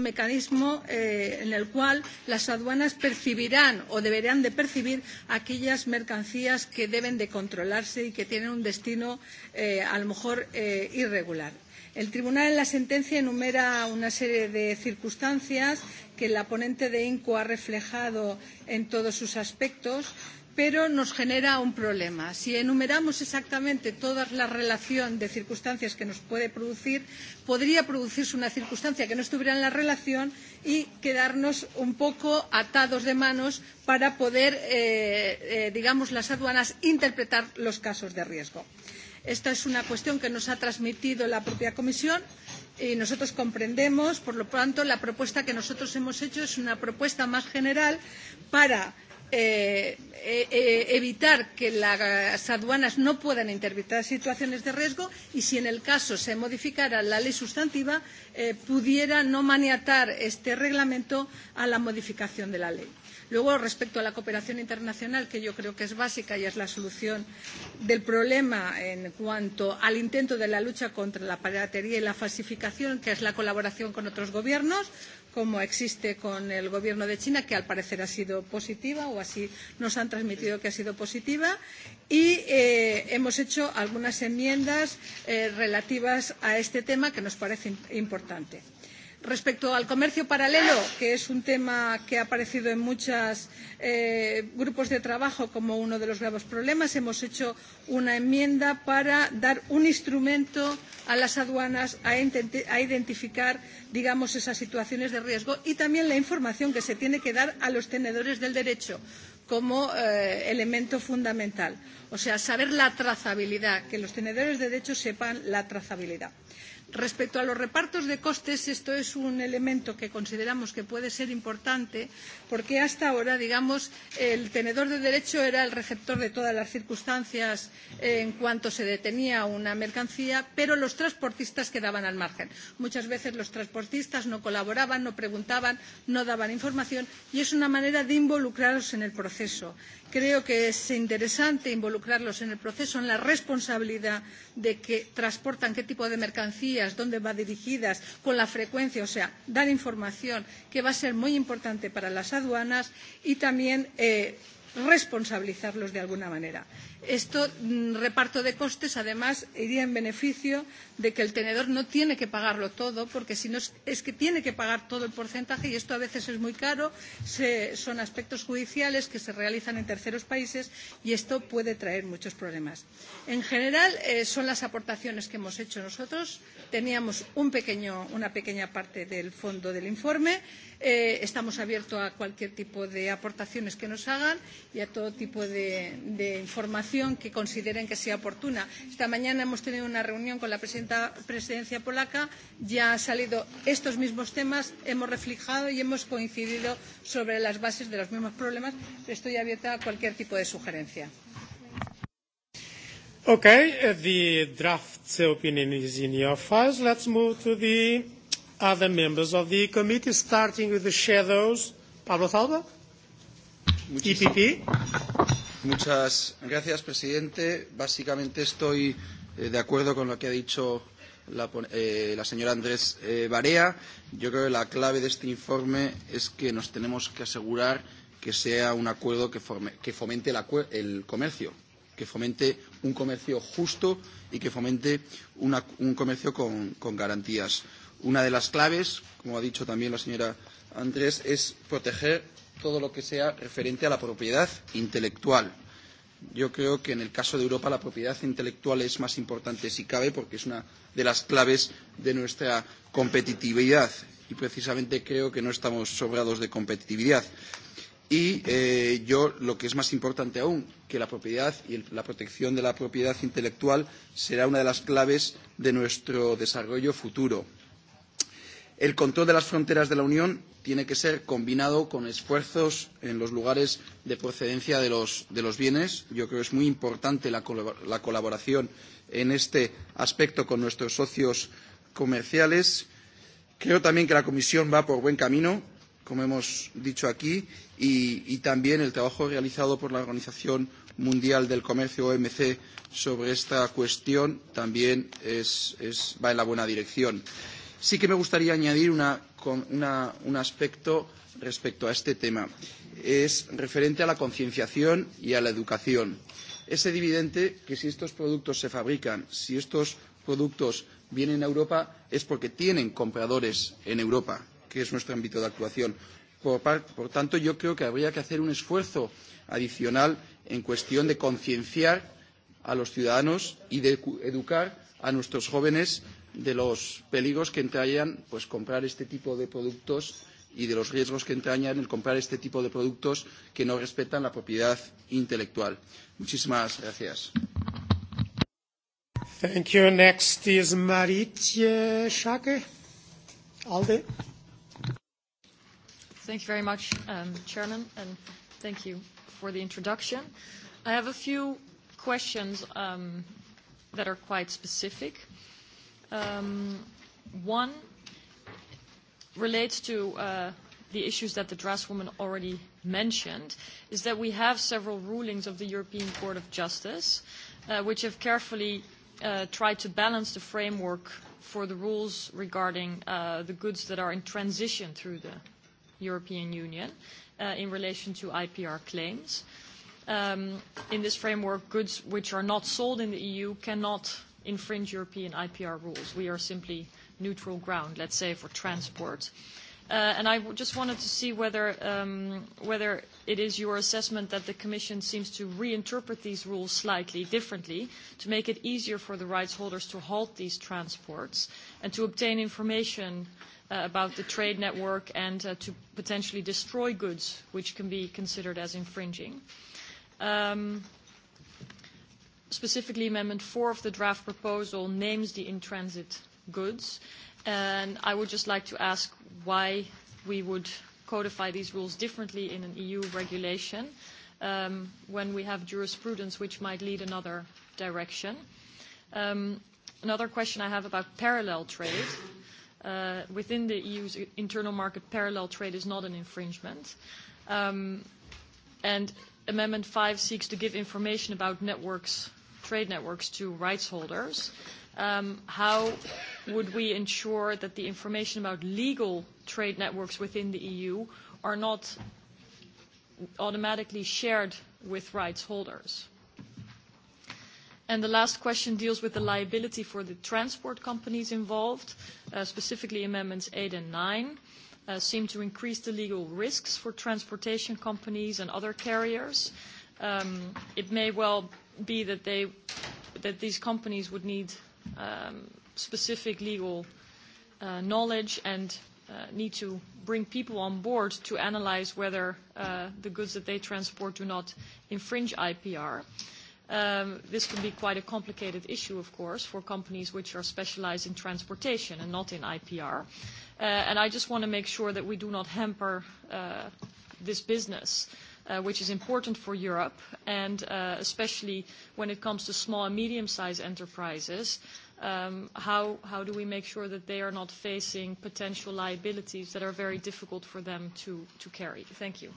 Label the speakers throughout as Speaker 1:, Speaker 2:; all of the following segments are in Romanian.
Speaker 1: un mecanismo eh, en el cual las aduanas percibirán o deberán de percibir aquellas mercancías que deben de controlarse y que tienen un destino eh, a lo mejor eh, irregular. El tribunal en la sentencia enumera una serie de circunstancias que la ponente de INCO ha reflejado en todos sus aspectos pero nos genera un problema. Si enumeramos exactamente toda la relación de circunstancias que nos puede producir, podría producirse una circunstancia que no estuviera en la relación y quedarnos un poco atados de manos para poder, eh, eh, digamos, las aduanas interpretar los casos de riesgo. Esta es una cuestión que nos ha transmitido la propia Comisión y nosotros comprendemos, por lo tanto, la propuesta que nosotros hemos hecho es una propuesta más general para Eh, eh, eh, evitar que las aduanas no puedan interpretar situaciones de riesgo y si en el caso se modificara la ley sustantiva eh, pudiera no maniatar este reglamento a la modificación de la ley. Luego, respecto a la cooperación internacional, que yo creo que es básica y es la solución del problema en cuanto al intento de la lucha contra la piratería y la falsificación, que es la colaboración con otros gobiernos, como existe con el gobierno de China, que al parecer ha sido positiva o así nos han transmitido que ha sido positiva. Y eh, hemos hecho algunas enmiendas eh, relativas a este tema que nos parece importante. Respecto al comercio paralelo, que es un tema que ha aparecido en muchos eh, grupos de trabajo como uno de los graves problemas, hemos hecho una enmienda para dar un instrumento a las aduanas a, a identificar, digamos, esas situaciones de riesgo y también la información que se tiene que dar a los tenedores del derecho como eh, elemento fundamental. O sea, saber la trazabilidad, que los tenedores de derecho sepan la trazabilidad. Eh, Respecto a los repartos de costes, esto es un elemento que consideramos que puede ser importante porque hasta ahora, digamos, el tenedor de derecho era el receptor de todas las circunstancias en cuanto se detenía una mercancía, pero los transportistas quedaban al margen. Muchas veces los transportistas no colaboraban, no preguntaban, no daban información y es una manera de involucrarlos en el proceso. Creo que es interesante involucrarlos en el proceso, en la responsabilidad de que transportan qué tipo de mercancías, dónde van dirigidas, con la frecuencia, o sea, dar información que va a ser muy importante para las aduanas y también eh, responsabilizarlos de alguna manera. Esto mm, reparto de costes, además, iría en beneficio de que el tenedor no tiene que pagarlo todo, porque si no es es que tiene que pagar todo el porcentaje y esto a veces es muy caro, se, son aspectos judiciales que se realizan en terceros países y esto puede traer muchos problemas. En general, eh, son las aportaciones que hemos hecho nosotros. Teníamos un pequeño, una pequeña parte del fondo del informe. Eh, estamos abiertos a cualquier tipo de aportaciones que nos hagan y a todo tipo de, de información moción que consideren que sea oportuna. Esta mañana hemos tenido una reunión con la presidenta, presidencia polaca, ya han salido estos mismos temas, hemos reflejado y hemos coincidido sobre las bases de los mismos problemas. Estoy abierta a cualquier tipo de sugerencia.
Speaker 2: Okay, eh, the draft opinion is in your files. Let's move to the other members of the committee, starting with the shadows. Pablo Zalba,
Speaker 3: EPP. Muchas gracias, presidente. Básicamente estoy eh, de acuerdo con lo que ha dicho la, eh, la señora Andrés eh, Barea. Yo creo que la clave de este informe es que nos tenemos que asegurar que sea un acuerdo que, forme, que fomente el, el comercio, que fomente un comercio justo y que fomente una, un comercio con, con garantías. Una de las claves, como ha dicho también la señora Andrés, es proteger todo lo que sea referente a la propiedad intelectual. Yo creo que en el caso de Europa la propiedad intelectual es más importante si cabe porque es una de las claves de nuestra competitividad y precisamente creo que no estamos sobrados de competitividad. Y eh, yo lo que es más importante aún, que la propiedad y el, la protección de la propiedad intelectual será una de las claves de nuestro desarrollo futuro el control de las fronteras de la Unión tiene que ser combinado con esfuerzos en los lugares de procedencia de los, de los bienes. Yo creo que es muy importante la, la colaboración en este aspecto con nuestros socios comerciales. Creo también que la Comisión va por buen camino, como hemos dicho aquí, y, y también el trabajo realizado por la Organización Mundial del Comercio, OMC, sobre esta cuestión también es, es, va en la buena dirección. Sí que me gustaría añadir una, una, un aspecto respecto a este tema. Es referente a la concienciación y a la educación. Es evidente que si estos productos se fabrican, si estos productos vienen a Europa, es porque tienen compradores en Europa, que es nuestro ámbito de actuación. Por, por tanto, yo creo que habría que hacer un esfuerzo adicional en cuestión de concienciar a los ciudadanos y de educar a nuestros jóvenes de los peligros que entrañan pues, comprar este tipo de productos y de los riesgos que entrañan el comprar este tipo de productos que no respetan la propiedad intelectual. Muchísimas gracias.
Speaker 2: Thank you. Next is Maritje ALDE.
Speaker 4: very much, um, Chairman, and thank you for the introduction. I have a few questions um, that are quite specific. Uh, Um, one relates to uh, the issues that the woman already mentioned, is that we have several rulings of the European Court of Justice, uh, which have carefully uh, tried to balance the framework for the rules regarding uh, the goods that are in transition through the European Union uh, in relation to IPR claims. Um, in this framework, goods which are not sold in the EU cannot infringe European IPR rules. We are simply neutral ground, let's say, for transport. Uh, and I just wanted to see whether, um, whether it is your assessment that the Commission seems to reinterpret these rules slightly differently to make it easier for the rights holders to halt these transports and to obtain information uh, about the trade network and uh, to potentially destroy goods which can be considered as infringing. Um, specifically Amendment 4 of the draft proposal names the in-transit goods. And I would just like to ask why we would codify these rules differently in an EU regulation um, when we have jurisprudence which might lead another direction. Um, another question I have about parallel trade. Uh, within the EU's internal market, parallel trade is not an infringement. Um, and Amendment 5 seeks to give information about networks trade networks to rights holders, um, how would we ensure that the information about legal trade networks within the EU are not automatically shared with rights holders? And the last question deals with the liability for the transport companies involved, uh, specifically Amendments 8 and 9. Uh, seem to increase the legal risks for transportation companies and other carriers. Um, it may well be that they that these companies would need um, specific legal uh, knowledge and uh, need to bring people on board to analyze whether uh, the goods that they transport do not infringe IPR. Um, this can be quite a complicated issue, of course, for companies which are specialized in transportation and not in IPR. Uh, and I just want to make sure that we do not hamper uh, this business. Uh, Uh, which is important for Europe, and uh, especially when it comes to small and medium-sized enterprises, um, how, do we make sure that they are not facing potential liabilities that are very difficult for them to, carry? Thank you.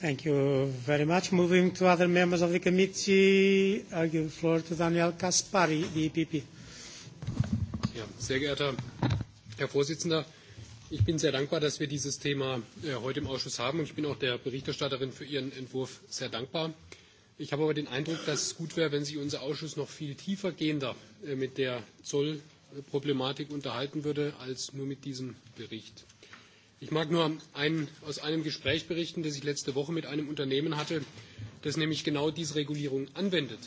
Speaker 2: Thank you very much. Moving to other members of the committee, I give the floor to Daniel Caspari, the EPP.
Speaker 5: Ja, sehr geehrter Herr Vorsitzender, Ich bin sehr dankbar, dass wir dieses Thema äh, heute im Ausschuss haben und ich bin auch der Berichterstatterin für ihren Entwurf sehr dankbar. Ich habe aber den Eindruck, dass es gut wäre, wenn sich unser Ausschuss noch viel tiefergehender äh, mit der Zollproblematik unterhalten würde, als nur mit diesem Bericht. Ich mag nur ein, aus einem Gespräch berichten, das ich letzte Woche mit einem Unternehmen hatte, das nämlich genau diese Regulierung anwendet.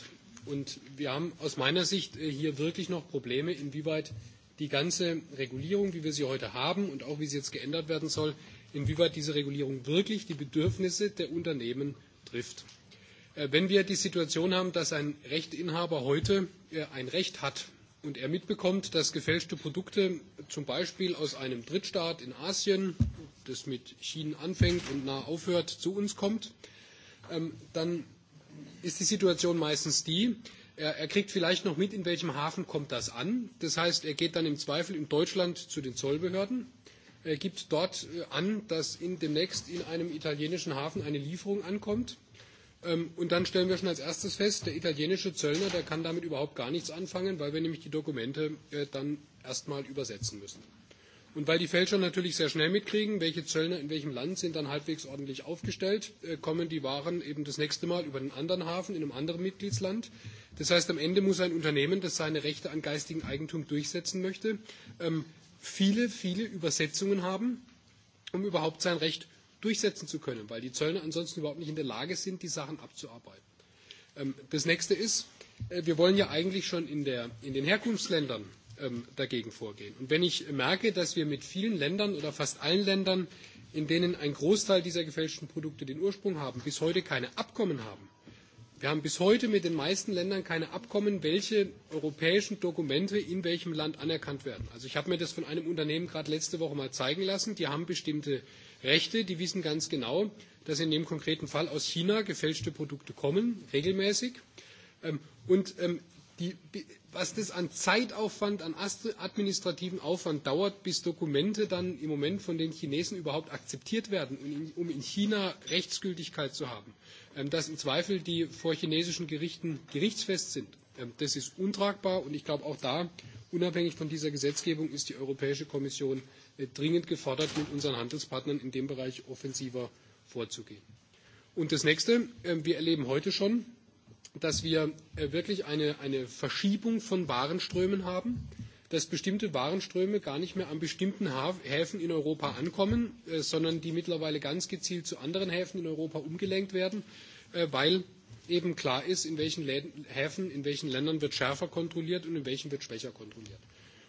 Speaker 5: Und wir haben aus meiner Sicht äh, hier wirklich noch Probleme, inwieweit die ganze Regulierung, wie wir sie heute haben und auch wie sie jetzt geändert werden soll, inwieweit diese Regulierung wirklich die Bedürfnisse der Unternehmen trifft. Äh, wenn wir die Situation haben, dass ein Rechteinhaber heute äh, ein Recht hat und er mitbekommt, dass gefälschte Produkte zum Beispiel aus einem Drittstaat in Asien, das mit China anfängt und nah aufhört, zu uns kommt, ähm, dann ist die Situation meistens die, Er, er kriegt vielleicht noch mit, in welchem Hafen kommt das an. Das heißt, er geht dann im Zweifel in Deutschland zu den Zollbehörden, äh, gibt dort äh, an, dass in, demnächst in einem italienischen Hafen eine Lieferung ankommt. Ähm, und dann stellen wir schon als erstes fest, der italienische Zöllner, der kann damit überhaupt gar nichts anfangen, weil wir nämlich die Dokumente äh, dann erstmal übersetzen müssen. Und weil die Fälscher natürlich sehr schnell mitkriegen, welche Zöllner in welchem Land sind dann halbwegs ordentlich aufgestellt, äh, kommen die Waren eben das nächste Mal über einen anderen Hafen in einem anderen Mitgliedsland. Das heißt, am Ende muss ein Unternehmen, das seine Rechte an geistigem Eigentum durchsetzen möchte, ähm, viele, viele Übersetzungen haben, um überhaupt sein Recht durchsetzen zu können, weil die Zöllner ansonsten überhaupt nicht in der Lage sind, die Sachen abzuarbeiten. Ähm, das nächste ist, äh, wir wollen ja eigentlich schon in, der, in den Herkunftsländern ähm, dagegen vorgehen. Und wenn ich merke, dass wir mit vielen Ländern oder fast allen Ländern, in denen ein Großteil dieser gefälschten Produkte den Ursprung haben, bis heute keine Abkommen haben, Wir haben bis heute mit den meisten Ländern keine Abkommen, welche europäischen Dokumente in welchem Land anerkannt werden. Also ich habe mir das von einem Unternehmen gerade letzte Woche mal zeigen lassen. Die haben bestimmte Rechte, die wissen ganz genau, dass in dem konkreten Fall aus China gefälschte Produkte kommen, regelmäßig. Ähm, und ähm, die, was das an Zeitaufwand, an administrativen Aufwand dauert, bis Dokumente dann im Moment von den Chinesen überhaupt akzeptiert werden, um in um China Rechtsgültigkeit zu haben, ähm, dass im Zweifel die vor chinesischen Gerichten gerichtsfest sind. Ähm, das ist untragbar und ich glaube auch da, unabhängig von dieser Gesetzgebung, ist die Europäische Kommission äh, dringend gefordert, mit unseren Handelspartnern in dem Bereich offensiver vorzugehen. Und das nächste, ähm, wir erleben heute schon, dass wir äh, wirklich eine, eine Verschiebung von Warenströmen haben, dass bestimmte Warenströme gar nicht mehr an bestimmten Häfen in Europa ankommen, äh, sondern die mittlerweile ganz gezielt zu anderen Häfen in Europa umgelenkt werden, äh, weil eben klar ist, in welchen Häfen, in welchen Ländern wird schärfer kontrolliert und in welchen wird schwächer kontrolliert.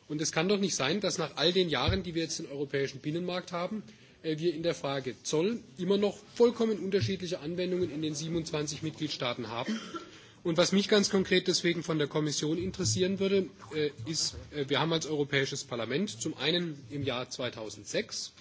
Speaker 5: Und es kann doch nicht sein, dass nach all den Jahren, die wir jetzt den europäischen Binnenmarkt haben, wir in der Frage Zoll immer noch vollkommen unterschiedliche Anwendungen in den 27 Mitgliedstaaten haben Und was mich ganz konkret deswegen von der Kommission interessieren würde, äh, ist, äh, wir haben als Europäisches Parlament zum einen im Jahr 2006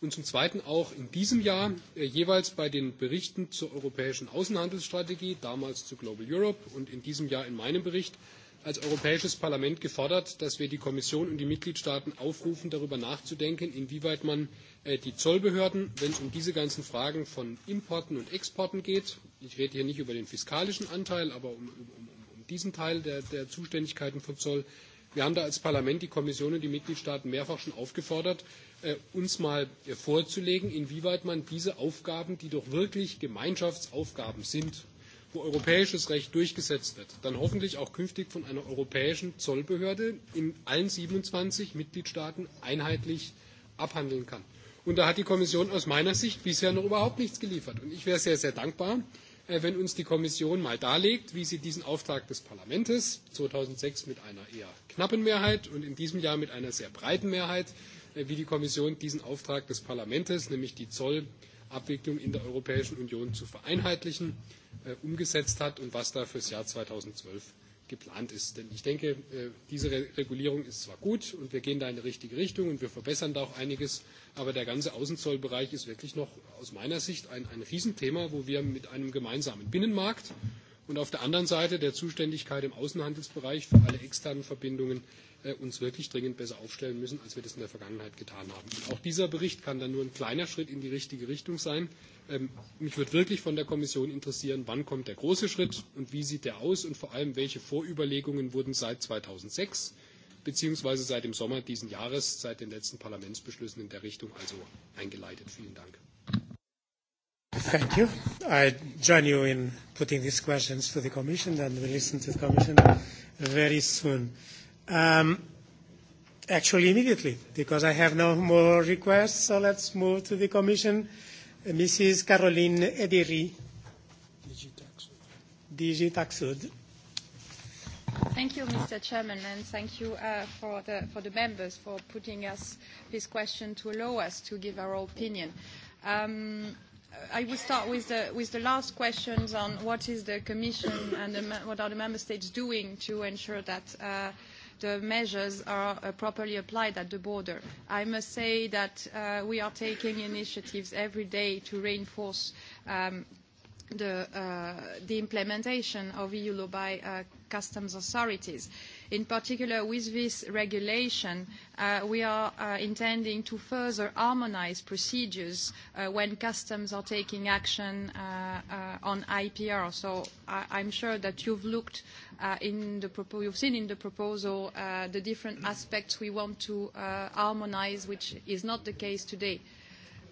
Speaker 5: und zum Zweiten auch in diesem Jahr äh, jeweils bei den Berichten zur europäischen Außenhandelsstrategie, damals zu Global Europe und in diesem Jahr in meinem Bericht, als Europäisches Parlament gefordert, dass wir die Kommission und die Mitgliedstaaten aufrufen, darüber nachzudenken, inwieweit man äh, die Zollbehörden, wenn es um diese ganzen Fragen von Importen und Exporten geht, ich rede hier nicht über den fiskalischen Anteil, aber um, um, um, um diesen Teil der, der Zuständigkeiten von Zoll. Wir haben da als Parlament die Kommission und die Mitgliedstaaten mehrfach schon aufgefordert, äh, uns mal äh, vorzulegen, inwieweit man diese Aufgaben, die doch wirklich Gemeinschaftsaufgaben sind, wo europäisches Recht durchgesetzt wird, dann hoffentlich auch künftig von einer europäischen Zollbehörde in allen 27 Mitgliedstaaten einheitlich abhandeln kann. Und da hat die Kommission aus meiner Sicht bisher noch überhaupt nichts geliefert. Und ich wäre sehr, sehr dankbar, Äh, wenn uns die Kommission mal darlegt, wie sie diesen Auftrag des Parlaments 2006 mit einer eher knappen Mehrheit und in diesem Jahr mit einer sehr breiten Mehrheit, äh, wie die Kommission diesen Auftrag des Parlaments, nämlich die Zollabwicklung in der Europäischen Union zu vereinheitlichen, äh, umgesetzt hat und was da fürs Jahr 2012 geplant ist. Denn ich denke, äh, diese Regulierung ist zwar gut und wir gehen da in die richtige Richtung und wir verbessern da auch einiges, aber der ganze Außenzollbereich ist wirklich noch aus meiner Sicht ein, ein Riesenthema, wo wir mit einem gemeinsamen Binnenmarkt und auf der anderen Seite der Zuständigkeit im Außenhandelsbereich für alle externen Verbindungen äh, uns wirklich dringend besser aufstellen müssen, als wir das in der Vergangenheit getan haben. Und auch dieser Bericht kann dann nur ein kleiner Schritt in die richtige Richtung sein. Ähm, mich würde wirklich von der Kommission interessieren, wann kommt der große Schritt und wie sieht der aus und vor allem, welche Vorüberlegungen wurden seit 2006 beziehungsweise seit dem Sommer diesen Jahres, seit den letzten Parlamentsbeschlüssen in der Richtung also eingeleitet. Vielen Dank.
Speaker 2: Thank you. I join you in putting these questions to the Commission, and we listen to the Commission very soon. Um, actually, immediately, because I have no more requests, so let's move to the Commission. Mrs. Caroline Ediri. Digitaxud.
Speaker 6: Thank you, Mr. Chairman, and thank you uh, for, the, for the members for putting us this question to allow us to give our opinion. Um, I will start with the, with the last questions on what is the Commission and the, what are the Member States doing to ensure that uh, the measures are uh, properly applied at the border. I must say that uh, we are taking initiatives every day to reinforce um, the, uh, the, implementation of EU law by uh, customs authorities. Uh, In particular, with this regulation, uh, we are uh, intending to further harmonize procedures uh, when customs are taking action uh, uh, on IPR. So I I'm sure that you've looked uh, in the you've seen in the proposal uh, the different aspects we want to uh, harmonize, which is not the case today.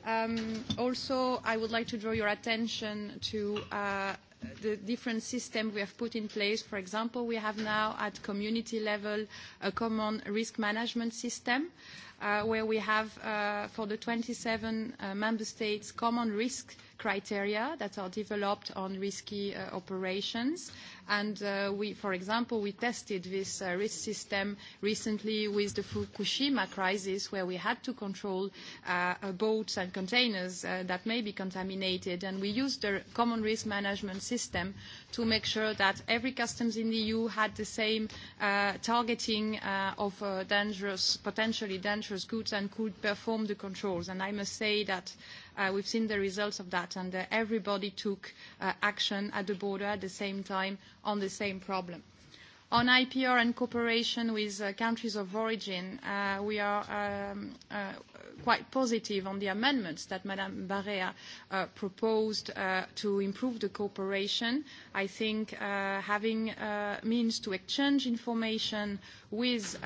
Speaker 6: Um, also, I would like to draw your attention to uh, the different systems we have put in place. For example, we have now at community level a common risk management system uh, where we have uh, for the 27 uh, member states common risk criteria that are developed on risky uh, operations. And uh, we, for example, we tested this uh, risk system recently with the Fukushima crisis, where we had to control boats and containers that may be contaminated. And we used the common risk management system to make sure that every customs in the EU had the same targeting of dangerous, potentially dangerous goods and could perform the controls. And I must say that Uh, we've seen the results of that, and uh, everybody took uh, action at the border at the same time on the same problem. On IPR and cooperation with uh, countries of origin, uh, we are um, uh, quite positive on the amendments that Madame Barrea uh, proposed uh, to improve the cooperation. I think uh, having means to exchange information with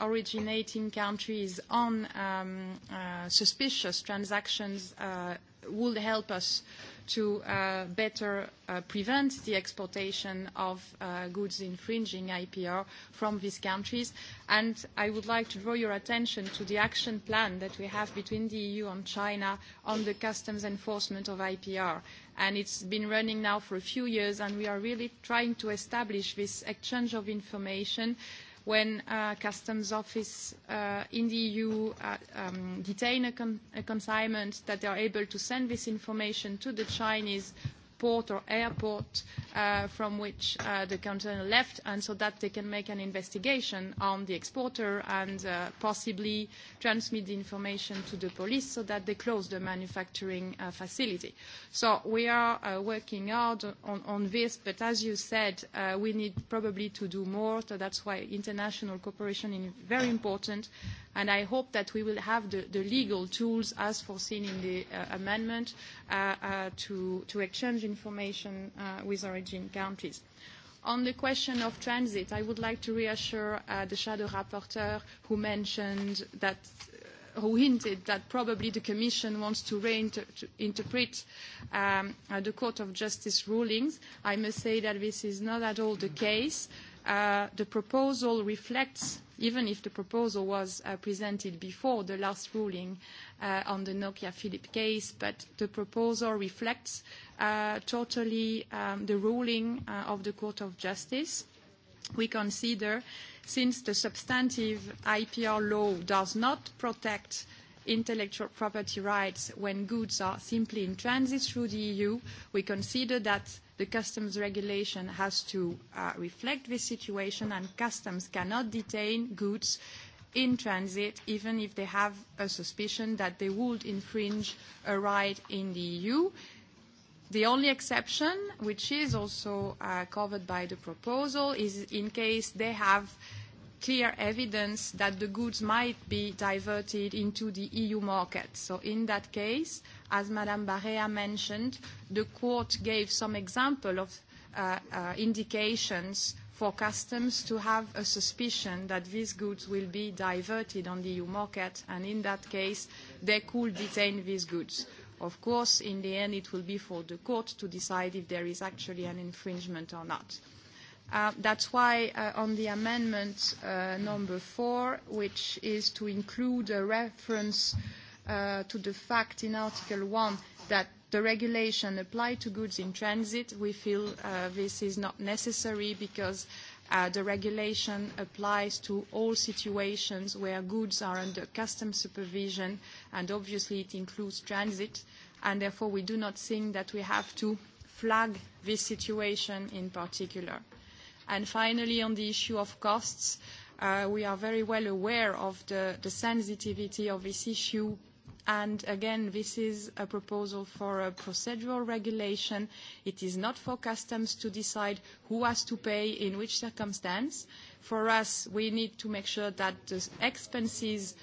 Speaker 6: originating countries on um, suspicious transactions would help us uh, to uh, better uh, prevent the exportation of uh, goods infringing IPR from these countries. And I would like to draw your attention to the action plan that we have between the EU and China on the customs enforcement of IPR. And it's been running now for a few years, and we are really trying to establish this exchange of information uh, when a customs office uh, in the EU uh, um, detain a, con a consignment, that they are able to send this information to the Chinese port or airport uh, from which uh, the container left, and so that they can make an investigation on the exporter and uh, possibly transmit the information to the police so that they close the manufacturing uh, facility. So we are uh, working hard on, on this, but as you said, uh, we need probably to do more, so that's why international cooperation is very important, and I hope that we will have the, the legal tools as foreseen in the uh, amendment uh, uh, to, to exchange information uh, with origin countries. On the question of transit, I would like to reassure uh, the shadow rapporteur who mentioned that uh, who hinted that probably the Commission wants to reinterpret um, uh, the Court of Justice rulings. I must say that this is not at all the case. Uh, the proposal reflects, even if the proposal was uh, presented before the last ruling uh, on the Nokia Philip case, but the proposal reflects totally um, the ruling of the Court of Justice. We consider, since the substantive IPR law does not protect intellectual property rights when goods are simply in transit through the EU, we consider that the customs regulation has to uh, reflect this situation and customs cannot detain goods in transit even if they have a suspicion that they would infringe a right in the EU. The only exception, which is also uh, covered by the proposal, is in case they have uh, clear evidence that the goods might be diverted into the EU market. So in that case, as Madame Barea mentioned, the court gave some example of uh, uh, indications for customs to have a suspicion that these goods will be diverted on the EU market, and in that case, they could detain these goods. Of course, in the end, it will be for the court to decide if there is actually an infringement or not. Uh, that's why uh, on the amendment uh, number four, which is to include a reference to the fact in Article 1 that the regulation apply to goods in transit, we feel this is not necessary because the regulation applies to all situations where goods are under customs supervision, and obviously it includes transit, and therefore we do not think that we have to flag this situation in particular. And finally, on the issue of costs, uh, we are very well aware of the, sensitivity of this issue and again, this is a proposal for a procedural regulation. It is not for customs to decide who has to pay in which circumstance. For us, we need to make sure that the expenses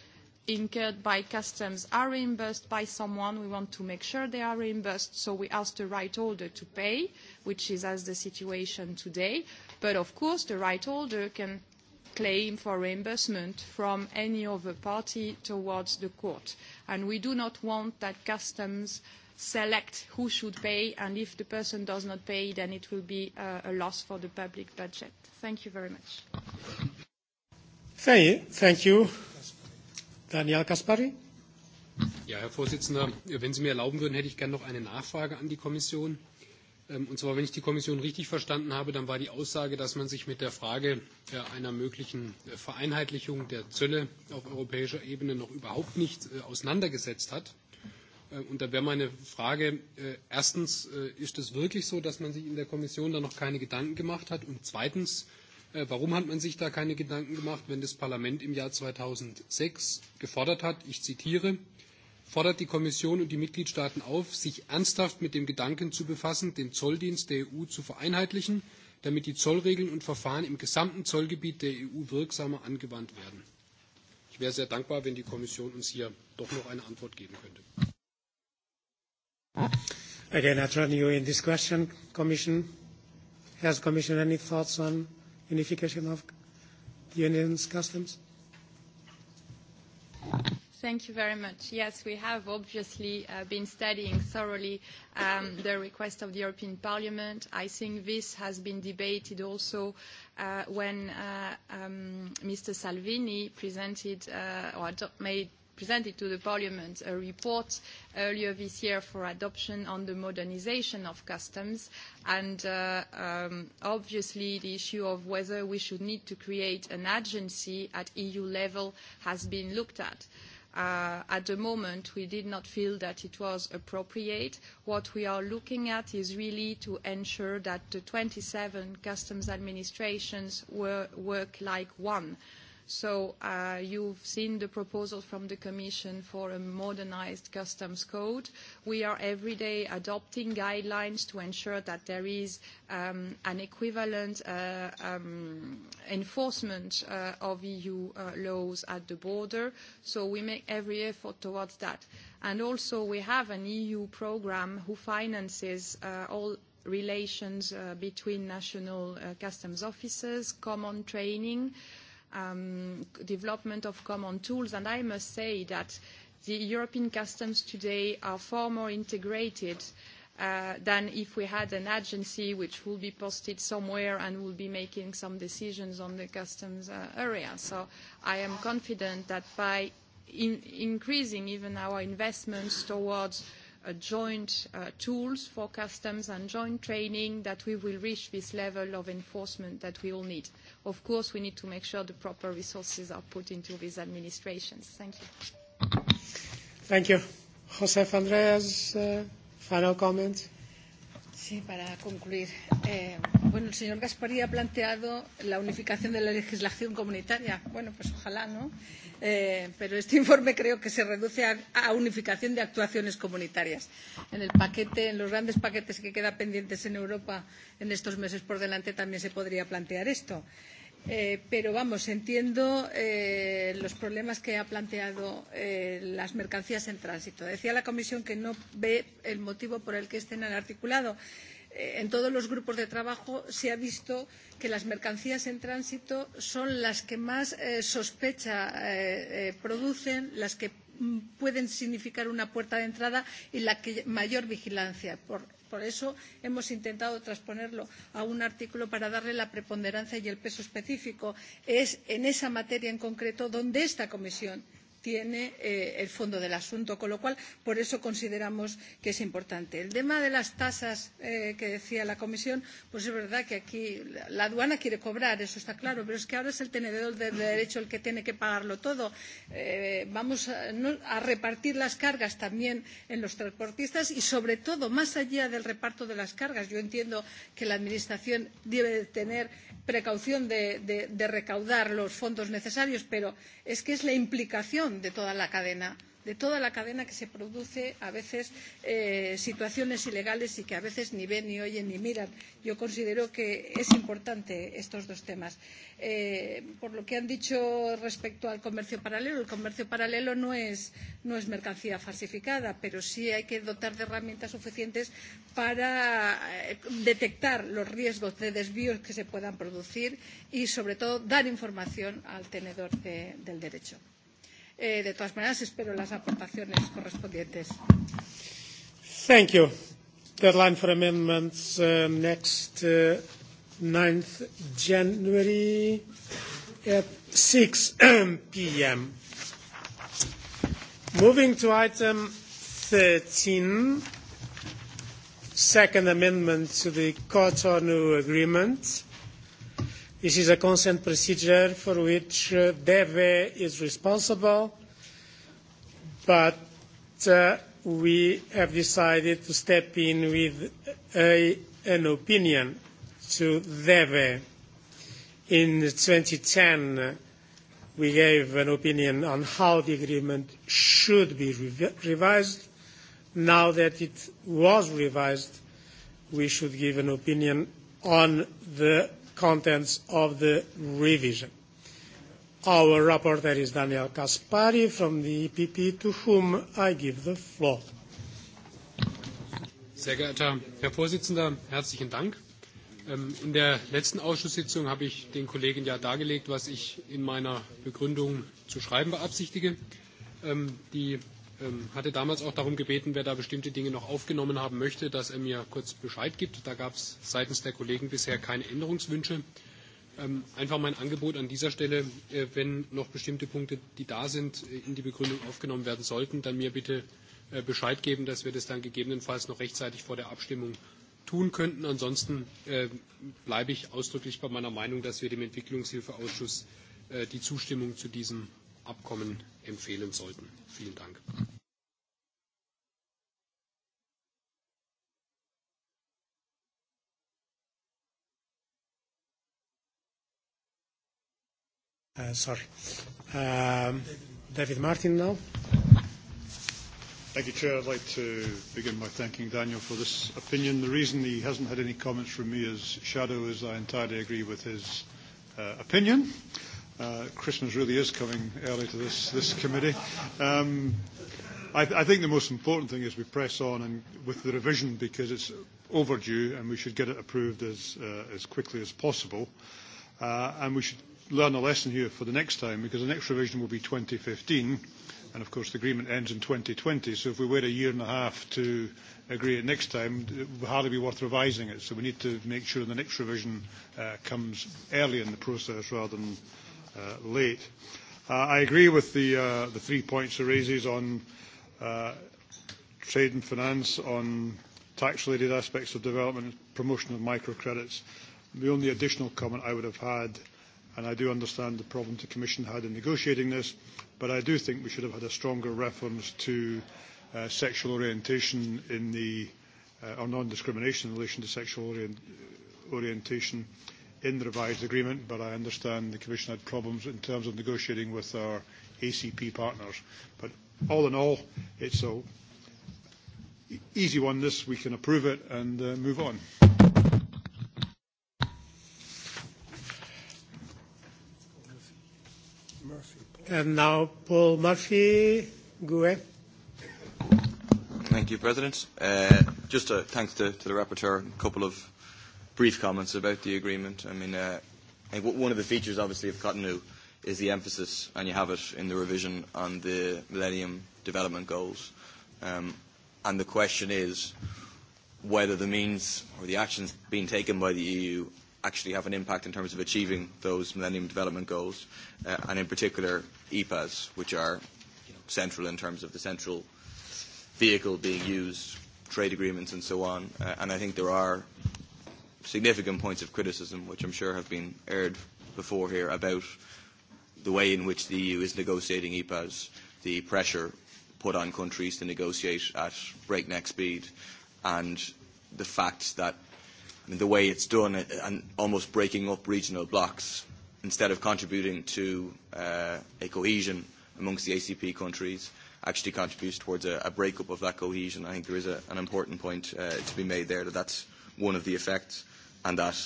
Speaker 6: incurred by customs are reimbursed by someone. We want to make sure they are reimbursed, so we ask the right holder to pay, which is as the situation today. But of course, the right holder can claim for reimbursement from any other party towards the court. And we do not want that customs select who should pay, and if the person does not pay, then it will be uh, a loss for the public budget. Thank you very much.
Speaker 2: Thank you. Daniel Kaspari.
Speaker 5: Ja, Herr Vorsitzender, wenn Sie mir erlauben würden, hätte ich gerne noch eine Nachfrage an die Kommission. Ähm, und zwar, wenn ich die Kommission richtig verstanden habe, dann war die Aussage, dass man sich mit der Frage äh, einer möglichen äh, Vereinheitlichung der Zölle auf europäischer Ebene noch überhaupt nicht äh, auseinandergesetzt hat. Und da wäre meine Frage, erstens, ist es wirklich so, dass man sich in der Kommission da noch keine Gedanken gemacht hat? Und zweitens, warum hat man sich da keine Gedanken gemacht, wenn das Parlament im Jahr 2006 gefordert hat, ich zitiere, fordert die Kommission und die Mitgliedstaaten auf, sich ernsthaft mit dem Gedanken zu befassen, den Zolldienst der EU zu vereinheitlichen, damit die Zollregeln und Verfahren im gesamten Zollgebiet der EU wirksamer angewandt werden. Ich wäre sehr dankbar, wenn die Kommission uns hier doch noch eine Antwort geben könnte.
Speaker 2: Again, I turn you in this question, Commission. Has Commission any thoughts on unification of the Union's customs?
Speaker 6: Thank you very much. Yes, we have obviously uh, been studying thoroughly um, the request of the European Parliament. I think this has been debated also uh, when uh, um, Mr. Salvini presented uh, or made presented to the Parliament a report earlier this year for adoption on the modernisation of customs and uh, um, obviously the issue of whether we should need to create an agency at EU level has been looked at. Uh, at the moment, we did not feel that it was appropriate. What we are looking at is really to ensure that the 27 customs administrations work like one. So uh, you've seen the proposal from the Commission for a modernized customs code. We are every day adopting guidelines to ensure that there is um, an equivalent uh, um, enforcement uh, of EU uh, laws at the border. So we make every effort towards that. And also we have an EU program who finances uh, all relations uh, between national customs officers, common training, uh, um, development of common tools. And I must say that the European customs today are far more integrated uh, than if we had an agency which will be posted somewhere and will be making some decisions on the customs uh, area. So I am confident that by in increasing even our investments towards Uh, joint uh, tools for customs and joint training that we will reach this level of enforcement that we all need. Of course, we need to make sure the proper resources are put into these administrations. Thank you.
Speaker 2: Thank you. Josef Andreas, uh, final comment?
Speaker 1: Sí, para concluir. Eh, bueno, el señor Gaspari ha planteado la unificación de la legislación comunitaria. Bueno, pues ojalá, ¿no? Eh, pero este informe creo que se reduce a, a unificación de actuaciones comunitarias. En el paquete, en los grandes paquetes que quedan pendientes en Europa en estos meses por delante también se podría plantear esto. Eh, pero vamos, entiendo eh, los problemas que ha planteado eh, las mercancías en tránsito. Decía la Comisión que no ve el motivo por el que estén en articulado. Eh, en todos los grupos de trabajo se ha visto que las mercancías en tránsito son las que más eh, sospecha eh, eh, producen, las que pueden significar una puerta de entrada y la que mayor vigilancia. Por, por eso hemos intentado transponerlo a un artículo para darle la preponderancia y el peso específico. Es en esa materia en concreto donde esta comisión tiene eh, el fondo del asunto, con lo cual, por eso consideramos que es importante. El tema de las tasas eh, que decía la Comisión, pues es verdad que aquí la aduana quiere cobrar, eso está claro, pero es que ahora es el tenedor de derecho el que tiene que pagarlo todo. Eh, vamos a, no, a repartir las cargas también en los transportistas y, sobre todo, más allá del reparto de las cargas, yo entiendo que la Administración debe tener precaución de, de, de recaudar los fondos necesarios, pero es que es la implicación de toda la cadena de toda la cadena que se produce a veces eh, situaciones ilegales y que a veces ni ven, ni oyen, ni miran. Yo considero que es importante estos dos temas. Eh, por lo que han dicho respecto al comercio paralelo, el comercio paralelo no es, no es mercancía falsificada, pero sí hay que dotar de herramientas suficientes para eh, detectar los riesgos de desvíos que se puedan producir y, sobre todo, dar información al tenedor de, del derecho. Eh, de todas maneras, espero las aportaciones correspondientes.
Speaker 2: Thank you. Deadline for amendments uh, next uh, 9th January at 6 p.m. Moving to item 13, second amendment to the Cotonou Agreement. This is a consent procedure for which uh, DEVE is responsible, but uh, we have decided to step in with a, an opinion to DEVE. In 2010, we gave an opinion on how the agreement should be re revised. Now that it was revised, we should give an opinion on the contents of the revision. Our rapporteur is Daniel Caspari from the
Speaker 5: EPP, to whom I give the floor. Sehr geehrter Herr Vorsitzender, herzlichen Dank. Ähm, in der letzten Ausschusssitzung habe ich den Kollegen ja dargelegt, was ich in meiner Begründung zu schreiben beabsichtige. Ähm, die ähm, hatte damals auch darum gebeten, wer da bestimmte Dinge noch aufgenommen haben möchte, dass er mir kurz Bescheid gibt. Da gab es seitens der Kollegen bisher keine Änderungswünsche. Ähm, einfach mein Angebot an dieser Stelle, äh, wenn noch bestimmte Punkte, die da sind, äh, in die Begründung aufgenommen werden sollten, dann mir bitte äh, Bescheid geben, dass wir das dann gegebenenfalls noch rechtzeitig vor der Abstimmung tun könnten. Ansonsten äh, bleibe ich ausdrücklich bei meiner Meinung, dass wir dem Entwicklungshilfeausschuss äh, die Zustimmung zu diesem Abkommen empfehlen sollten. Vielen Dank.
Speaker 2: Uh, sorry. Um, David Martin now.
Speaker 7: Thank you, Chair. I'd like to begin by thanking Daniel for this opinion. The reason he hasn't had any comments from me as shadow is I entirely agree with his uh, opinion. Uh, Uh, Christmas really is coming early to this, this committee. Um, I, th I think the most important thing is we press on and with the revision because it's overdue and we should get it approved as, uh, as quickly as possible. Uh, and we should learn a lesson here for the next time because the next revision will be 2015 and of course the agreement ends in 2020 so if we wait a year and a half to agree it next time it will hardly be worth revising it so we need to make sure the next revision uh, comes early in the process rather than uh, late. Uh, I agree with the, uh, the three points he raises on uh, trade and finance, on tax-related aspects of development and promotion of microcredits. The only additional comment I would have had, and I do understand the problem the Commission had in negotiating this, but I do think we should have had a stronger reference to uh, sexual orientation in the, uh, or non-discrimination in relation to sexual orient orientation in the revised agreement, but I understand the Commission had problems in terms of negotiating with our ACP partners. But all in all, it's an easy one. This we can approve it
Speaker 2: and uh, move on. And now Paul Murphy, GUE.
Speaker 8: Thank you, President. Uh, just a thanks to, to the rapporteur. A couple of brief comments about the agreement. I mean, uh, I think one of the features, obviously, of Cotonou is the emphasis, and you have it in the revision on the Millennium Development Goals. Um, and the question is whether the means or the actions being taken by the EU actually have an impact in terms of achieving those Millennium Development Goals, uh, and in particular EPAs, which are you know, central in terms of the central vehicle being used, trade agreements and so on. Uh, and I think there are significant points of criticism, which I'm sure have been aired before here, about the way in which the EU is negotiating EPAs, the pressure put on countries to negotiate at breakneck speed, and the fact that I mean, the way it's done uh, and almost breaking up regional blocks instead of contributing to uh, a cohesion amongst the ACP countries actually contributes towards a, a breakup of that cohesion. I think there is a, an important point uh, to be made there that that's one of the effects and that,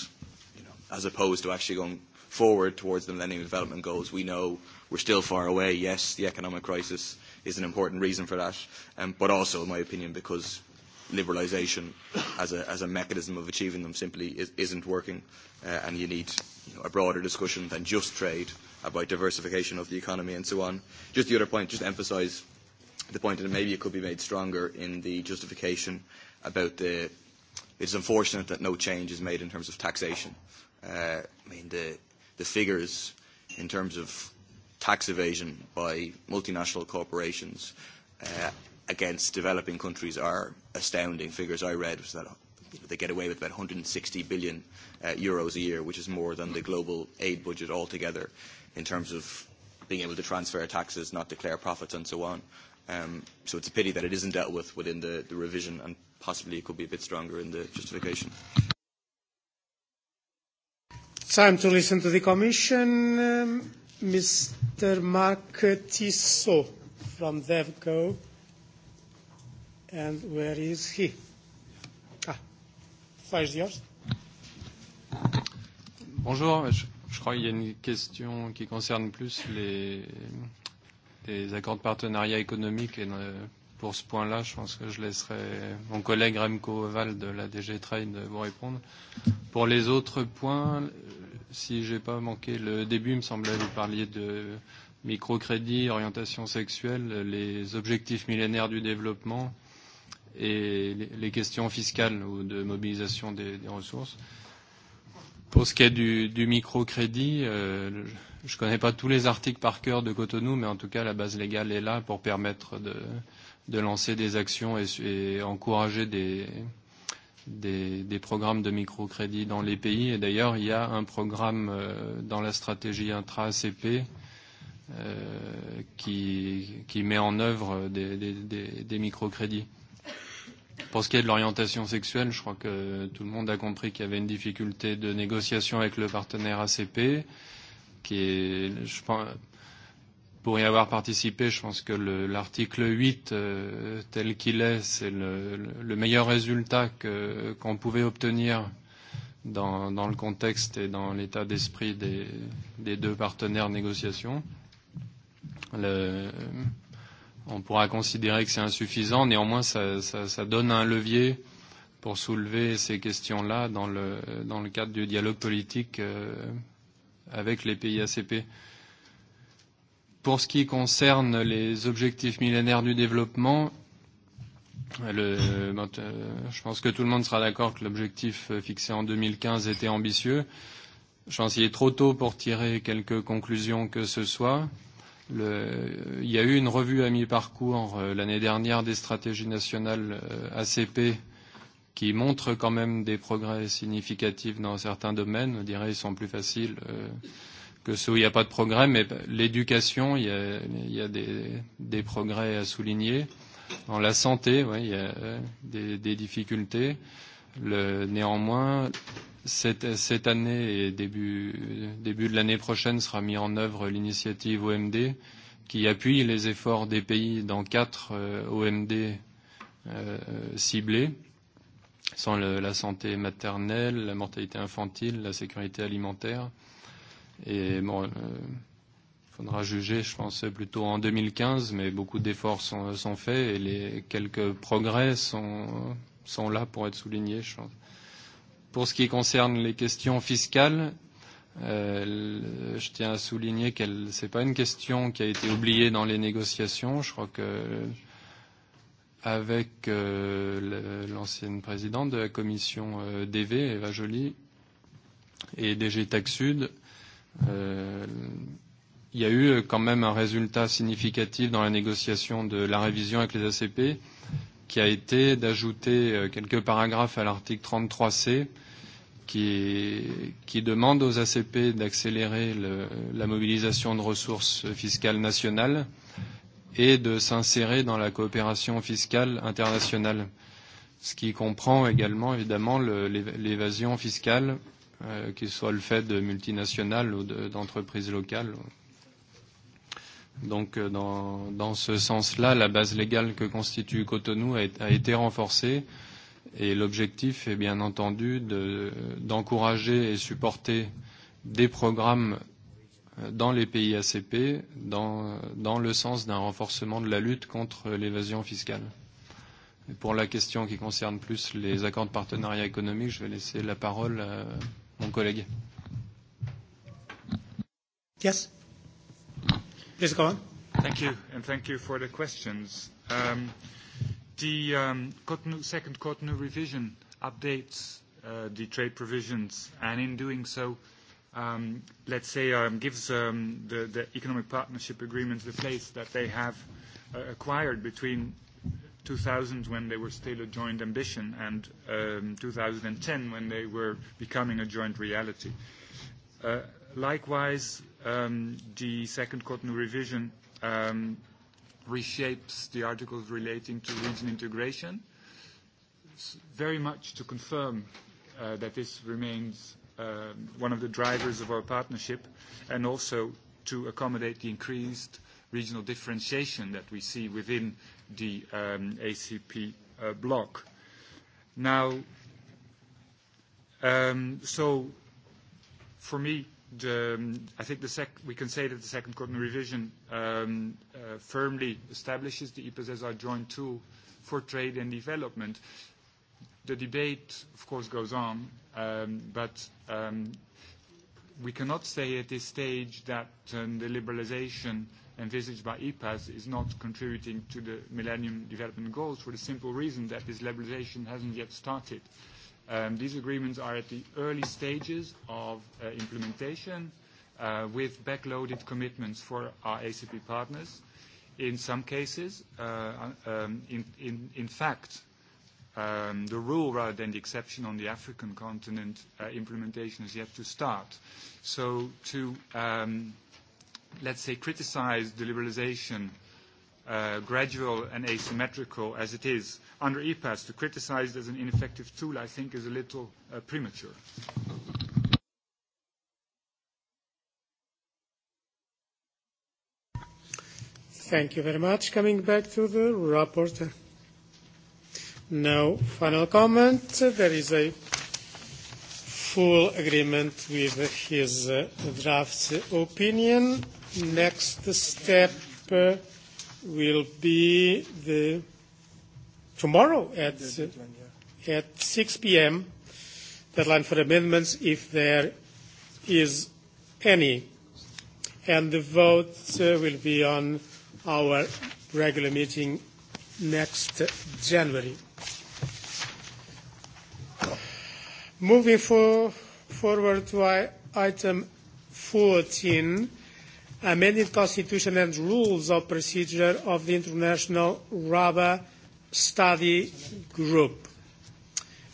Speaker 8: you know, as opposed to actually going forward towards the Millennium Development Goals, we know we're still far away. Yes, the economic crisis is an important reason for that, um, but also, in my opinion, because liberalisation as a, as a mechanism of achieving them simply is, isn't working, uh, and you need you know, a broader discussion than just trade about diversification of the economy and so on. Just the other point, just emphasise the point, and maybe it could be made stronger in the justification about the It's unfortunate that no change is made in terms of taxation. Uh, I mean, the, the figures in terms of tax evasion by multinational corporations uh, against developing countries are astounding. Figures I read was that they get away with about 160 billion uh, euros a year, which is more than the global aid budget altogether in terms of being able to transfer taxes, not declare profits, and so on. Um, so it's a pity that it isn't dealt with within the, the revision and possibly it could be a bit stronger in the justification.
Speaker 2: Time to listen to the Commission. Um, Mr. Mark Tissot from DevCo. And where is he? Ah, floor is yours.
Speaker 9: Bonjour. Je, je crois qu'il y a une question qui concerne plus les, les accords de partenariat économique et Euh, pour ce point-là, je pense que je laisserai mon collègue Remco Oval de la DG Trade vous répondre. Pour les autres points, si je n'ai pas manqué le début, il me semblait que vous parliez de microcrédit, orientation sexuelle, les objectifs millénaires du développement et les questions fiscales ou de mobilisation des, des ressources. Pour ce qui est du, du microcrédit, euh, je ne connais pas tous les articles par cœur de Cotonou, mais en tout cas, la base légale est là pour permettre de, euh, de lancer des actions et, et encourager des, des, des programmes de microcrédit dans les pays. Et d'ailleurs, il y a un programme euh, dans la stratégie intra-ACP euh, qui, qui met en œuvre des, des, des, des microcrédits. Pour ce qui est de l'orientation sexuelle, je crois que tout le monde a compris qu'il y avait une difficulté de négociation avec le partenaire ACP, qui est, je pense, pour y avoir participé, je pense que l'article 8 euh, tel qu'il est, c'est le, le meilleur résultat qu'on qu'on pouvait obtenir dans, dans le contexte et dans l'état d'esprit des, des deux partenaires négociations. Le, on pourra considérer que c'est insuffisant, néanmoins ça, ça, ça donne un levier pour soulever ces questions-là dans le, dans le cadre du dialogue politique euh, avec les pays ACP. Euh, Pour ce qui concerne les objectifs millénaires du développement, le, ben, euh, je pense que tout le monde sera d'accord que l'objectif euh, fixé en 2015 était ambitieux. Je pense qu'il est trop tôt pour tirer quelques conclusions que ce soit. Le, il y a eu une revue à mi-parcours euh, l'année dernière des stratégies nationales ACP qui montre quand même des progrès significatifs dans certains domaines. On dirait qu'ils sont plus faciles. Euh, que ceux où il n'y a pas de progrès, mais l'éducation, il y a, il y a des, des progrès à souligner. Dans la santé, oui, il y a euh, des, des difficultés. Le, néanmoins, cette, cette année et début, début de l'année prochaine sera mis en œuvre l'initiative OMD qui appuie les efforts des pays dans quatre euh, OMD euh, ciblés sans le, la santé maternelle, la mortalité infantile, la sécurité alimentaire, Et bon, il euh, faudra juger, je pense, plutôt en 2015, mais beaucoup d'efforts sont, sont faits et les quelques progrès sont, sont là pour être soulignés, je pense. Pour ce qui concerne les questions fiscales, euh, je tiens à souligner que ce n'est pas une question qui a été oubliée dans les négociations. Je crois que avec euh, l'ancienne présidente de la commission euh, DV, Eva Joly, et DG Tax Sud, euh, Euh, il y a eu euh, quand même un résultat significatif dans la négociation de la révision avec les ACP, qui a été d'ajouter euh, quelques paragraphes à l'article 33C, qui, qui demande aux ACP d'accélérer la mobilisation de ressources fiscales nationales et de s'insérer dans la coopération fiscale internationale, ce qui comprend également évidemment l'évasion fiscale euh, qu'il soit le fait de multinationales ou d'entreprises de, locales. Donc, euh, dans, dans ce sens-là, la base légale que constitue Cotonou a, a été renforcée et l'objectif est bien entendu d'encourager de, et supporter des programmes euh, dans les pays ACP dans, dans le sens d'un renforcement de la lutte contre l'évasion fiscale. Et pour la question qui concerne plus les accords de partenariat économique, je vais laisser la parole à mon collègue. Yes. Please go on.
Speaker 10: Thank you, and thank you for the questions. Um, the um, Cotonou, second Cotonou revision updates uh, the trade provisions, and in doing so, um, let's say, um, gives um, the, the economic partnership agreements the place that they have uh, acquired between 2000 when they were still a joint ambition and um, 2010 when they were becoming a joint reality. Uh, likewise, um, the second Cotonou revision um, reshapes the articles relating to region integration very much to confirm uh, that this remains uh, one of the drivers of our partnership and also to accommodate the increased regional differentiation that we see within the um, ACP uh, bloc. Now, um, so for me, the, um, I think the sec we can say that the second Cotonou revision um, uh, firmly establishes the EPAS as our joint tool for trade and development. The debate, of course, goes on, um, but um, we cannot say at this stage that um, the liberalization envisaged by EPAS is not contributing to the Millennium Development Goals for the simple reason that this liberalisation hasn't yet started. Um, these agreements are at the early stages of uh, implementation uh, with backloaded commitments for our ACP partners. In some cases, uh, um, in, in, in fact, um, the rule rather than the exception on the African continent, uh, implementation is yet to start. So to um, let's say, criticize the liberalization uh, gradual and asymmetrical as it is under EPAS, to criticize as an ineffective tool, I think, is a little uh, premature.
Speaker 2: Thank you very much. Coming back to the rapporteur. No final comment. There is a full agreement with his uh, draft opinion next step uh, will be the tomorrow at at 6 p.m. deadline for amendments, if there is any, and the vote uh, will be on our regular meeting next January. Moving for, forward to item 14 amended constitution and rules of procedure of the International Rubber Study Group.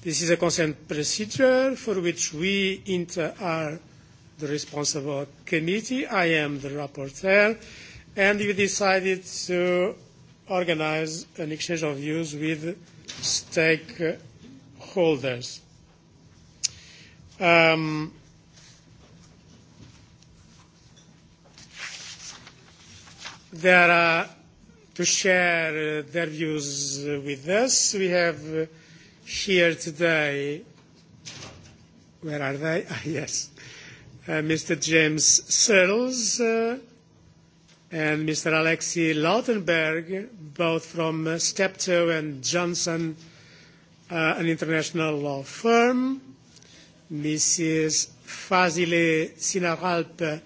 Speaker 2: This is a consent procedure for which we inter are the responsible committee. I am the rapporteur, and we decided to organize an exchange of views with stakeholders. Um, there are to share uh, their views with us. We have uh, here today, where are they? Ah, yes, uh, Mr. James Searles uh, and Mr. Alexei Lautenberg, both from uh, Steptoe and Johnson, uh, an international law firm. Mrs. Fazile Sinaralp,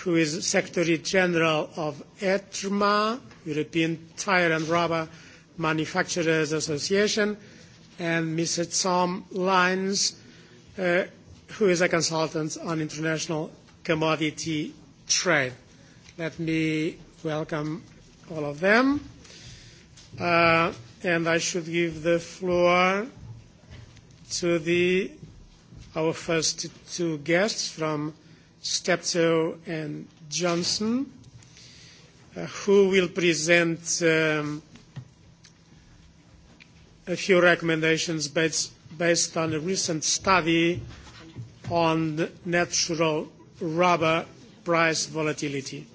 Speaker 2: who is Secretary General of ETRMA, European Tire and Rubber Manufacturers Association, and Mr. Tom Lyons, uh, who is a consultant on international commodity trade. Let me welcome all of them. Uh, and I should give the floor to the, our first two guests from Steptoe and Johnson, uh, who will present um, a few recommendations based, based on a recent study on natural rubber price volatility.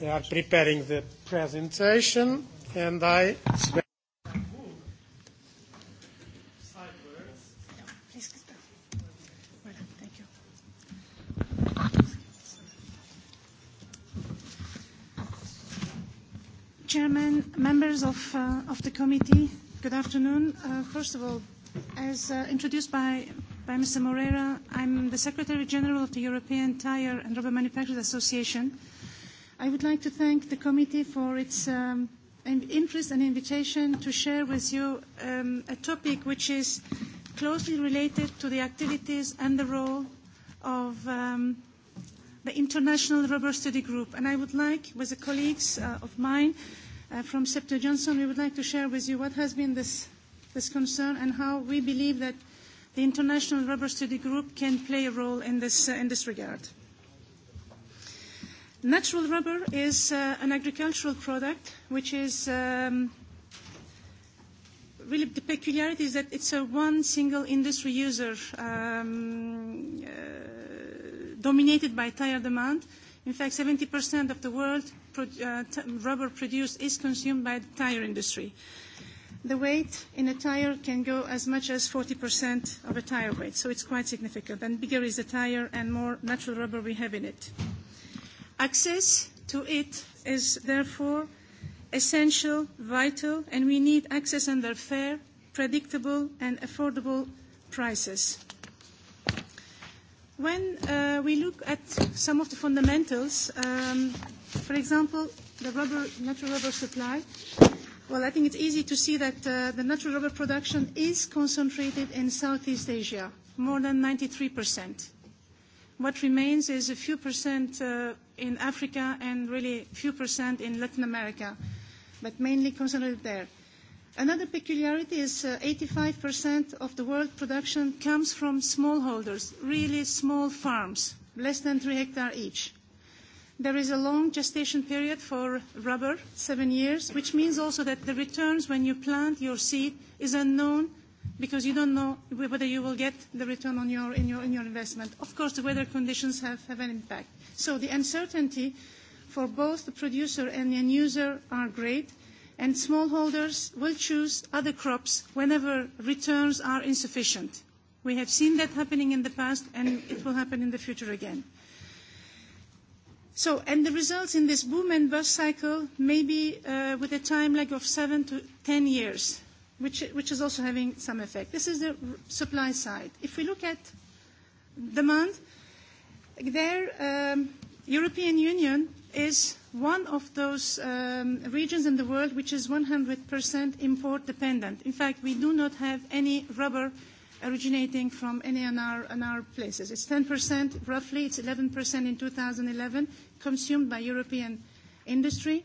Speaker 2: They are preparing the presentation, and I
Speaker 11: of, uh, of the committee. Good afternoon. Uh, first of all, as uh, introduced by, by Mr. Moreira, I'm the Secretary General of the European Tire and Rubber Manufacturers Association. I would like to thank the committee for its um, interest and invitation to share with you um, a topic which is closely related to the activities and the role of um, the International Rubber Study Group. And I would like, with the colleagues uh, of mine, Uh, from Scepter Johnson, we would like to share with you what has been this, this concern and how we believe that the International Rubber Study Group can play a role in this, uh, in this regard. Natural rubber is uh, an agricultural product which is um, really the peculiarity is that it's a one single industry user um, uh, dominated by tire demand. In fact, 70% of the world Uh, rubber produced is consumed by the tire industry. The weight in a tire can go as much as 40% of a tire weight, so it's quite significant. And bigger is the tire and more natural rubber we have in it. Access to it is therefore essential, vital, and we need access under fair, predictable, and affordable prices. When uh, we look at some of the fundamentals, um, For example, the rubber, natural rubber supply. Well, I think it's easy to see that uh, the natural rubber production is concentrated in Southeast Asia, more than 93%. What remains is a few percent uh, in Africa and really few percent in Latin America, but mainly concentrated there. Another peculiarity is uh, 85% of the world production comes from smallholders, really small farms, less than three hectares each. There is a long gestation period for rubber, seven years, which means also that the returns when you plant your seed is unknown because you don't know whether you will get the return on your, in your, in your investment. Of course, the weather conditions have, have an impact. So the uncertainty for both the producer and the end user are great, and smallholders will choose other crops whenever returns are insufficient. We have seen that happening in the past, and it will happen in the future again. So, and the results in this boom and bust cycle may be uh, with a time lag of seven to ten years, which, which is also having some effect. This is the supply side. If we look at demand, there um, European Union is one of those um, regions in the world which is 100% import dependent. In fact, we do not have any rubber originating from any of our, our places. It's 10% roughly, it's 11% in 2011, consumed by European industry.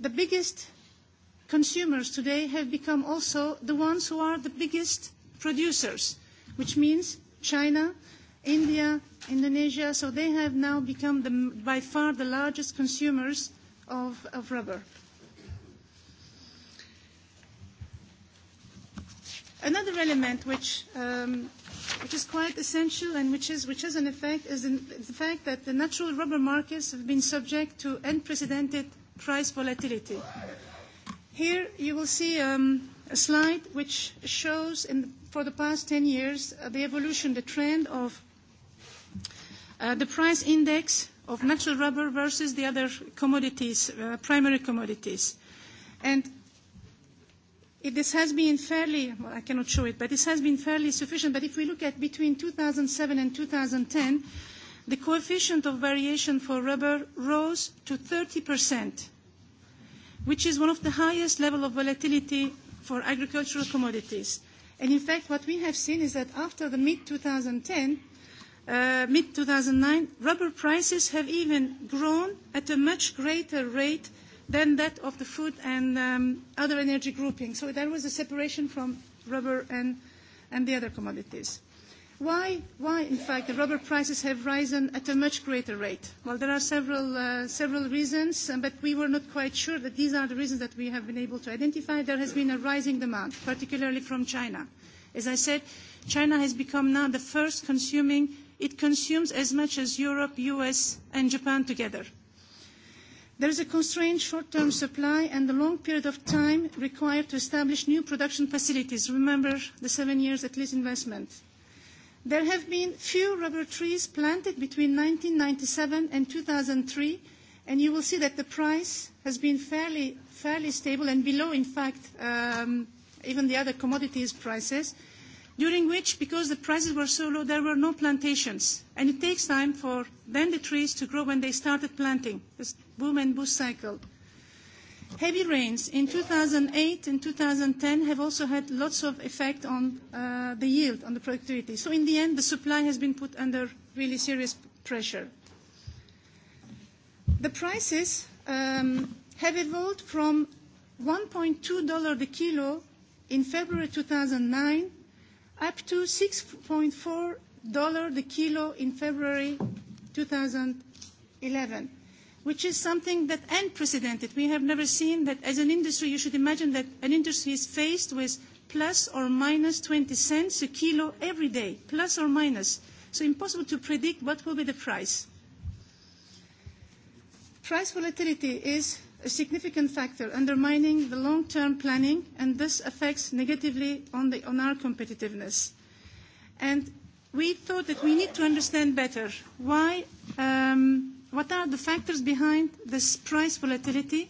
Speaker 11: The biggest consumers today have become also the ones who are the biggest producers, which means China, India, Indonesia, so they have now become the, by far the largest consumers of, of rubber. Another element which um, which is quite essential and which, is, which has an effect, is the, the fact that the natural rubber markets have been subject to unprecedented price volatility. Here you will see um, a slide which shows in, for the past 10 years uh, the evolution, the trend of uh, the price index of natural rubber versus the other commodities, uh, primary commodities. And if this has been fairly, well, I cannot show it, but this has been fairly sufficient. But if we look at between 2007 and 2010, the coefficient of variation for rubber rose to 30%, which is one of the highest level of volatility for agricultural commodities. And in fact, what we have seen is that after the mid-2010, uh, mid-2009, rubber prices have even grown at a much greater rate Than that of the food and um, other energy grouping. So there was a separation from rubber and, and the other commodities. Why, why, in fact, the rubber prices have risen at a much greater rate? Well, there are several, uh, several reasons, uh, but we were not quite sure that these are the reasons that we have been able to identify. There has been a rising demand, particularly from China. As I said, China has become now the first consuming, it consumes as much as Europe, US, and Japan together. There is a constrained short-term supply and the long period of time required to establish new production facilities. Remember the seven years at least investment. There have been few rubber trees planted between 1997 and 2003, and you will see that the price has been fairly, fairly stable and below, in fact, um, even the other commodities prices, during which, because the prices were so low, there were no plantations. And it takes time for then the trees to grow when they started planting. It's boom and bust cycle. Heavy rains in 2008 and 2010 have also had lots of effect on uh, the yield, on the productivity. So in the end, the supply has been put under really serious pressure. The prices um, have evolved from $1.2 the kilo in February 2009 up to $6.4 the kilo in February 2011 which is something that unprecedented. We have never seen that as an industry, you should imagine that an industry is faced with plus or minus 20 cents a kilo every day, plus or minus. So impossible to predict what will be the price. Price volatility is a significant factor undermining the long-term planning and this affects negatively on, the, on our competitiveness. And we thought that we need to understand better why um, what are the factors behind this price volatility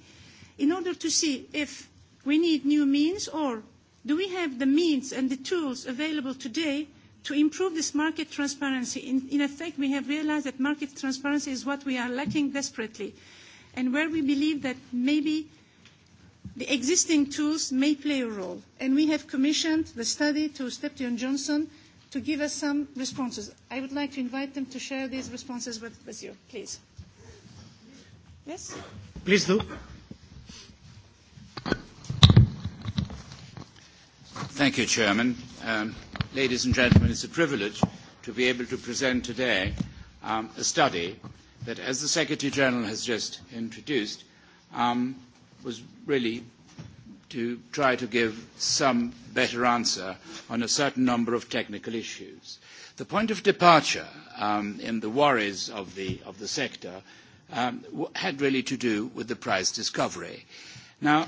Speaker 11: in order to see if we need new means or do we have the means and the tools available today to improve this market transparency? In, effect, we have realized that market transparency is what we are lacking desperately and where we believe that maybe the existing tools may play a role. And we have commissioned the study to Stepton Johnson to give us some responses. I would like to invite them to share these responses with, with you, please. Yes?
Speaker 2: Please do.
Speaker 12: Thank you, Chairman. Um, ladies and gentlemen, it's a privilege to be able to present today um, a study that, as the Secretary General has just introduced, um, was really to try to give some better answer on a certain number of technical issues. The point of departure um, in the worries of the, of the sector um, had really to do with the price discovery. Now,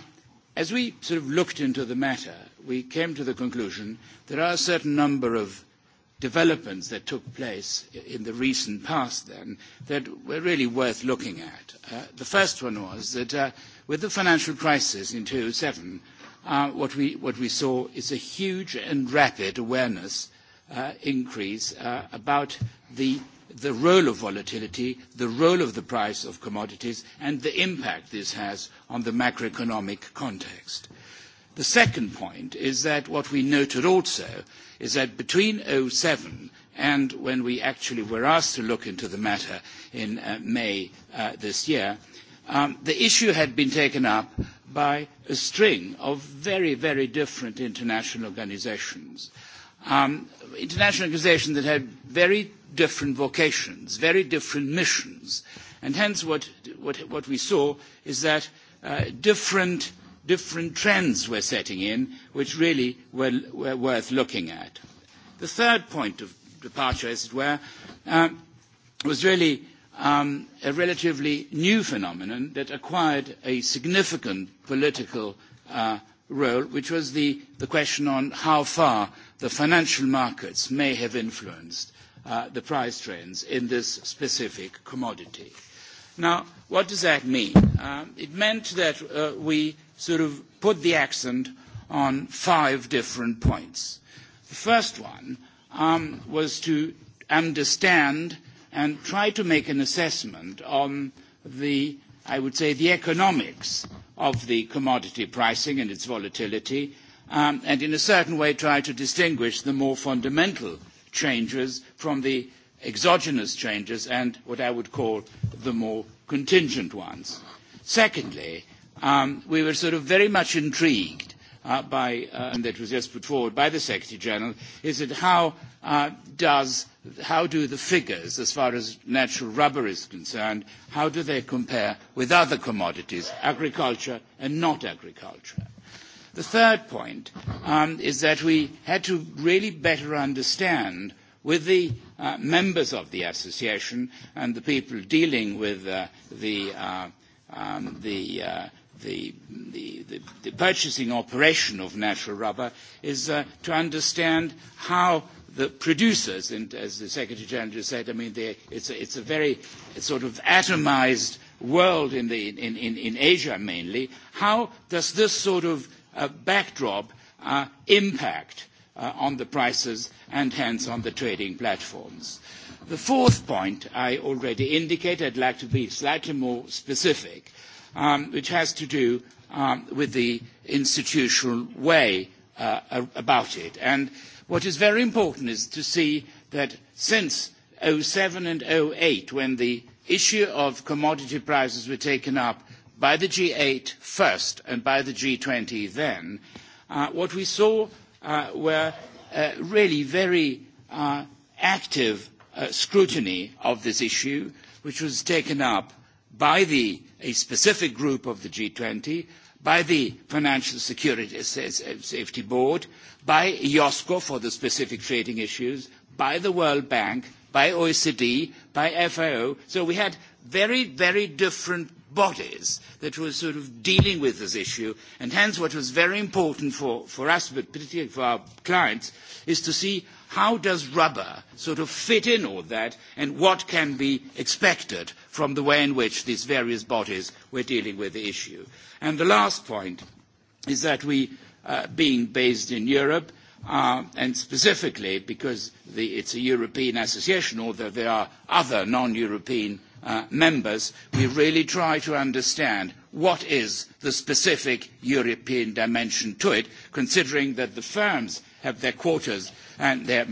Speaker 12: as we sort of looked into the matter, we came to the conclusion there are a certain number of developments that took place in the recent past then that were really worth looking at. Uh, the first one was that uh, with the financial crisis in 2007, uh, what, we, what we saw is a huge and rapid awareness uh, increase uh, about the the role of volatility, the role of the price of commodities, and the impact this has on the macroeconomic context. The second point is that what we noted also is that between 07 and when we actually were asked to look into the matter in uh, May uh, this year, um, the issue had been taken up by a string of very, very different international organizations um, international organizations that had very different vocations, very different missions. And hence what, what, what we saw is that uh, different, different trends were setting in, which really were, were worth looking at. The third point of departure, as it were, uh, was really um, a relatively new phenomenon that acquired a significant political uh, role, which was the, the question on how far the financial markets may have influenced uh, the price trends in this specific commodity. Now, what does that mean? Um, it meant that uh, we sort of put the accent on five different points. The first one um, was to understand and try to make an assessment on the, I would say, the economics of the commodity pricing and its volatility um, and in a certain way try to distinguish the more fundamental changes from the exogenous changes and what I would call the more contingent ones. Secondly, um, we were sort of very much intrigued uh, by, uh, and that was just put forward by the Secretary General, is that how uh, does, how do the figures, as far as natural rubber is concerned, how do they compare with other commodities, agriculture and not agriculture? The third point um, is that we had to really better understand with the uh, members of the association and the people dealing with uh, the, uh, um, the, uh, the, the, the, purchasing operation of natural rubber is uh, to understand how the producers, and as the Secretary General just said, I mean, they, it's, a, it's a very sort of atomized world in, the, in, in, in Asia mainly. How does this sort of backdrop impact uh, on the prices and hence on the trading platforms. The fourth point I already indicated, I'd like to be slightly more specific, um, which has to do um, with the institutional way uh, about it. And what is very important is to see that since 07 and 08, when the issue of commodity prices were taken up by the G8 first and by the G20 then, uh, what we saw uh, were uh, really very uh, active uh, scrutiny of this issue, which was taken up by the, a specific group of the G20, by the Financial Security Safety Board, by IOSCO for the specific trading issues, by the World Bank, by OECD, by FAO. So we had very, very different bodies that were sort of dealing with this issue. And hence what was very important for, for us, but particularly for our clients, is to see how does rubber sort of fit in all that and what can be expected from the way in which these various bodies were dealing with the issue. And the last point is that we, uh, being based in Europe, Uh, and specifically because the, it's a European association, although there are other non-European Uh, members, we really try to understand what is the specific European dimension to it, considering that the firms have their quarters and their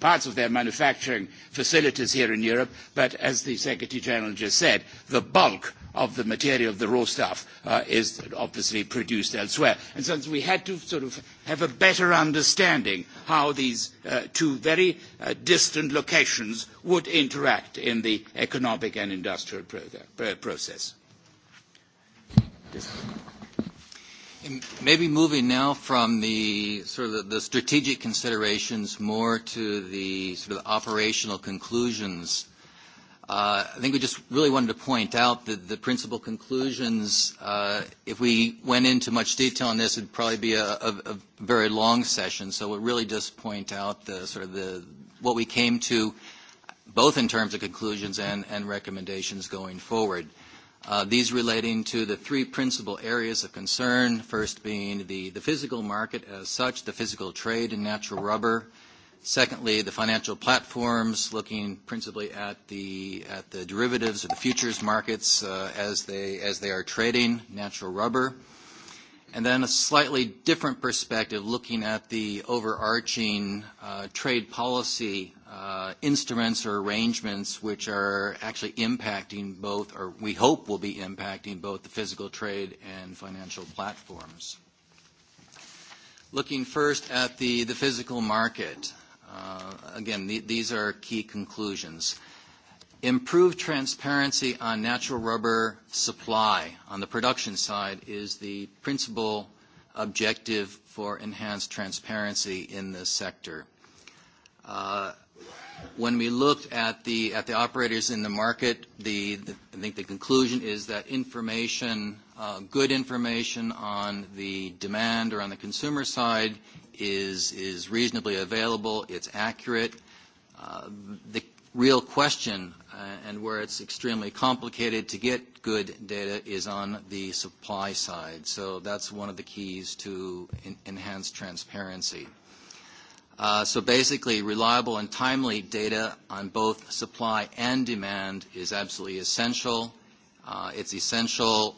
Speaker 12: parts of their manufacturing facilities here in Europe, but as the Secretary-General just said, the bulk of the material, the raw stuff, uh, is obviously produced elsewhere. And since we had to sort of have a better understanding how these uh, two very uh, distant locations would interact in the economic and industrial uh, process.
Speaker 13: Maybe moving now from the sort of the strategic considerations more to the sort of operational conclusions Uh, I think we just really wanted to point out that the principal conclusions, uh, if we went into much detail on this, would probably be a, a, a very long session. So we'll really just point out the sort of the what we came to, both in terms of conclusions and, and recommendations going forward. Uh, these relating to the three principal areas of concern, first being the, the physical market as such, the physical trade in natural rubber, Secondly, the financial platforms, looking principally at the, derivatives or the futures markets uh, as, they, are trading natural rubber. And then a slightly different perspective, looking at the overarching uh, trade policy uh, instruments or arrangements which are actually impacting both, or we hope will be impacting both the physical trade and financial platforms. Looking first at the physical market. Uh, again, the, these are key conclusions. Improved transparency on natural rubber supply on the production side is the principal objective for enhanced transparency in this sector. Uh, when we looked at the, at the operators in the market, the, the, I think the conclusion is that information, uh, good information on the demand or on the consumer side is, is reasonably available, it's accurate. Uh, the real question uh, and where it's extremely complicated to get good data is on the supply side. So that's one of the keys to en enhance transparency. Uh, so basically, reliable and timely data on both supply and demand is absolutely essential. Uh, it's essential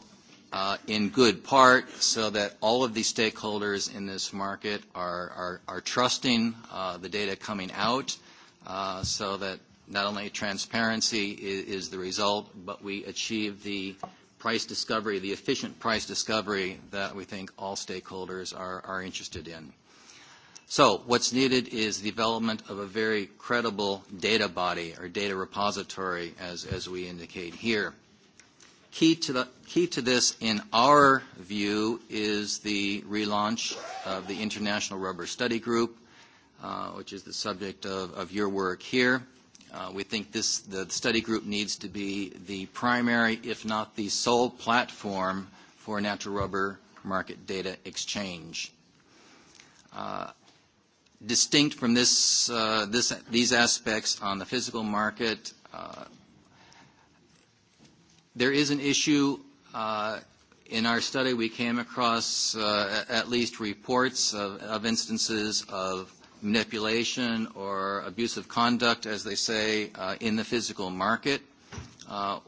Speaker 13: Uh, in good part so that all of the stakeholders in this market are, are, are trusting uh, the data coming out uh, so that not only transparency is, is the result, but we achieve the price discovery, the efficient price discovery that we think all stakeholders are, are interested in. So what's needed is the development of a very credible data body or data repository, as, as we indicate here. Key to, the, key to this, in our view, is the relaunch of the International Rubber Study Group, uh, which is the subject of, of your work here. Uh, we think this, the study group needs to be the primary, if not the sole platform for natural rubber market data exchange. Uh, distinct from this, uh, this, these aspects on the physical market, uh, There is an issue uh, in our study. We came across uh, at least reports of, of instances of manipulation or abusive conduct, as they say, uh, in the physical market. Uh,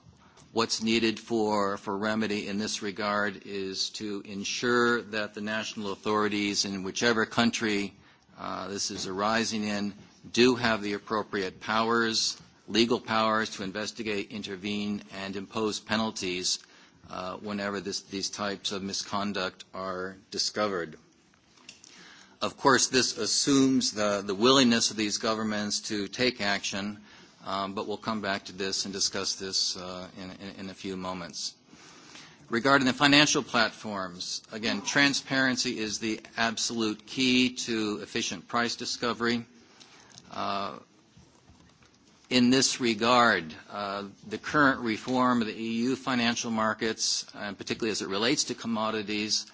Speaker 13: what's needed for, for remedy in this regard is to ensure that the national authorities in whichever country uh, this is arising in do have the appropriate powers legal powers to investigate, intervene, and impose penalties uh, whenever this, these types of misconduct are discovered. Of course, this assumes the, the willingness of these governments to take action, um, but we'll come back to this and discuss this uh, in, in, in a few moments. Regarding the financial platforms, again, transparency is the absolute key to efficient price discovery. Uh, in this regard, uh, the current reform of the EU financial markets, and particularly as it relates to commodities,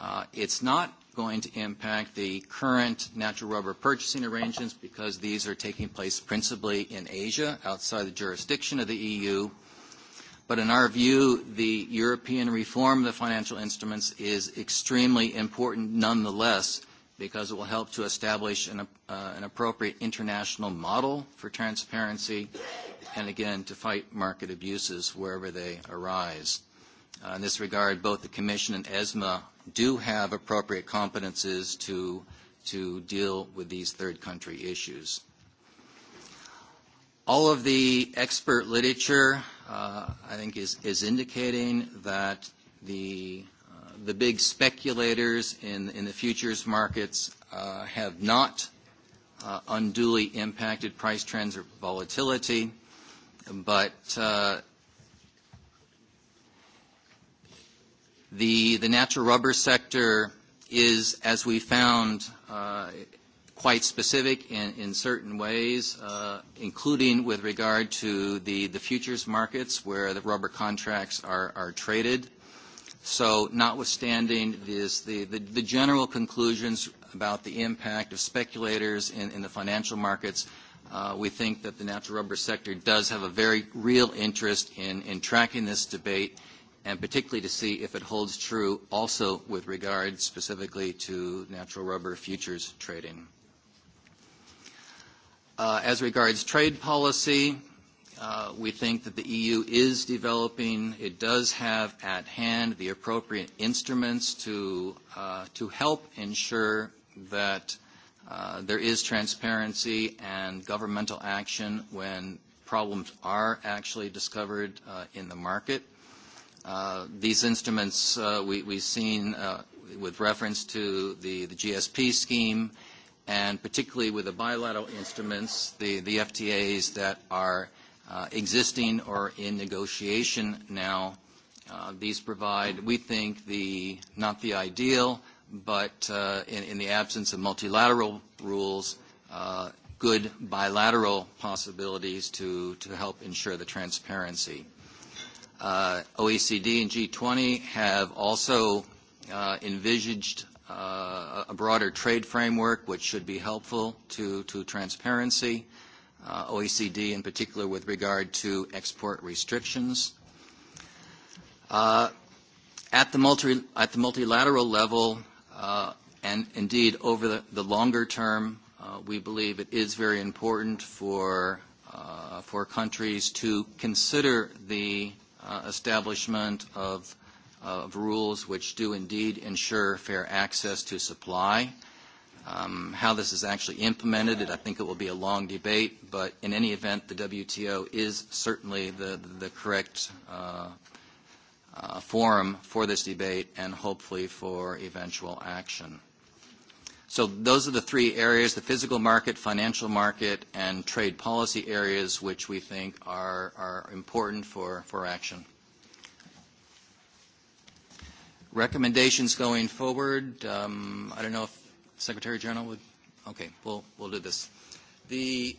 Speaker 13: uh, it's not going to impact the current natural rubber purchasing arrangements because these are taking place principally in Asia, outside the jurisdiction of the EU. But in our view, the European reform of the financial instruments is extremely important nonetheless because it will help to establish an, uh, an appropriate international model for transparency and again to fight market abuses wherever they arise. Uh, in this regard, both the Commission and ESMA do have appropriate competences to, to deal with these third country issues. All of the expert literature, uh, I think, is, is indicating that the the big speculators in, in the futures markets uh, have not uh, unduly impacted price trends or volatility, but uh, the, the natural rubber sector is, as we found, uh, quite specific in, in certain ways, uh, including with regard to the, the futures markets where the rubber contracts are, are traded. So notwithstanding this, the, the, the general conclusions about the impact of speculators in, in the financial markets, uh, we think that the natural rubber sector does have a very real interest in, in tracking this debate and particularly to see if it holds true also with regard specifically to natural rubber futures trading. Uh, as regards trade policy, Uh, we think that the EU is developing, it does have at hand the appropriate instruments to, uh, to help ensure that uh, there is transparency and governmental action when problems are actually discovered uh, in the market. Uh, these instruments uh, we, we've seen uh, with reference to the, the GSP scheme and particularly with the bilateral instruments, the, the FTAs that are – uh, existing or in negotiation now. Uh, these provide, we think, the not the ideal, but uh, in, in the absence of multilateral rules, uh, good bilateral possibilities to, to help ensure the transparency. Uh, OECD and G20 have also uh, envisaged uh, a broader trade framework, which should be helpful to, to transparency. Uh, uh, OECD in particular with regard to export restrictions. Uh, at, the multi, at the multilateral level, uh, and indeed over the, the longer term, uh, we believe it is very important for, uh, for countries to consider the uh, establishment of, of rules which do indeed ensure fair access to supply. Uh, Um, how this is actually implemented, I think it will be a long debate, but in any event, the WTO is certainly the, the correct uh, uh, forum for this debate and hopefully for eventual action. So those are the three areas, the physical market, financial market, and trade policy areas, which we think are, are important for, for action. Recommendations going forward, um, I don't know if Secretary General would? Okay, we'll, we'll do this. The,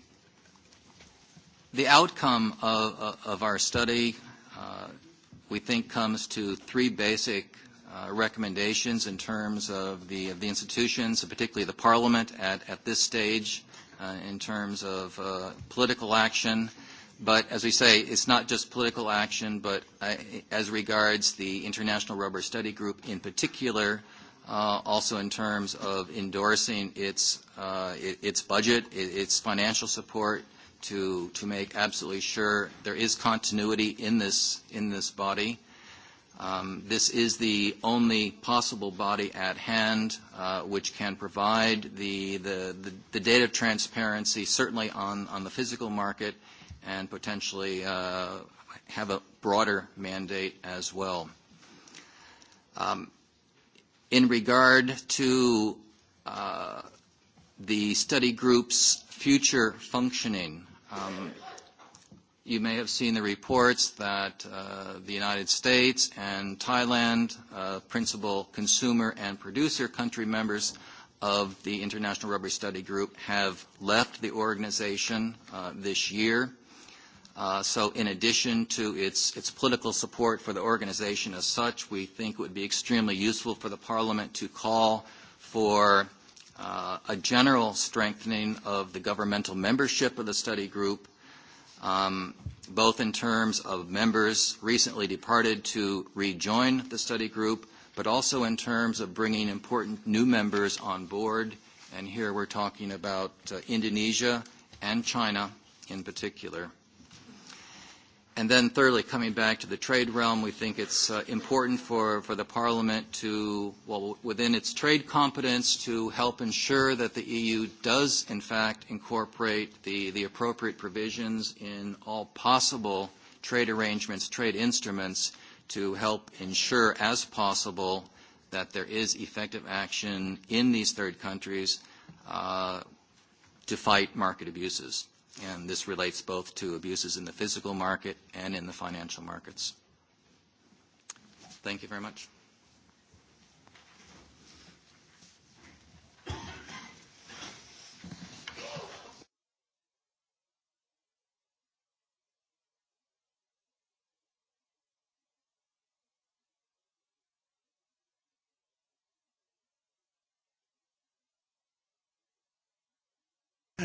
Speaker 13: the outcome of, of our study, uh, we think, comes to three basic uh, recommendations in terms of the, of the institutions, and particularly the Parliament at, at this stage uh, in terms of uh, political action. But as we say, it's not just political action, but uh, as regards the International Rubber Study Group in particular, Uh, also in terms of endorsing its, uh, its budget, its financial support to, to make absolutely sure there is continuity in this, in this body. Um, this is the only possible body at hand uh, which can provide the, the, the, the data transparency, certainly on, on the physical market, and potentially uh, have a broader mandate as well. Um, in regard to uh, the study group's future functioning. Um, you may have seen the reports that uh, the United States and Thailand, uh, principal consumer and producer country members of the International Rubber Study Group, have left the organization uh, this year. Uh, so in addition to its, its political support for the organization as such, we think it would be extremely useful for the Parliament to call for uh, a general strengthening of the governmental membership of the study group, um, both in terms of members recently departed to rejoin the study group, but also in terms of bringing important new members on board. And here we're talking about uh, Indonesia and China in particular. And then thirdly, coming back to the trade realm, we think it's uh, important for, for the Parliament to, well, within its trade competence, to help ensure that the EU does, in fact, incorporate the, the appropriate provisions in all possible trade arrangements, trade instruments, to help ensure as possible that there is effective action in these third countries uh, to fight market abuses and this relates both to abuses in the physical market and in the financial markets. Thank you very much.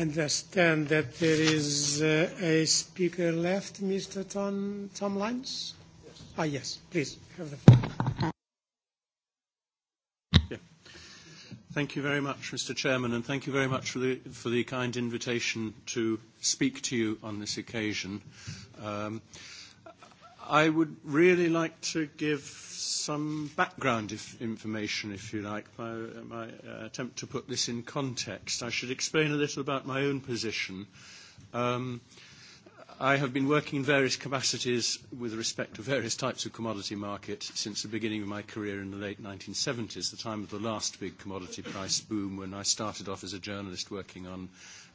Speaker 2: understand that there is uh, a speaker left, Mr. Tom, Tom Lyons? Yes. Ah, yes, please, have the floor.
Speaker 10: Yeah.
Speaker 14: Thank you very much, Mr. Chairman, and thank you very much for the, for the kind invitation to speak to you on this occasion. Um, I would really like to give some background if, information, if you like, my, my uh, attempt to put this in context. I should explain a little about my own position. Um, uh, I have been working in various capacities with respect to various types of commodity markets since the beginning of my career in the late 1970s, the time of the last big commodity price boom when I started off as a journalist working on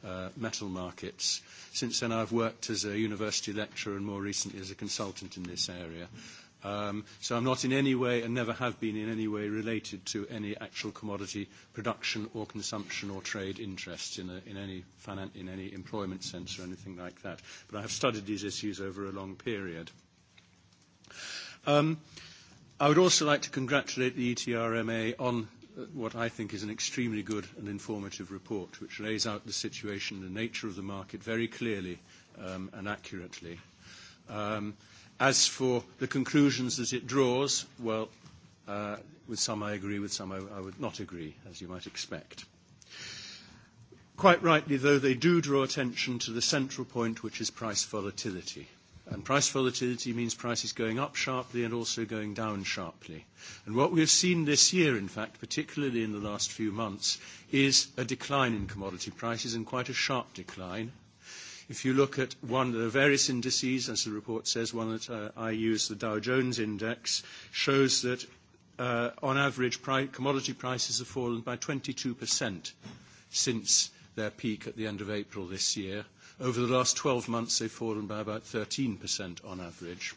Speaker 14: uh, metal markets. Since then, I've worked as a university lecturer and more recently as a consultant in this area. Mm-hmm Um, so I'm not in any way, and never have been in any way, related to any actual commodity production or consumption or trade interests in, a, in, any, finan- in any employment sense or anything like that. But I have studied these issues over a long period. Um, I would also like to congratulate the ETRMA on uh, what I think is an extremely good and informative report, which lays out the situation, and the nature of the market very clearly um, and accurately. Um, As for the conclusions that it draws, well, uh, with some I agree, with some I, I would not agree, as you might expect. Quite rightly, though, they do draw attention to the central point, which is price volatility. And price volatility means prices going up sharply and also going down sharply. And what we have seen this year, in fact, particularly in the last few months, is a decline in commodity prices and quite a sharp decline, If you look at one, of the various indices, as the report says, one that uh, I use, the Dow Jones Index, shows that uh, on average pri commodity prices have fallen by 22% since their peak at the end of April this year. Over the last 12 months, they've fallen by about 13% on average.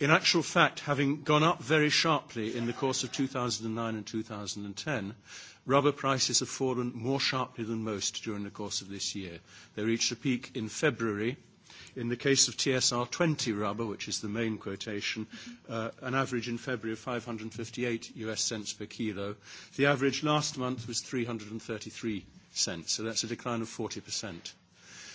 Speaker 14: In actual fact, having gone up very sharply in the course of 2009 and 2010, Rubber prices have fallen more sharply than most during the course of this year. They reached a peak in February. In the case of TSR 20 rubber, which is the main quotation, uh, an average in February of 558 US cents per kilo. The average last month was 333 cents, so that's a decline of 40%.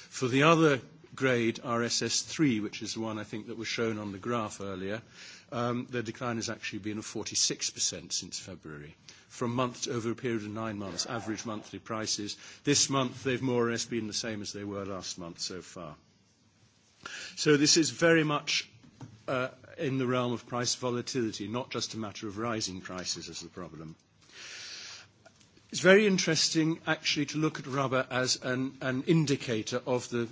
Speaker 14: For the other grade RSS3, which is the one I think that was shown on the graph earlier, um, the decline has actually been of 46% since February from month to, over a period of nine months, average monthly prices. This month, they've more or less been the same as they were last month so far. So this is very much uh, in the realm of price volatility, not just a matter of rising prices as the problem. It's very interesting actually to look at rubber as an, an indicator of the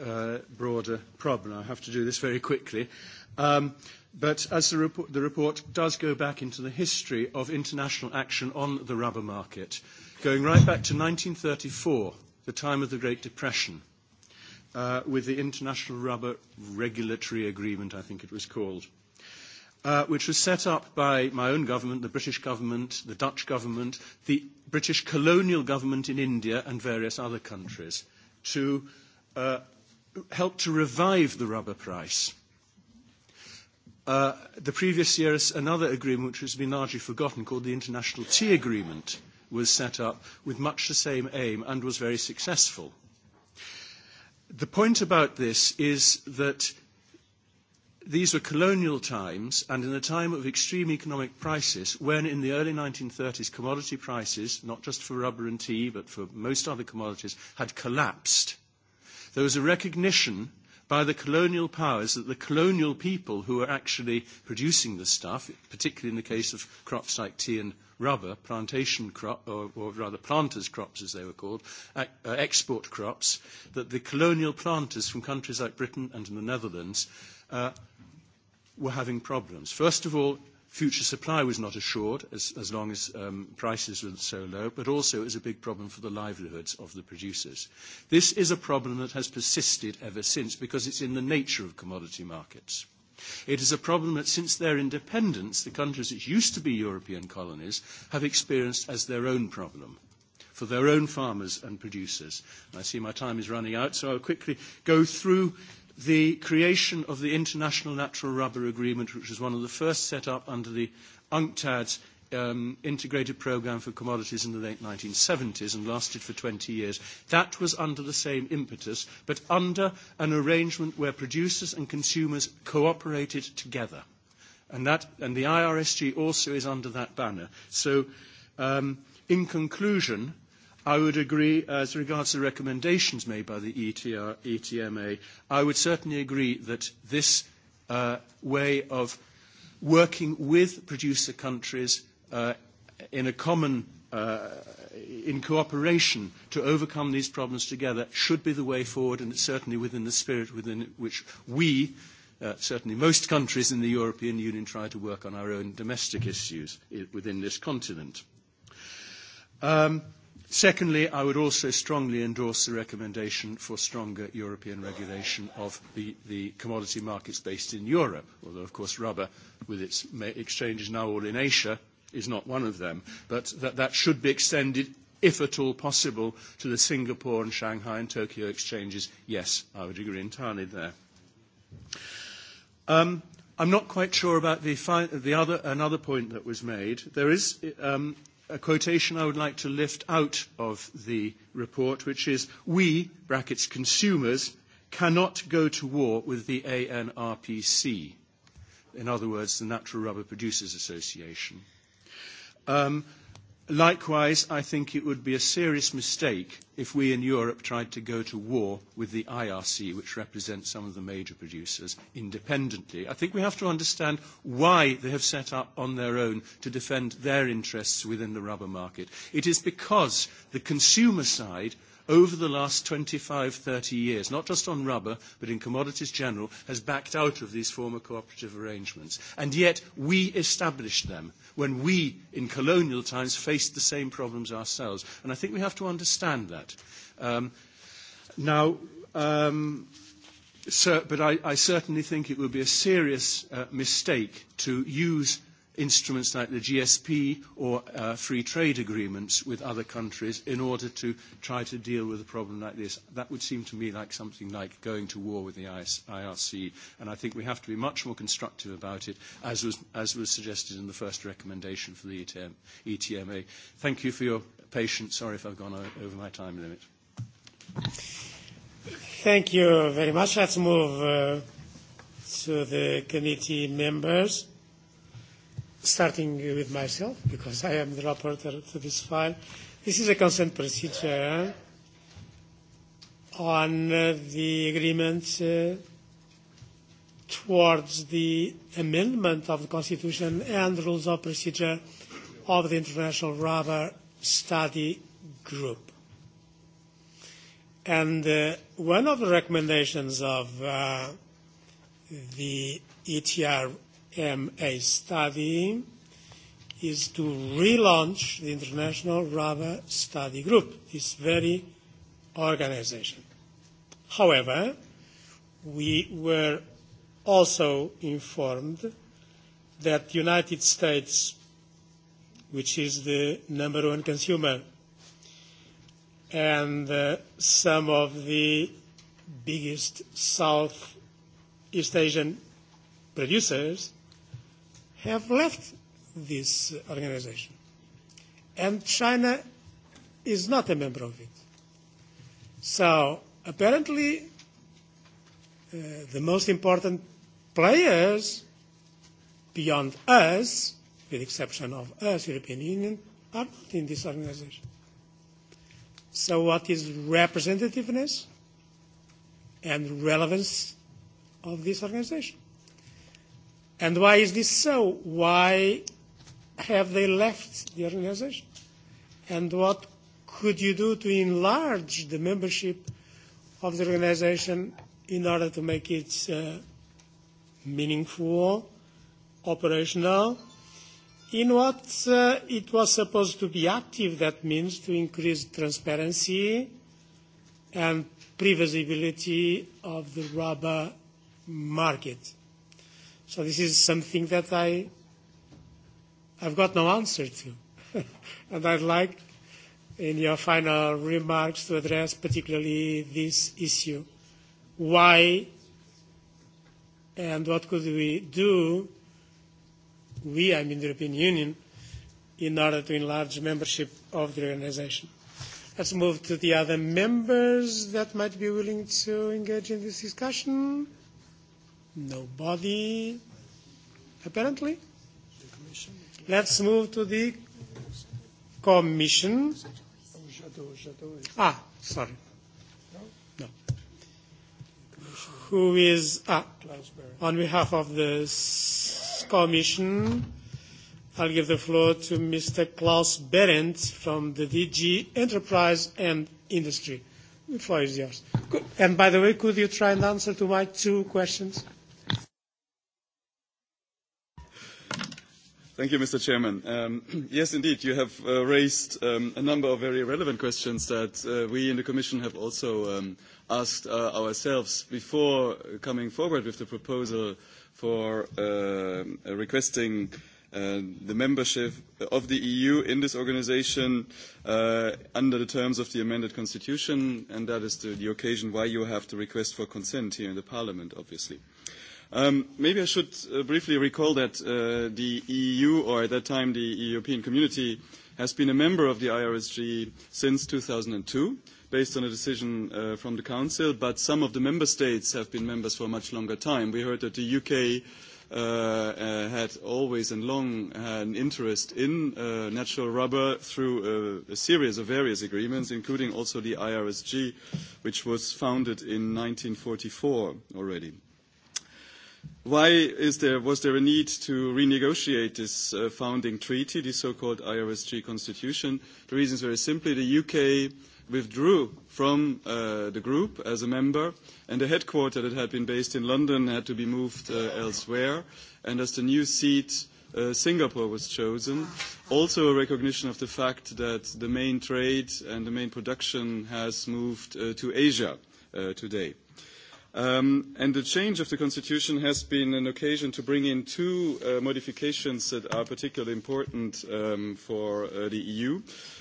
Speaker 14: uh, broader problem. I have to do this very quickly. Um, But as the report, the report does go back into the history of international action on the rubber market, going right back to 1934, the time of the Great Depression, uh, with the International Rubber Regulatory Agreement, I think it was called. Uh, which was set up by my own government, the British government, the Dutch government, the British colonial government in India, and various other countries to uh, help to revive the rubber price. Uh, the previous year, another agreement, which has been largely forgotten, called the International Tea Agreement, was set up with much the same aim and was very successful. The point about this is that these were colonial times, and in a time of extreme economic crisis, when in the early 1930s commodity prices, not just for rubber and tea, but for most other commodities, had collapsed, there was a recognition by the colonial powers that the colonial people who are actually producing the stuff, particularly in the case of crops like tea and rubber, plantation crop, or, or rather planters' crops as they were called, uh, uh export crops, that the colonial planters from countries like Britain and the Netherlands uh, were having problems. First of all, future supply was not assured as, as long as um, prices were so low, but also it was a big problem for the livelihoods of the producers. This is a problem that has persisted ever since because it's in the nature of commodity markets. It is a problem that since their independence, the countries that used to be European colonies have experienced as their own problem for their own farmers and producers. And I see my time is running out, so I'll quickly go through the creation of the International Natural Rubber Agreement, which was one of the first set up under the UNCTAD um, integrated programme for commodities in the late 1970s and lasted for 20 years. That was under the same impetus, but under an arrangement where producers and consumers cooperated together. And, that, and the IRSG also is under that banner. So, um, in conclusion, I would agree as regards the recommendations made by the ETR, ETMA. I would certainly agree that this uh, way of working with producer countries uh, in a common uh, in cooperation to overcome these problems together should be the way forward, and it's certainly within the spirit within which we, uh, certainly most countries in the European Union, try to work on our own domestic issues within this continent. Um, Secondly, I would also strongly endorse the recommendation for stronger European regulation of the, the commodity markets based in Europe, although, of course, rubber, with its exchanges now all in Asia, is not one of them, but that, that should be extended, if at all possible, to the Singapore and Shanghai and Tokyo exchanges. Yes, I would agree entirely there. Um, I'm not quite sure about the, the other, another point that was made. There is um, a quotation I would like to lift out of the report, which is, we, brackets consumers, cannot go to war with the ANRPC. In other words, the Natural Rubber Producers Association. Um, Likewise, I think it would be a serious mistake if we in Europe tried to go to war with the IRC, which represents some of the major producers, independently. I think we have to understand why they have set up on their own to defend their interests within the rubber market. It is because the consumer side over the last 25, 30 years, not just on rubber, but in commodities general, has backed out of these former cooperative arrangements. And yet we established them when we, in colonial times, faced the same problems ourselves. And I think we have to understand that. Um, now, um, so, but I, I certainly think it would be a serious uh, mistake to use instruments like the GSP or uh, free trade agreements with other countries in order to try to deal with a problem like this. That would seem to me like something like going to war with the IRC, and I think we have to be much more constructive about it, as was, as was suggested in the first recommendation for the ETM, ETMA. Thank you for your patience. Sorry if I've gone over my time limit.
Speaker 2: Thank you very much. Let's move uh, to the committee members starting with myself, because I am the rapporteur to this file. This is a consent procedure on uh, the agreement uh, towards the amendment of the Constitution and the rules of procedure of the International Rubber Study Group. And uh, one of the recommendations of uh, the ETR MA study is to relaunch the International Rubber Study Group, this very organization. However, we were also informed that the United States, which is the number one consumer, and uh, some of the biggest South East Asian producers have left this organization. And China is not a member of it. So apparently, uh, the most important players beyond us, with exception of us, European Union, are not in this organization. So what is representativeness and relevance of this organization? And why is this so? Why have they left the organization? And what could you do to enlarge the membership of the organization in order to make it uh, meaningful, operational, in what uh, it was supposed to be active, that means to increase transparency and previsibility of the rubber market. So this is something that I, I've got no answer to. and I'd like, in your final remarks, to address particularly this issue. Why and what could we do, we, I mean the European Union, in order to enlarge membership of the organization? Let's move to the other members that might be willing to engage in this discussion. Nobody, apparently. Let's move to the commission. Ah, sorry. No. Who is ah, on behalf of the commission? I'll give the floor to Mr. Klaus Berendt from the DG Enterprise and Industry. The floor is yours. And by the way, could you try and answer to my two questions?
Speaker 15: Thank you, Mr. Chairman. Um, yes, indeed, you have uh, raised um, a number of very relevant questions that uh, we in the Commission have also um, asked uh, ourselves before coming forward with the proposal for uh, requesting uh, the membership of the EU in this organization uh, under the terms of the amended constitution, and that is the, the occasion why you have to request for consent here in the Parliament, obviously. Um, maybe I should uh, briefly recall that uh, the EU, or at that time the European Community, has been a member of the IRSG since 2002, based on a decision uh, from the Council, but some of the member states have been members for a much longer time. We heard that the UK uh, uh, had always and long had an interest in uh, natural rubber through a, a series of various agreements, including also the IRSG, which was founded in 1944 already. Why is there, was there a need to renegotiate this uh, founding treaty, the so-called IRSG constitution? The reason is very simply the UK withdrew from uh, the group as a member, and the headquarters that had been based in London had to be moved uh, elsewhere. And as the new seat, uh, Singapore was chosen. Also, a recognition of the fact that the main trade and the main production has moved uh, to Asia uh, today. Um, and the change of the constitution has been an occasion to bring in two uh, modifications that are particularly important um, for uh, the EU.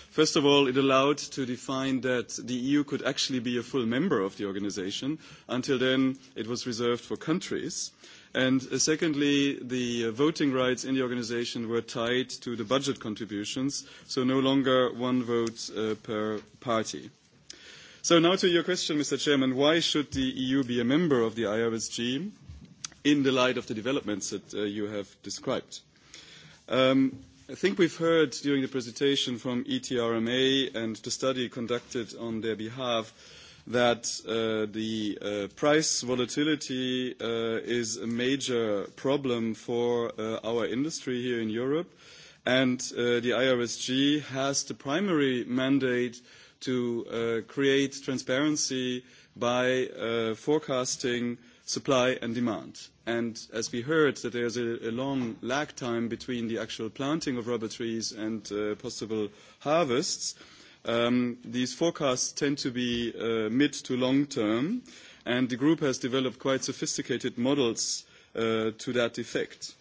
Speaker 15: First of all, it allowed to define that the EU could actually be a full member of the organization. Until then, it was reserved for countries. And uh, secondly, the uh, voting rights in the organization were tied to the budget contributions, so no longer one vote uh, per party. So now to your question, Mr. Chairman, why should the EU be a member of the IRSG in the light of the developments that uh, you have described? Um, I think we've heard during the presentation from ETRMA and the study conducted on their behalf that uh, the uh, price volatility uh, is a major problem for uh, our industry here in Europe, and uh, the IRSG has the primary mandate to uh, create transparency by uh, forecasting supply and demand. And as we heard, that there's a, a long lag time between the actual planting of rubber trees and uh, possible harvests. Um, these forecasts tend to be uh, mid to long term, and the group has developed quite sophisticated models uh, to that effect.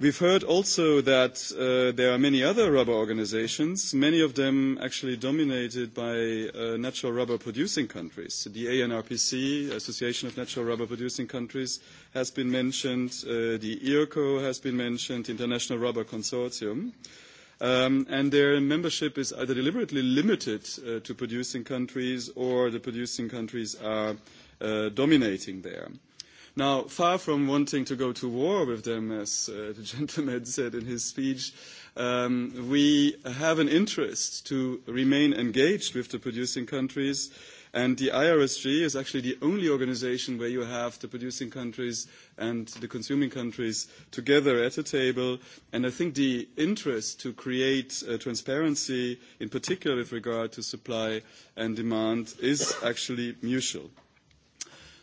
Speaker 15: We've heard also that uh, there are many other rubber organizations, many of them actually dominated by uh, natural rubber producing countries. The ANRPC, Association of Natural Rubber Producing Countries, has been mentioned. Uh, the IRCO has been mentioned, International Rubber Consortium. Um, and their membership is either deliberately limited uh, to producing countries or the producing countries are uh, dominating there. Now, far from wanting to go to war with them, as uh, the gentleman said in his speech, um, we have an interest to remain engaged with the producing countries. And the IRSG is actually the only organization where you have the producing countries and the consuming countries together at a table. And I think the interest to create uh, transparency, in particular with regard to supply and demand, is actually mutual.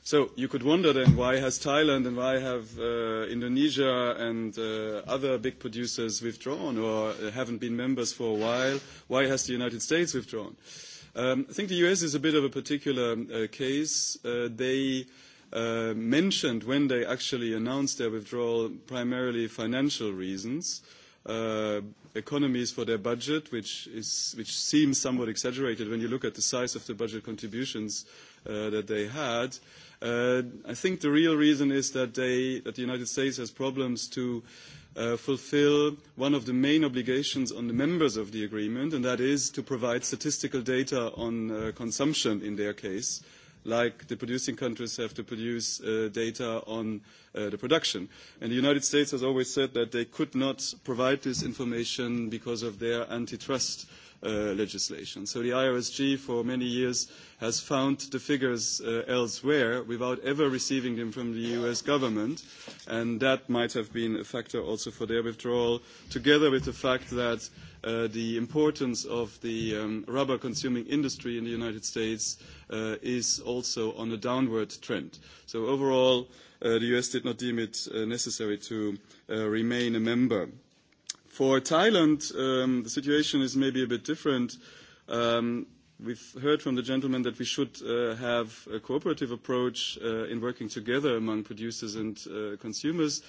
Speaker 15: So you could wonder then why has Thailand and why have uh, Indonesia and uh, other big producers withdrawn or haven't been members for a while? Why has the United States withdrawn? Um, I think the US is a bit of a particular uh, case. Uh, they uh, mentioned when they actually announced their withdrawal primarily financial reasons. Uh, economies for their budget, which, is, which seems somewhat exaggerated when you look at the size of the budget contributions uh, that they had. Uh, I think the real reason is that, they, that the United States has problems to uh, fulfill one of the main obligations on the members of the agreement, and that is to provide statistical data on uh, consumption in their case, like the producing countries have to produce uh, data on uh, the production. And the United States has always said that they could not provide this information because of their antitrust uh, Uh, legislation. So the IRSG for many years has found the figures uh, elsewhere without ever receiving them from the US government, and that might have been a factor also for their withdrawal, together with the fact that uh, the importance of the um, rubber consuming industry in the United States uh, is also on a downward trend. So overall, uh, the US did not deem it uh, necessary to uh, remain a member. For Thailand, um, the situation is maybe a bit different. Um, we've heard from the gentleman that we should uh, have a cooperative approach uh, in working together among producers and uh, consumers.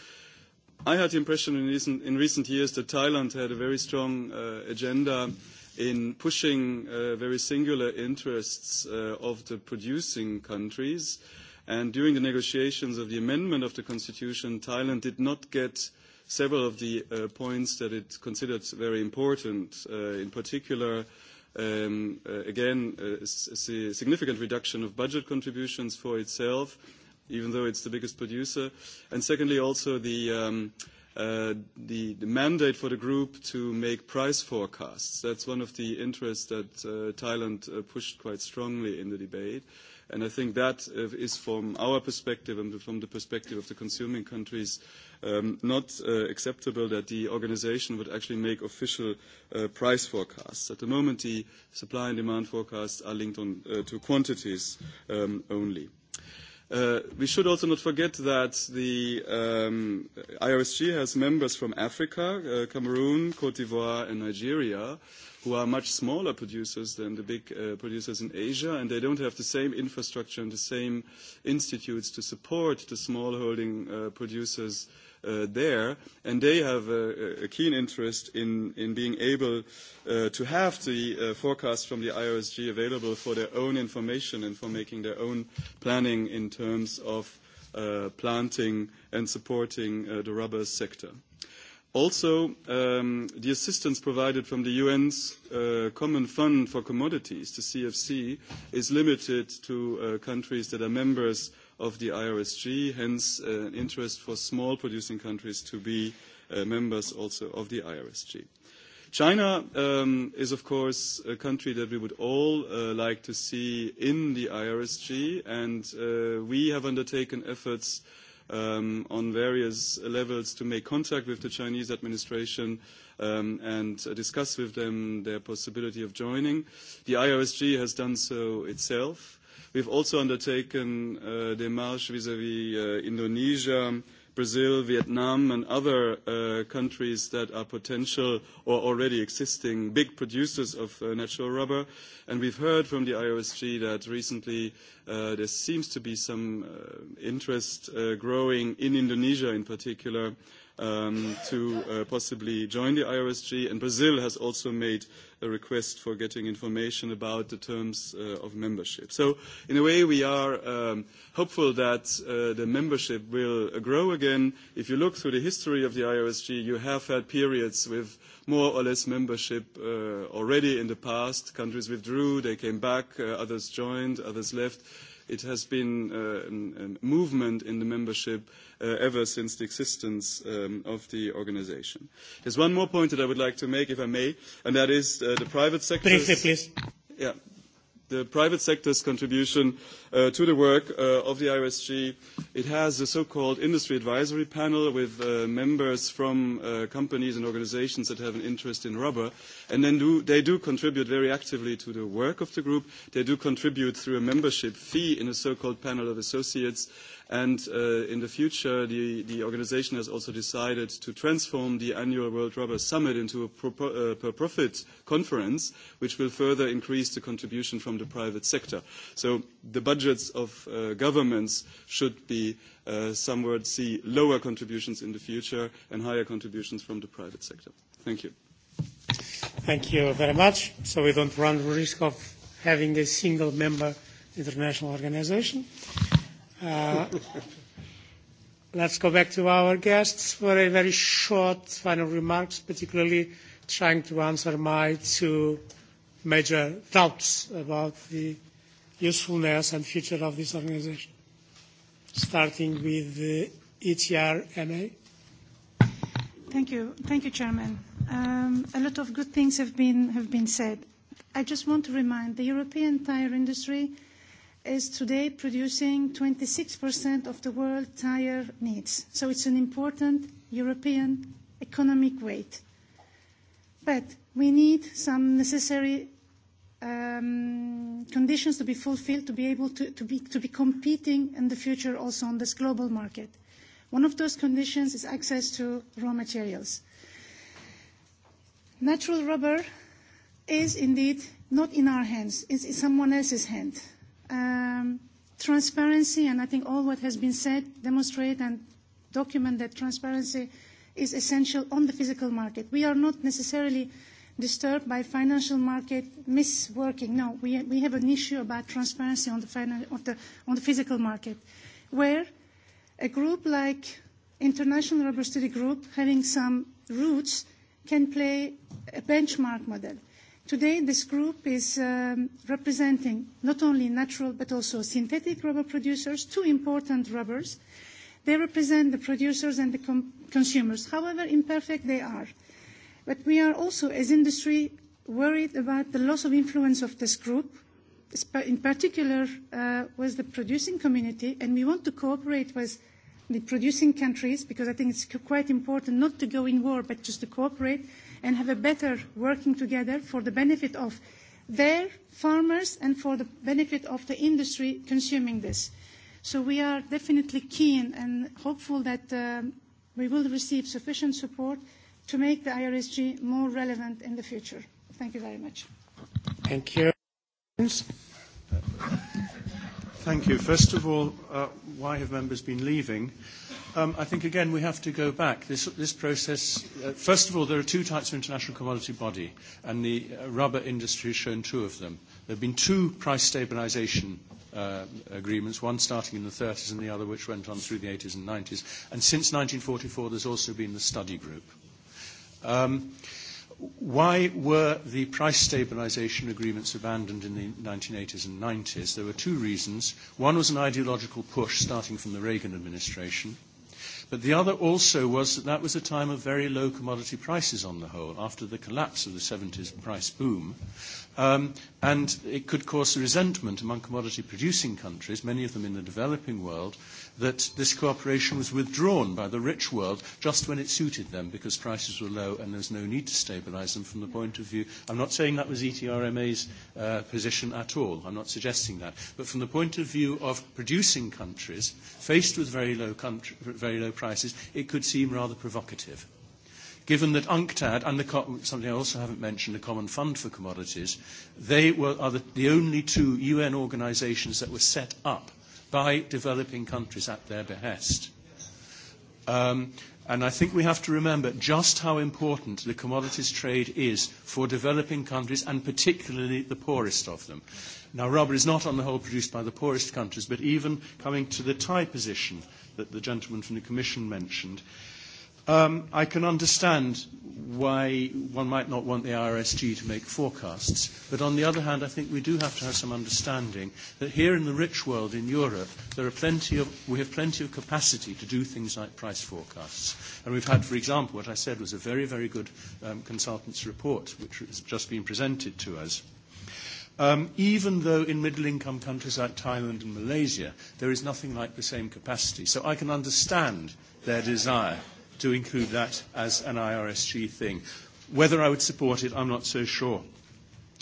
Speaker 15: I had the impression in recent, in recent years that Thailand had a very strong uh, agenda in pushing uh, very singular interests uh, of the producing countries. And during the negotiations of the amendment of the constitution, Thailand did not get several of the uh, points that it considered very important, uh, in particular, um, uh, again, a, uh, a significant reduction of budget contributions for itself, even though it's the biggest producer. And secondly, also the, um, uh, the, the mandate for the group to make price forecasts. That's one of the interests that uh, Thailand uh, pushed quite strongly in the debate. Uh, And I think that uh, is from our perspective and from the perspective of the consuming countries um, not uh, acceptable that the organization would actually make official uh, price forecasts. At the moment, the supply and demand forecasts are linked on, uh, to quantities um, only. Uh, we should also not forget that the um, IRSG has members from Africa, uh, Cameroon, Cote d'Ivoire, and Nigeria, who are much smaller producers than the big uh, producers in Asia, and they don't have the same infrastructure and the same institutes to support the small holding uh, producers uh, there, and they have a, a keen interest in, in being able uh, to have the uh, forecast from the IOSG available for their own information and for making their own planning in terms of uh, planting and supporting uh, the rubber sector. Also, um, the assistance provided from the UN's uh, Common Fund for Commodities, the CFC, is limited to uh, countries that are members of the IRSG, hence uh, an interest for small producing countries to be uh, members also of the IRSG. China um, is, of course, a country that we would all uh, like to see in the IRSG, and uh, we have undertaken efforts um, on various levels to make contact with the Chinese administration um, and uh, discuss with them their possibility of joining. The IRSG has done so itself. We've also undertaken uh, démarches vis-à-vis uh, Indonesia, Brazil, Vietnam, and other uh, countries that are potential or already existing big producers of natural rubber. And we've heard from the IOSG that recently there seems to be some interest growing in Indonesia in particular um, to uh, possibly join the IRSG. And Brazil has also made a request for getting information about the terms uh, of membership. So in a way, we are um, hopeful that uh, the membership will uh, grow again. If you look through the history of the IOSG, you have had periods with more or less membership uh, already in the past. Countries withdrew, they came back, uh, others joined, others left it has been uh, a movement in the membership uh, ever since the existence um, of the organization. There's one more point that I would like to make, if I may, and that is uh, the private sector. Briefly, please. Yeah the private sector's contribution uh, to the work uh, of the IRSG. It has a so-called industry advisory panel with uh, members from uh, companies and organizations that have an interest in rubber. And then do, they do contribute very actively to the work of the group. They do contribute through a membership fee in a so-called panel of associates And uh, in the future, the, the organization has also decided to transform the annual World Rubber Summit into a pro- uh, per-profit conference, which will further increase the contribution from the private sector. So the budgets of uh, governments should be uh, somewhat see lower contributions in the future and higher contributions from the private sector. Thank you.
Speaker 2: Thank you very much. So we don't run the risk of having a single member international organization. Uh, let's go back to our guests for a very short final remarks, particularly trying to answer my two major doubts about the usefulness and future of this organization, starting with the ETRMA.
Speaker 11: Thank you. Thank you, Chairman. Um, a lot of good things have been, have been said. I just want to remind the European tyre industry is today producing 26% of the world's tire needs. So it's an important European economic weight. But we need some necessary um, conditions to be fulfilled to be able to, be, to be competing in the future also on this global market. One of those conditions is access to raw materials. Natural rubber is indeed not in our hands, it's in someone else's hand um, transparency, and I think all what has been said demonstrate and document that transparency is essential on the physical market. We are not necessarily disturbed by financial market misworking. No, we, we have an issue about transparency on the, of the, on the physical market, where a group like International Rubber Study Group, having some roots, can play a benchmark model. Today, this group is um, representing not only natural but also synthetic rubber producers, two important rubbers. They represent the producers and the consumers, however imperfect they are. But we are also, as industry, worried about the loss of influence of this group, in particular with uh, the producing community, and we want to cooperate with the producing countries because I think it's quite important not to go in war but just to cooperate and have a better working together for the benefit of their farmers and for the benefit of the industry consuming this. So we are definitely keen and hopeful that uh, we will receive sufficient support to make the IRSG more relevant in the future. Thank you very much.
Speaker 14: Thank you. Thank you. First of all, uh, why have members been leaving? Um, I think, again, we have to go back. This, this process, uh, first of all, there are two types of international commodity body, and the uh, rubber industry has shown two of them. There have been two price stabilisation uh, agreements, one starting in the 30s and the other which went on through the 80s and 90s. And since 1944, there's also been the study group. Um, why were the price stabilisation agreements abandoned in the 1980s and 90s? There were two reasons. One was an ideological push starting from the Reagan administration. But the other also was that that was a time of very low commodity prices on the whole, after the collapse of the 70s price boom. Um, and it could cause resentment among commodity producing countries, many of them in the developing world, that this cooperation was withdrawn by the rich world just when it suited them because prices were low and there's no need to stabilise them from the point of view. I'm not saying that was ETRMA's uh, position at all. I'm not suggesting that. But from the point of view of producing countries faced with very low, country, very low prices, it could seem rather provocative given that UNCTAD and the, something I also haven't mentioned, the Common Fund for Commodities, they were, are the, the only two UN organisations that were set up by developing countries at their behest. Um, and I think we have to remember just how important the commodities trade is for developing countries and particularly the poorest of them. Now, rubber is not on the whole produced by the poorest countries, but even coming to the Thai position that the gentleman from the Commission mentioned, Um, I can understand why one might not want the IRSG to make forecasts, but on the other hand, I think we do have to have some understanding that here in the rich world in Europe, there are plenty of, we have plenty of capacity to do things like price forecasts. And we've had, for example, what I said was a very, very good um, consultant's report, which has just been presented to us. Um, even though in middle-income countries like Thailand and Malaysia, there is nothing like the same capacity. So I can understand their desire to include that as an IRSG thing. Whether I would support it, I'm not so sure.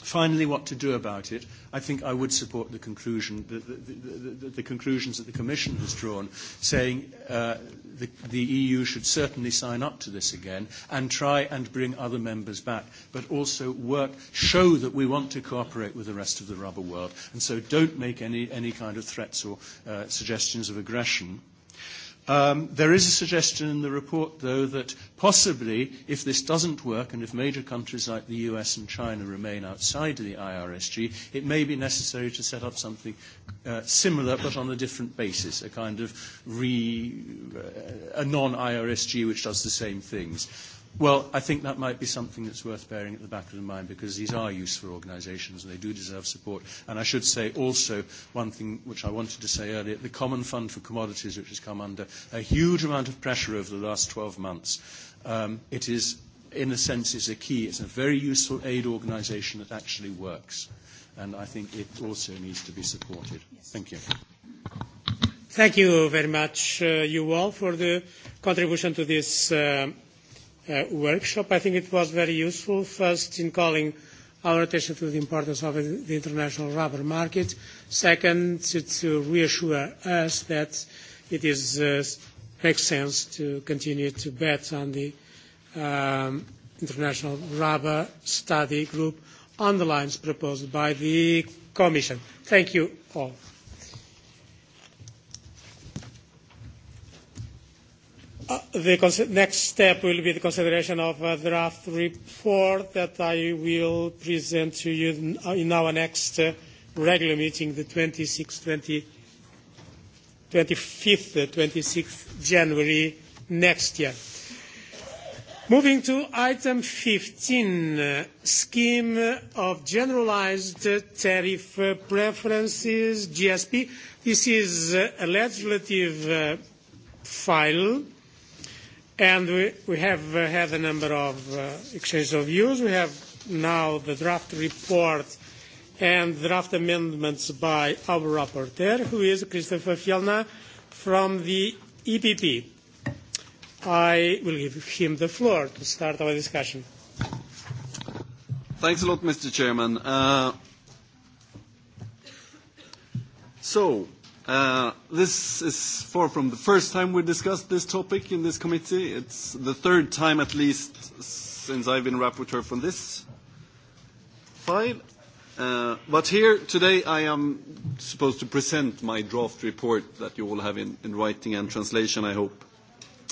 Speaker 14: Finally, what to do about it? I think I would support the conclusion, the, the, the, the conclusions that the Commission has drawn, saying uh, the, the EU should certainly sign up to this again and try and bring other members back, but also work, show that we want to cooperate with the rest of the rubber world, and so don't make any, any kind of threats or uh, suggestions of aggression. Uh, Um, there is a suggestion in the report, though, that possibly if this doesn't work and if major countries like the US and China remain outside the IRSG, it may be necessary to set up something uh, similar but on a different basis, a kind of re, uh, a non-IRSG which does the same things. Well, I think that might be something that's worth bearing at the back of the mind because these are useful organisations and they do deserve support. And I should say also one thing which I wanted to say earlier, the Common Fund for Commodities, which has come under a huge amount of pressure over the last 12 months, um, it is, in a sense, is a key. It's a very useful aid organisation that actually works. And I think it also needs to be supported. Yes. Thank you.
Speaker 2: Thank you very much, uh, you all, for the contribution to this uh, Uh, workshop. I think it was very useful, first in calling our attention to the importance of the international rubber market. Second, to, to reassure us that it is, uh, makes sense to continue to bet on the um, international rubber study group on the lines proposed by the Commission. Thank you all. Uh, the next step will be the consideration of a draft report that I will present to you uh, in our next uh, regular meeting, the 26th, 20, 25th, 26th January next year. Moving to item 15, scheme of generalized tariff preferences, GSP. This is a legislative file And we, we have uh, had a number of uh, exchanges of views. We have now the draft report and draft amendments by our rapporteur, who is Christopher Fjellner from the EPP. I will give him the floor to start our discussion.
Speaker 16: Thanks a lot, Mr. Chairman. Uh, so, Uh, this is far from the first time we discussed this topic in this committee. It's the third time, at least, since I've been rapporteur for this file. Uh, but here today, I am supposed to present my draft report that you all have in, in writing and translation, I hope.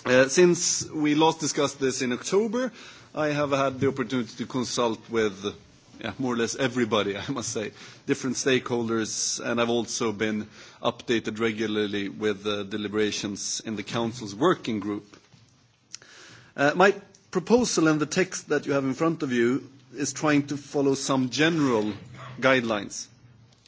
Speaker 16: Uh, since we last discussed this in October, I have had the opportunity to consult with yeah, more or less everybody, I must say, different stakeholders, and I've also been updated regularly with the deliberations in the Council's working group. Uh, my proposal and the text that you have in front of you is trying to follow some general guidelines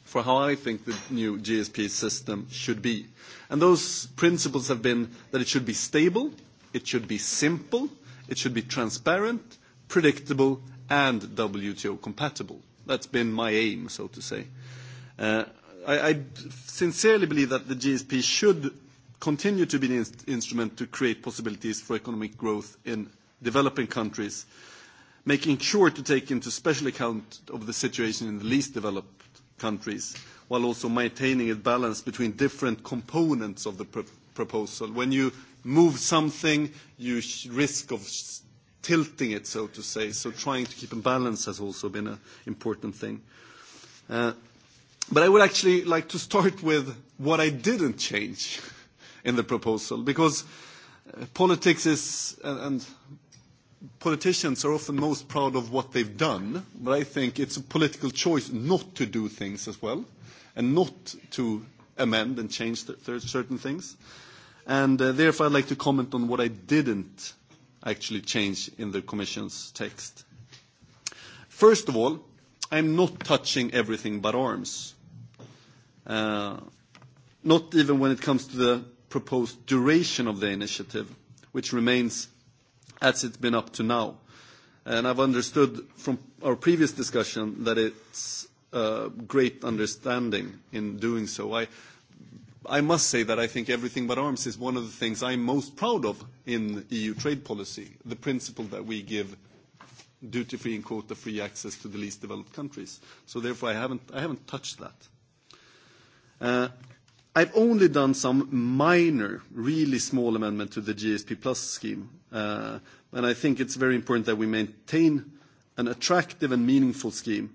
Speaker 16: for how I think the new GSP system should be. And those principles have been that it should be stable, it should be simple, it should be transparent, predictable, and WTO compatible. That's been my aim, so to say. Uh, I, I sincerely believe that the GSP should continue to be an instrument to create possibilities for economic growth in developing countries, making sure to take into special account of the situation in the least developed countries, while also maintaining a balance between different components of the pr proposal. When you move something, you risk of tilting it, so to say. So trying to keep a balance has also been an important thing. Uh, but I would actually like to start with what I didn't change in the proposal, because uh, politics is, and, and politicians are often most proud of what they've done, but I think it's a political choice not to do things as well, and not to amend and change certain things. And uh, therefore, I'd like to comment on what I didn't actually change in the Commission's text. First of all, I'm not touching everything but arms, uh, not even when it comes to the proposed duration of the initiative, which remains as it's been up to now. And I've understood from our previous discussion that it's great understanding in doing so. I I must say that I think everything but arms is one of the things I'm most proud of in EU trade policy, the principle that we give duty-free and quota-free access to the least developed countries. So therefore, I haven't, I haven't touched that. Uh, I've only done some minor, really small amendment to the GSP Plus scheme, uh, and I think it's very important that we maintain an attractive and meaningful scheme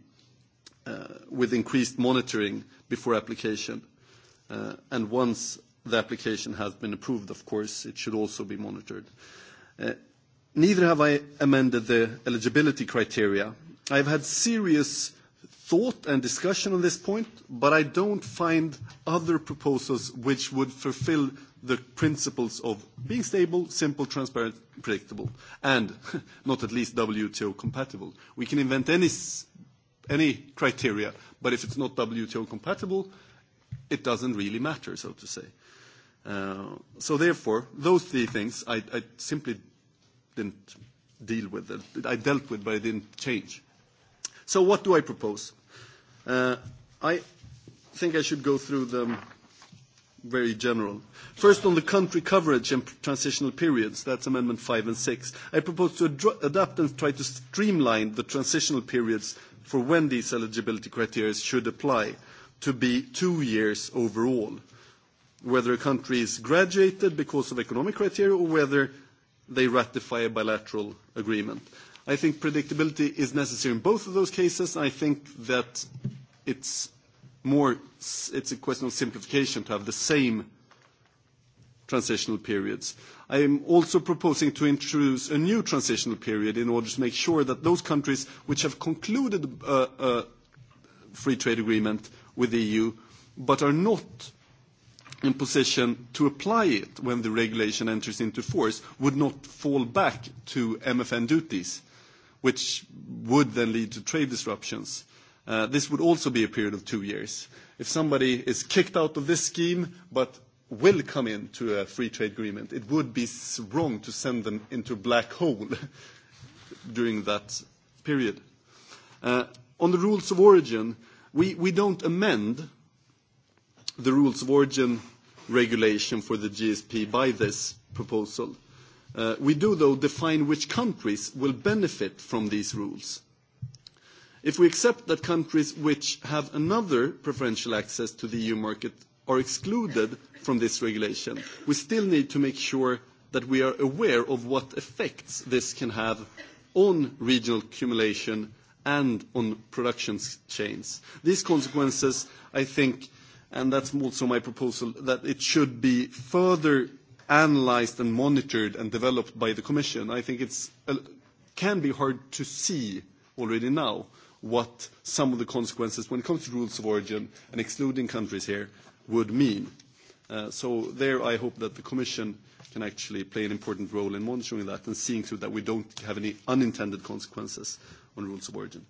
Speaker 16: uh, with increased monitoring before application Uh, and once the application has been approved, of course, it should also be monitored. Uh, neither have I amended the eligibility criteria. I've had serious thought and discussion on this point, but I don't find other proposals which would fulfill the principles of being stable, simple, transparent, predictable, and not at least WTO compatible. We can invent any, any criteria, but if it's not WTO compatible, it doesn't really matter, so to say. Uh, so therefore, those three things I, I simply didn't deal with. I dealt with, but I didn't change. So what do I propose? Uh, I think I should go through them very general. First, on the country coverage and transitional periods, that's Amendment 5 and 6. I propose to adapt and try to streamline the transitional periods for when these eligibility criteria should apply to be two years overall, whether a country is graduated because of economic criteria or whether they ratify a bilateral agreement. I think predictability is necessary in both of those cases. I think that it's more it's a question of simplification to have the same transitional periods. I am also proposing to introduce a new transitional period in order to make sure that those countries which have concluded a, a free trade agreement with the EU, but are not in position to apply it when the regulation enters into force, would not fall back to MFN duties, which would then lead to trade disruptions. Uh, this would also be a period of two years. If somebody is kicked out of this scheme but will come into a free trade agreement, it would be wrong to send them into a black hole during that period. Uh, on the rules of origin, We, we don't amend the rules of origin regulation for the GSP by this proposal. Uh, we do, though, define which countries will benefit from these rules. If we accept that countries which have another preferential access to the EU market are excluded from this regulation, we still need to make sure that we are aware of what effects this can have on regional accumulation and on production chains. These consequences, I think, and that's also my proposal, that it should be further analysed and monitored and developed by the Commission. I think it uh, can be hard to see already now what some of the consequences when it comes to rules of origin and excluding countries here would mean. Uh, so there I hope that the Commission can actually play an important role in monitoring that and seeing to that we don't have any unintended consequences on rules of origin.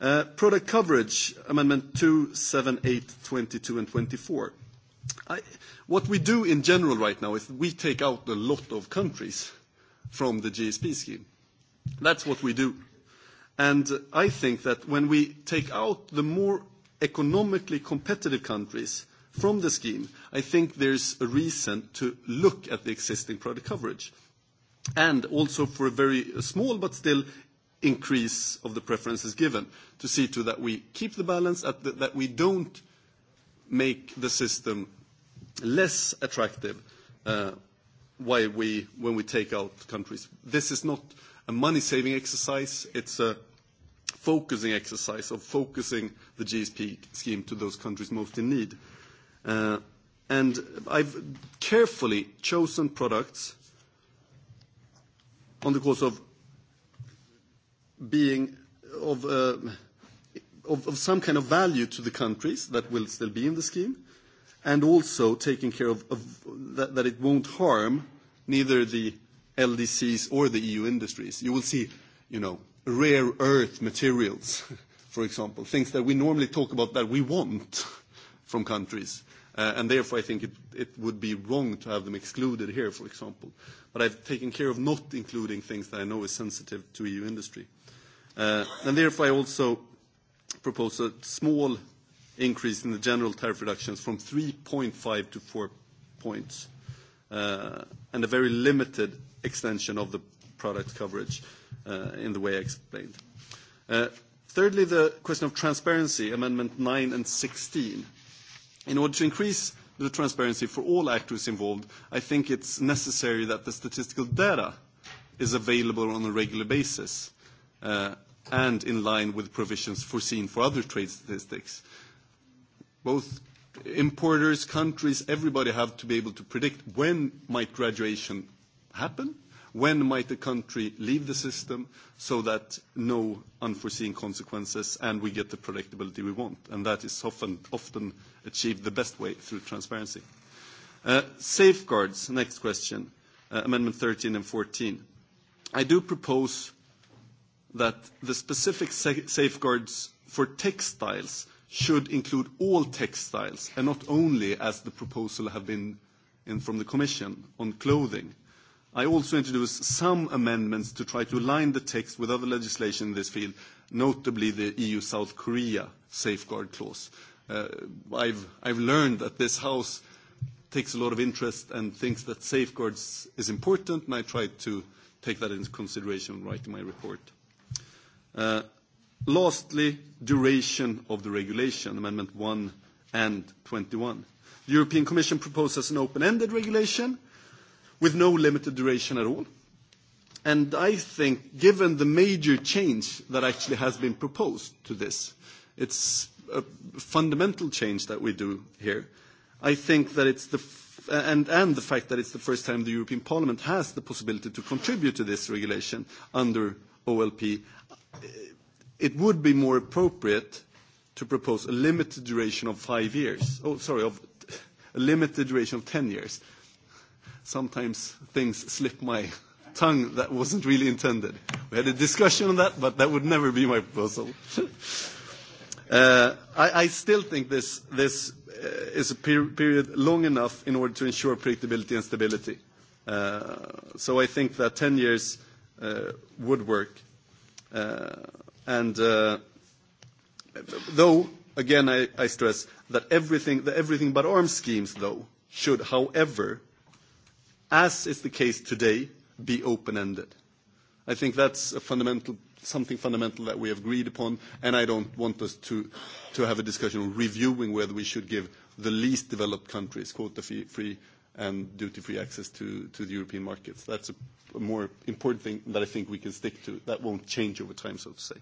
Speaker 16: Uh, product coverage, Amendment 2, 7, 8, 22, and 24. I, what we do in general right now is we take out a lot of countries from the GSP scheme. That's what we do. And I think that when we take out the more economically competitive countries from the scheme, I think there's a reason to look at the existing product coverage. And also for a very small but still increase of the preferences given to see to that we keep the balance, the, that we don't make the system less attractive uh, when we take out countries. This is not a money-saving exercise. It's a focusing exercise of focusing the GSP scheme to those countries most in need. Uh, and I've carefully chosen products on the course of being of, uh, of, of some kind of value to the countries that will still be in the scheme, and also taking care of, of that, that it won't harm neither the LDCs or the EU industries. You will see, you know, rare earth materials, for example, things that we normally talk about that we want from countries Uh, and therefore, I think it, would be wrong to have them excluded here, for example. But I've taken care of not including things that I know is sensitive to EU industry. Uh, and therefore, I also propose a small increase in the general tariff reductions from 3.5 to 4 points, uh, and a very limited extension of the product coverage in the way I explained. thirdly, the question of transparency, Amendment 9 and 16. In order to increase the transparency for all actors involved, I think it's necessary that the statistical data is available on a regular basis uh, and in line with provisions foreseen for other trade statistics. Both importers, countries, everybody have to be able to predict when might graduation happen when might a country leave the system so that no unforeseen consequences and we get the predictability we want. And that is often, achieved the best way through transparency. Uh, safeguards, next question, uh, Amendment 13 and 14. I do propose that the specific safeguards for textiles should include all textiles and not only as the proposal have been in from the Commission on clothing. I also introduced some amendments to try to align the text with other legislation in this field, notably the EU-South Korea safeguard clause. Uh, I've, I've learned that this House takes a lot of interest and thinks that safeguards is important, and I tried to take that into consideration when writing my report. Uh, lastly, duration of the regulation, Amendment 1 and 21. The European Commission proposes an open-ended regulation, with no limited duration at all. And I think, given the major change that actually has been proposed to this, it's a fundamental change that we do here. I think that it's the and, and the fact that it's the first time the European Parliament has the possibility to contribute to this regulation under OLP, eh, it would be more appropriate to propose a limited duration of five years. Oh, sorry, of a limited duration of 10 years sometimes things slip my tongue that wasn't really intended. We had a discussion on that, but that would never be my proposal. uh, I, I still think this, this uh, is a per period long enough in order to ensure predictability and stability. Uh, so I think that 10 years uh, would work. Uh, and uh, though, again, I, I stress that everything, the everything but arms schemes, though, should, however, as is the case today, be open-ended. I think that's a fundamental, something fundamental that we have agreed upon, and I don't want us to, to have a discussion reviewing whether we should give the least developed countries quota-free and duty-free access to, to the European markets. That's a, a more important thing that I think we can stick to. That won't change over time, so to say.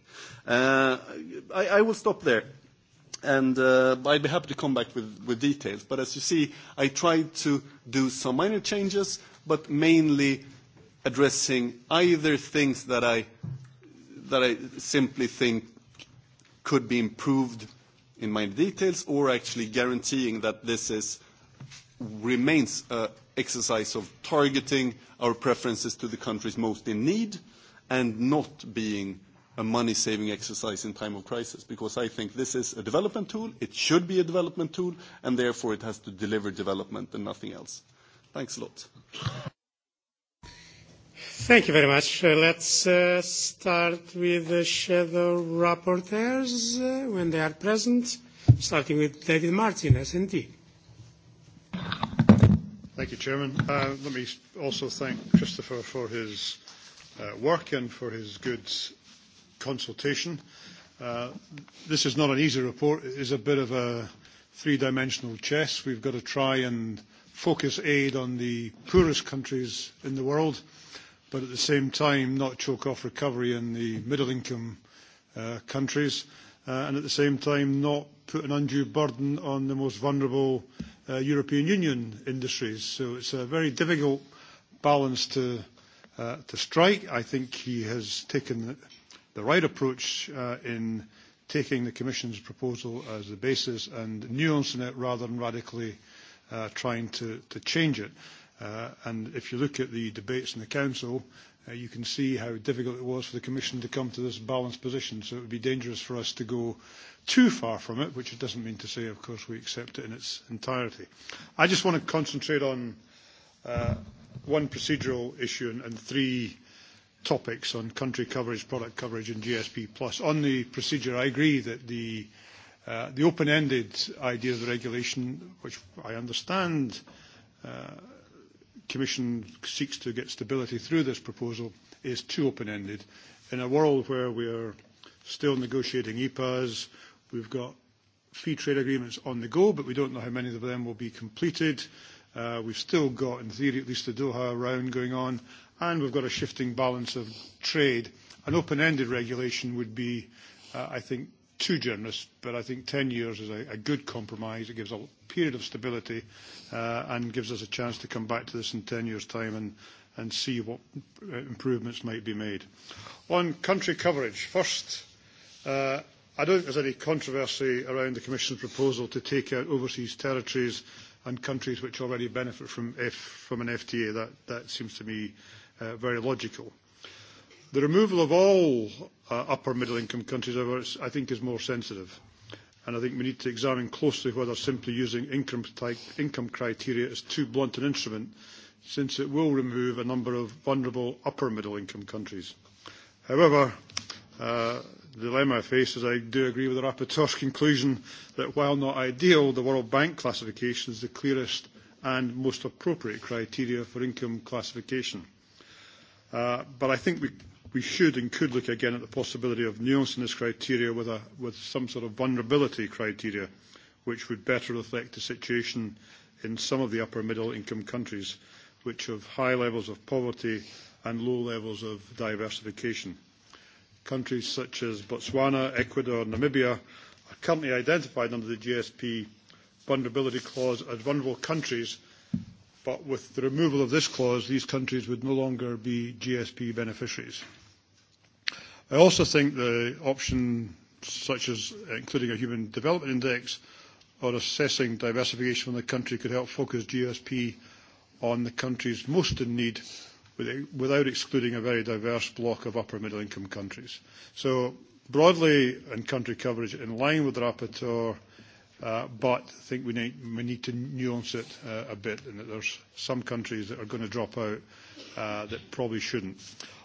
Speaker 16: Uh, I, I will stop there and uh, I'd be happy to come back with, with details. But as you see, I tried to do some minor changes, but mainly addressing either things that I, that I simply think could be improved in minor details or actually guaranteeing that this is, remains an exercise of targeting our preferences to the countries most in need and not being a money-saving exercise in time of crisis, because I think this is a development tool, it should be a development tool, and therefore it has to deliver development and nothing else. Thanks a lot.
Speaker 2: Thank you very much. Uh, let's uh, start with the shadow rapporteurs uh, when they are present, starting with David Martin, SND. Thank
Speaker 7: you, Chairman. Uh, let me also thank Christopher for his uh, work and for his good consultation. Uh, this is not an easy report. It is a bit of a three-dimensional chess. We've got to try and focus aid on the poorest countries in the world, but at the same time not choke off recovery in the middle-income uh, countries, uh, and at the same time not put an undue burden on the most vulnerable uh, European Union industries. So it's a very difficult balance to, uh, to strike. I think he has taken the right approach uh, in taking the Commission's proposal as the basis and nuancing it rather than radically uh, trying to, to change it. Uh, and if you look at the debates in the Council, uh, you can see how difficult it was for the Commission to come to this balanced position. So it would be dangerous for us to go too far from it, which it doesn't mean to say, of course, we accept it in its entirety. I just want to concentrate on uh, one procedural issue and, and three topics on country coverage, product coverage, and GSP+. Plus. On the procedure, I agree that the, uh, the open-ended idea of the regulation, which I understand uh, Commission seeks to get stability through this proposal, is too open-ended. In a world where we are still negotiating EPAs, we've got free trade agreements on the go, but we don't know how many of them will be completed. Uh, we've still got, in theory, at least the Doha round going on, and we've got a shifting balance of trade. An open-ended regulation would be, uh, I think, too generous, but I think 10 years is a, a good compromise. It gives a period of stability uh, and gives us a chance to come back to this in 10 years' time and, and see what uh, improvements might be made. On country coverage, first, uh, I don't think there's any controversy around the Commission's proposal to take out overseas territories and countries which already benefit from, F, from an FTA. That, that seems to me uh, very logical. The removal of all uh, upper middle income countries, however, I think is more sensitive. And I think we need to examine closely whether simply using income, type, income criteria is too blunt an instrument, since it will remove a number of vulnerable upper middle income countries. However, uh, the dilemma I face is I do agree with the rapporteur's conclusion that while not ideal, the World Bank classification is the clearest and most appropriate criteria for income classification. Uh, but I think we, we should and could look again at the possibility of nuancing this criteria with, a, with some sort of vulnerability criteria, which would better reflect the situation in some of the upper middle income countries, which have high levels of poverty and low levels of diversification. Countries such as Botswana, Ecuador, and Namibia are currently identified under the GSP vulnerability clause as vulnerable countries but with the removal of this clause, these countries would no longer be GSP beneficiaries. I also think the option, such as including a human development index or assessing diversification from the country, could help focus GSP on the countries most in need without excluding a very diverse block of upper middle income countries. So broadly, and country coverage in line with the rapporteur, uh, Uh, but I think we need, we need to nuance it uh, a bit and that there's some countries that are going to drop out uh, that probably shouldn't.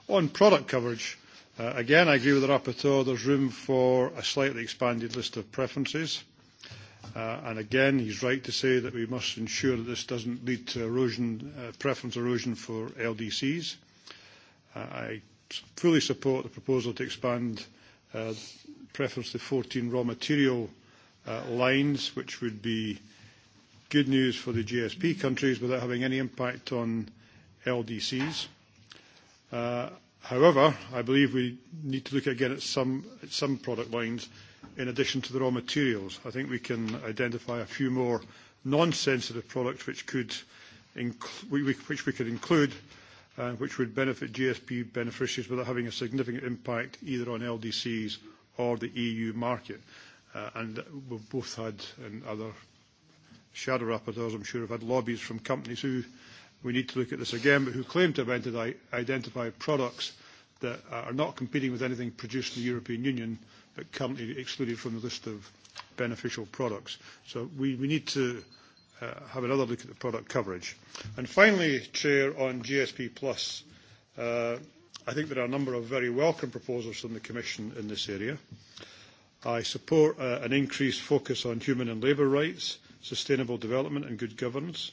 Speaker 7: On product coverage, uh, again, I agree with the rapporteur, there's room for a slightly expanded list of preferences. Uh, and again, he's right to say that we must ensure that this doesn't lead to erosion, uh, preference erosion for LDCs. Uh, I fully support the proposal to expand uh, preference to 14 raw material uh, lines, which would be good news for the GSP countries without having any impact on LDCs. Uh, however, I believe we need to look again at some, at some product lines in addition to the raw materials. I think we can identify a few more non-sensitive products which, could which we could include Uh, which would benefit GSP beneficiaries without having a significant impact either on LDCs or the EU market. Uh, and we've both had, and other shadow rapporteurs, I'm sure, have had lobbies from companies who, we need to look at this again, but who claim to have identified products that are not competing with anything produced in the European Union, but currently excluded from the list of beneficial products. So we, we need to uh, have another look at the product coverage. And finally, Chair, on GSP+, Plus, uh, I think there are a number of very welcome proposals from the Commission in this area. Uh, I support uh, an increased focus on human and labour rights, sustainable development and good governance.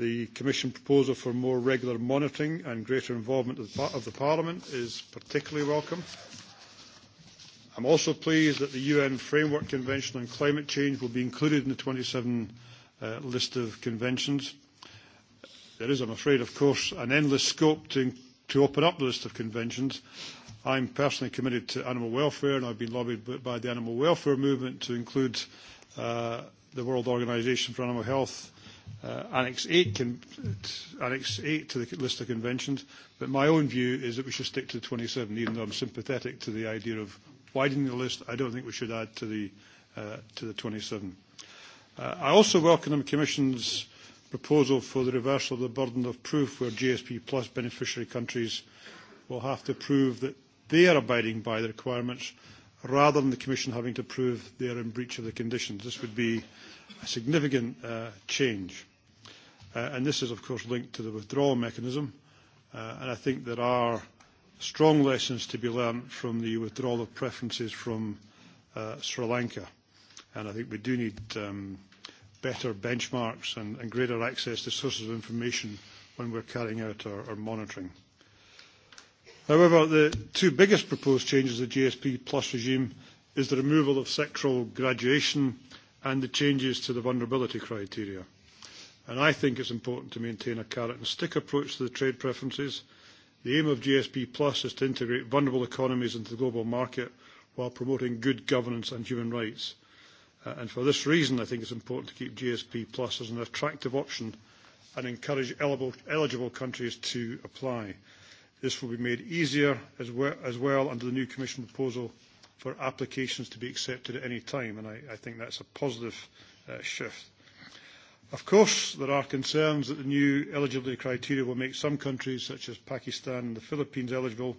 Speaker 7: The Commission proposal for more regular monitoring and greater involvement of the, of the Parliament is particularly welcome. I'm also pleased that the UN Framework Convention on Climate Change will be included in the 27 uh, list of conventions. There is, I'm afraid, of course, an endless scope to, to open up the list of conventions, I'm personally committed to animal welfare, and I've been lobbied by the animal welfare movement to include uh, the World Organization for Animal Health, uh, Annex 8, Annex 8 to the list of conventions. But my own view is that we should stick to 27, even though I'm sympathetic to the idea of widening the list. I don't think we should add to the, uh, to the 27. Uh, I also welcome the Commission's proposal for the reversal of the burden of proof where GSP plus beneficiary countries will have to prove that They are abiding by the requirements rather than the Commission having to prove they are in breach of the conditions. This would be a significant uh, change. Uh, and this is, of course, linked to the withdrawal mechanism. Uh, and I think there are strong lessons to be learned from the withdrawal of preferences from uh, Sri Lanka. And I think we do need um, better benchmarks and, and greater access to sources of information when we're carrying out our, our monitoring. However, the two biggest proposed changes to the GSP regime is the removal of sectoral graduation and the changes to the vulnerability criteria. And I think it's important to maintain a carrot and stick approach to the trade preferences. The aim of GSP is to integrate vulnerable economies into the global market while promoting good governance and human rights. Uh, and for this reason, I think it's important to keep GSP as an attractive option and encourage eligible countries to apply. This will be made easier as well, as well under the new Commission proposal for applications to be accepted at any time, and I, I think that's a positive uh, shift. Of course, there are concerns that the new eligibility criteria will make some countries, such as Pakistan and the Philippines, eligible,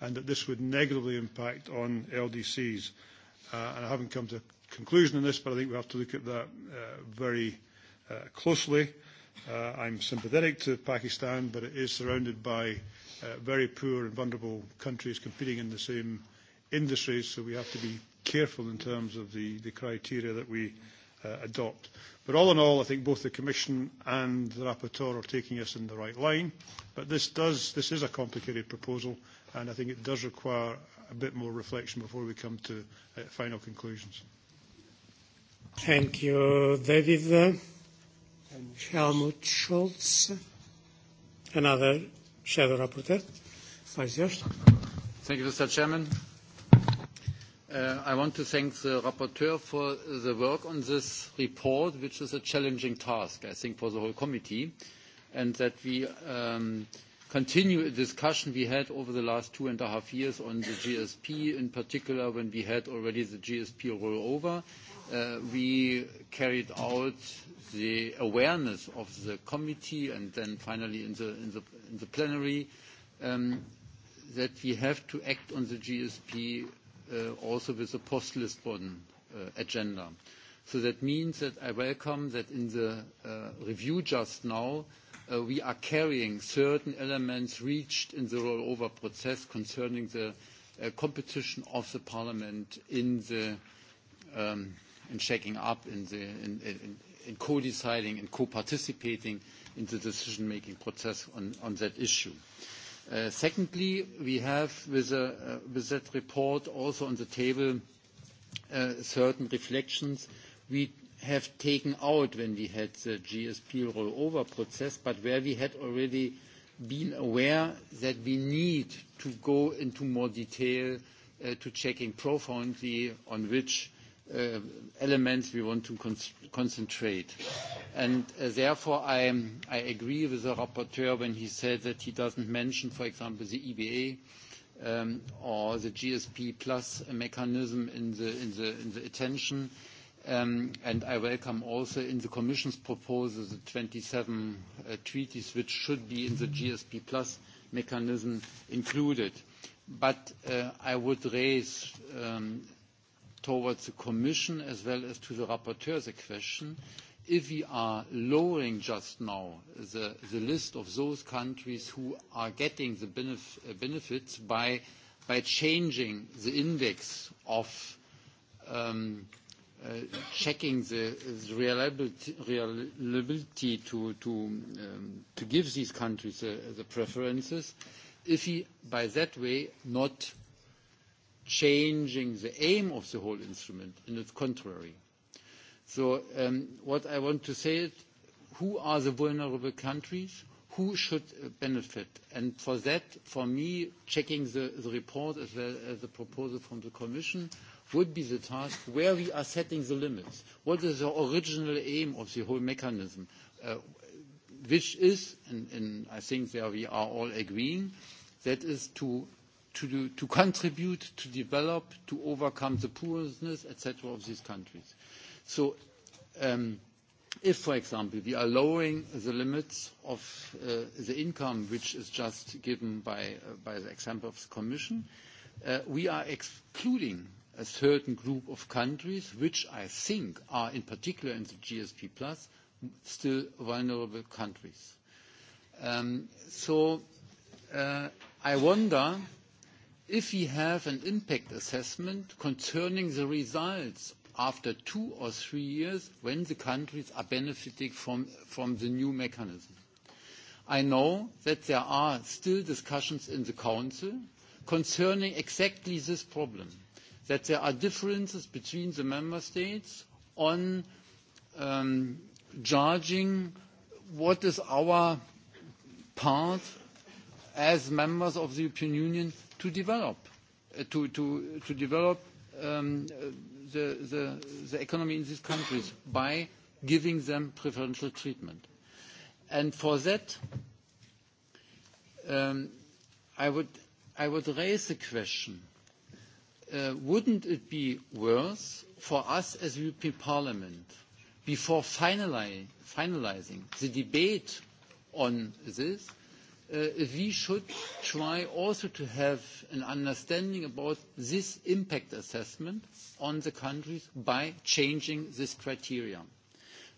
Speaker 7: and that this would negatively impact on LDCs. Uh, and I haven't come to a conclusion on this, but I think we have to look at that uh, very uh, closely. Uh, I'm sympathetic to Pakistan, but it is surrounded by uh, very poor and vulnerable countries competing in the same industries, so we have to be careful in terms of the, the criteria that we uh, adopt. But all in all, I think both the Commission and the Rapporteur are taking us in the right line. But this, does, this is a complicated proposal, and I think it does require a bit more reflection before we come to uh, final conclusions.
Speaker 2: Thank you, David. Helmut Schultz. Another Shadow Rapporteur. Vice yours. Thank
Speaker 17: you, Mr. Chairman. Uh, I want to thank the rapporteur for the work on this report, which is a challenging task, I think, for the whole committee, and that we um, continue a discussion we had over the last two and a half years on the GSP, in particular when we had already the GSP rollover, Uh, we carried out the awareness of the committee and then finally in the, plenary um, that we have to act on the GSP uh, also with a post-Lisbon uh, agenda. So that means that I welcome that in the review just now, we are carrying certain elements reached in the rollover process concerning the competition of the parliament in the um, in shaking up, in, the, in, in, in co-deciding and co-participating in the decision-making process on, on that issue. Uh, secondly, we have with, a, uh, with that report also on the table uh, certain reflections we have taken out when we had the GSP rollover process, but where we had already been aware that we need to go into more detail uh, to checking profoundly on which Uh, elements we want to concentrate. And uh, Therefore, I, I agree with the rapporteur when he said that he doesn't mention, for example, the EBA um, or the GSP plus mechanism in the, in the, in the attention. Um, and I welcome also in the Commission's proposal the 27 uh, treaties which should be in the GSP plus mechanism included. But uh, I would raise um, towards the Commission as well as to the rapporteur the question if we are lowering just now the, list of those countries who are getting the uh, benefits by, changing the index of um, uh, checking the, reliability, um, to, give these countries the preferences, if we, by that way, not changing the aim of the whole instrument in its contrary. So um, what I want to say is who are the vulnerable countries? Who should uh, benefit? And for that, for me, checking the, the report as well as the proposal from the Commission would be the task where we are setting the limits. What is the original aim of the whole mechanism? Uh, which is, and, and I think there we are all agreeing, that is to to, contribute, to develop, to overcome the poorness, etc., of these countries. So, um, if, for example, we are lowering the limits of uh, the income, which is just given by, uh, by the example of the Commission, uh, we are excluding a certain group of countries, which I think are, in particular in the GSP+, plus, still vulnerable countries. Um, so uh, I wonder if we have an impact assessment concerning the results after two or three years when the countries are benefiting from, from the new mechanism. I know that there are still discussions in the Council concerning exactly this problem, that there are differences between the member states on um, judging what is our part as members of the European Union to develop, uh, to, to, to develop um, uh, the, the, the economy in these countries by giving them preferential treatment. And for that, um, I, would, I would raise the question, uh, wouldn't it be worse for us as European Parliament, before finali finalizing the debate on this, Uh, we should try also to have an understanding about this impact assessment on the countries by changing this criteria.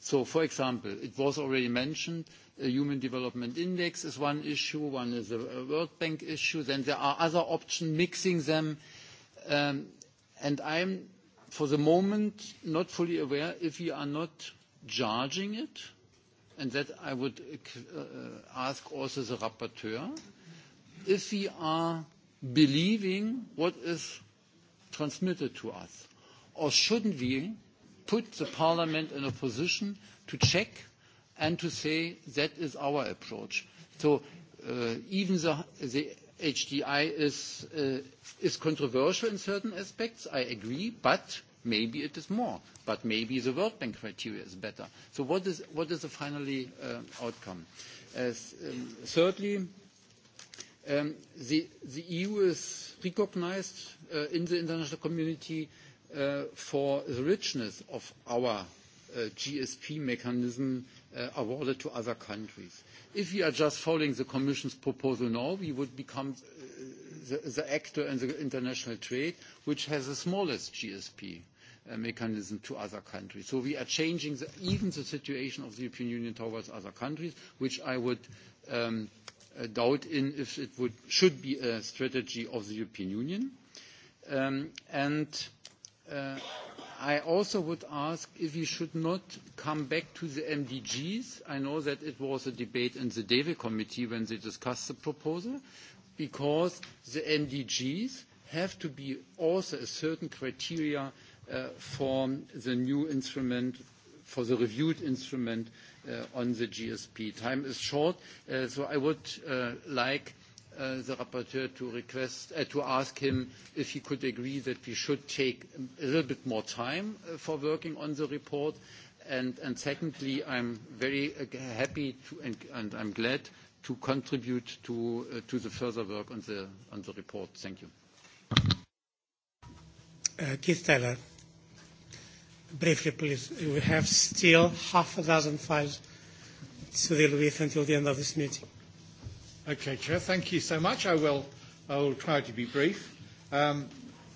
Speaker 17: So, for example, it was already mentioned, the Human Development Index is one issue, one is a World Bank issue, then there are other options, mixing them. Um, and I'm, for the moment, not fully aware if we are not charging it and that I would uh, ask also the rapporteur, if we are believing what is transmitted to us, or shouldn't we put the parliament in a position to check and to say that is our approach. So uh, even the, the HDI is, uh, is controversial in certain aspects, I agree, but Maybe it is more, but maybe the World Bank criteria is better. So what is, what is the finally uh, outcome? As, um, thirdly, um, the, the EU is recognized uh, in the international community uh, for the richness of our uh, GSP mechanism uh, awarded to other countries. If we are just following the Commission's proposal now, we would become uh, the, the actor in the international trade which has the smallest GSP Uh, mechanism to other countries. So we are changing the, even the situation of the European Union towards other countries, which I would um, uh, doubt in if it would, should be a strategy of the European Union. Um, and uh, I also would ask if we should not come back to the MDGs. I know that it was a debate in the DEVE committee when they discussed the proposal, because the MDGs have to be also a certain criteria Uh, for the new instrument, for the reviewed instrument uh, on the GSP. Time is short, uh, so I would like the rapporteur to request to ask him if he could agree that we should take a little bit more time for working on the report. And, secondly, I'm very happy to, and, I'm glad to contribute to, the further work on the, on the report. Thank you.
Speaker 2: Keith Taylor briefly, please. We have still half a dozen files to deal with until the end of this
Speaker 18: meeting. Okay, Chair. Thank you so much. I will, I will try to be brief. Um,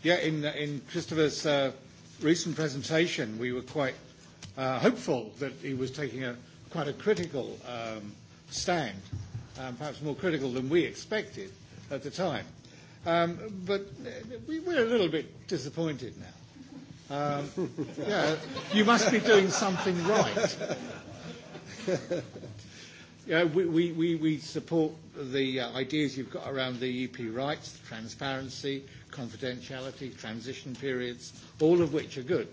Speaker 18: yeah, in, in Christopher's uh, recent presentation, we were quite uh, hopeful that he was taking a quite a critical um, stand, um, perhaps more critical than we expected at the time. Um, but uh, we, we're a little bit disappointed now. Um, yeah, you must be doing something right. Yeah, we, we, we, we support the uh, ideas you've got around the EP rights, transparency, confidentiality, transition periods, all of which are good.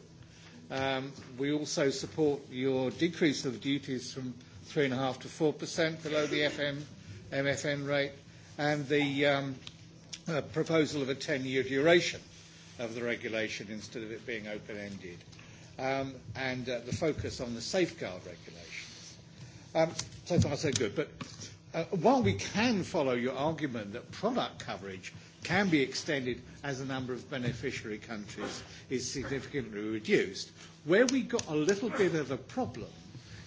Speaker 18: Um, we also support your decrease of duties from 3.5% to 4% below the FM, MFN rate and the um, uh, proposal of a 10-year duration of the regulation instead of it being open-ended, um, and uh, the focus on the safeguard regulations. Um, so far, so good. But uh, while we can follow your argument that product coverage can be extended as the number of beneficiary countries is significantly reduced, where we got a little bit of a problem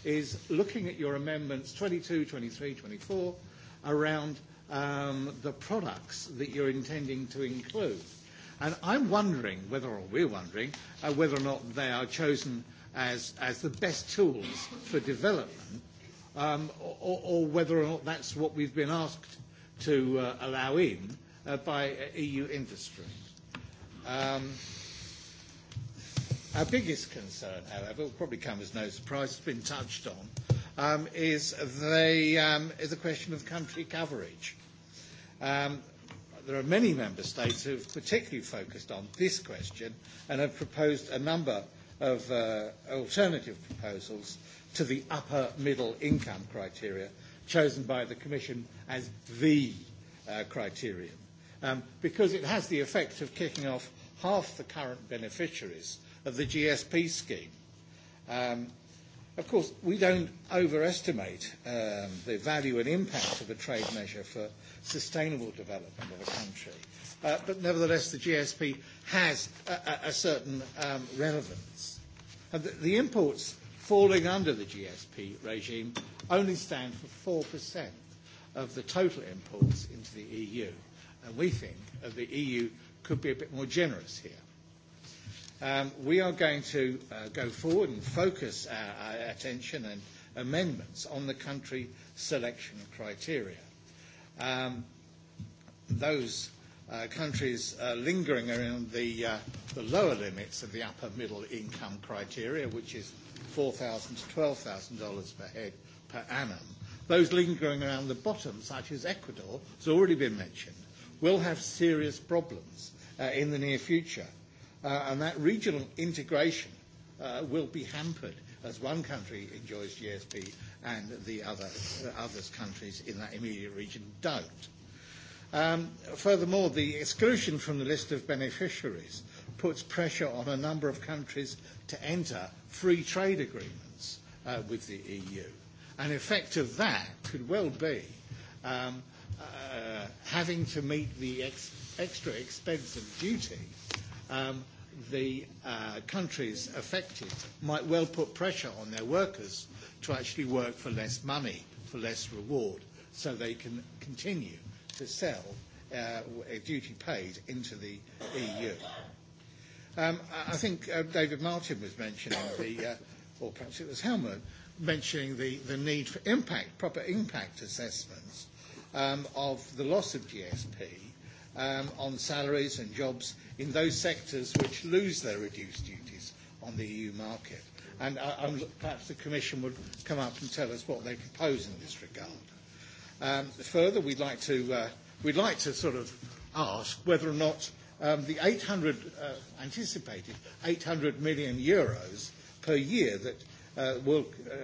Speaker 18: is looking at your amendments 22, 23, 24 around um, the products that you're intending to include. And I'm wondering whether, or we're wondering, uh, whether or not they are chosen as, as the best tools for development, um, or, or whether or not that's what we've been asked to uh, allow in uh, by uh, EU industry. Um, our biggest concern, however, will probably come as no surprise, It's been touched on, um, is, the, um, is the question of country coverage. Um, there are many member states who have particularly focused on this question and have proposed a number of uh, alternative proposals to the upper middle income criteria chosen by the Commission as the uh, criterion, um, because it has the effect of kicking off half the current beneficiaries of the GSP scheme. Um, Of course, we don't overestimate um, the value and impact of a trade measure for sustainable development of a country. Uh, but nevertheless, the GSP has a, a, a certain um, relevance. And the, the imports falling under the GSP regime only stand for 4% of the total imports into the EU. And we think uh, the EU could be a bit more generous here. Um, we are going to uh, go forward and focus our, our attention and amendments on the country selection criteria. Um, those uh, countries uh, lingering around the, uh, the lower limits of the upper middle income criteria, which is $4,000 to $12,000 per head per annum, those lingering around the bottom, such as Ecuador, has already been mentioned, will have serious problems uh, in the near future Uh, and that regional integration uh, will be hampered as one country enjoys GSP and the other uh, others countries in that immediate region don't. Um, furthermore, the exclusion from the list of beneficiaries puts pressure on a number of countries to enter free trade agreements uh, with the EU. An effect of that could well be um, uh, having to meet the ex- extra expense of duties um, the uh, countries affected might well put pressure on their workers to actually work for less money, for less reward, so they can continue to sell uh, duty paid into the EU. Um, I think uh, David Martin was mentioning the, uh, or perhaps it was Helmut, mentioning the, the need for impact, proper impact assessments um, of the loss of GSP um, on salaries and jobs in those sectors which lose their reduced duties on the EU market. And perhaps the Commission would come up and tell us what they propose in this regard. Um, further, we'd like to uh, we'd like to sort of ask whether or not um, the 800 uh, anticipated 800 million euros per year that uh, will uh,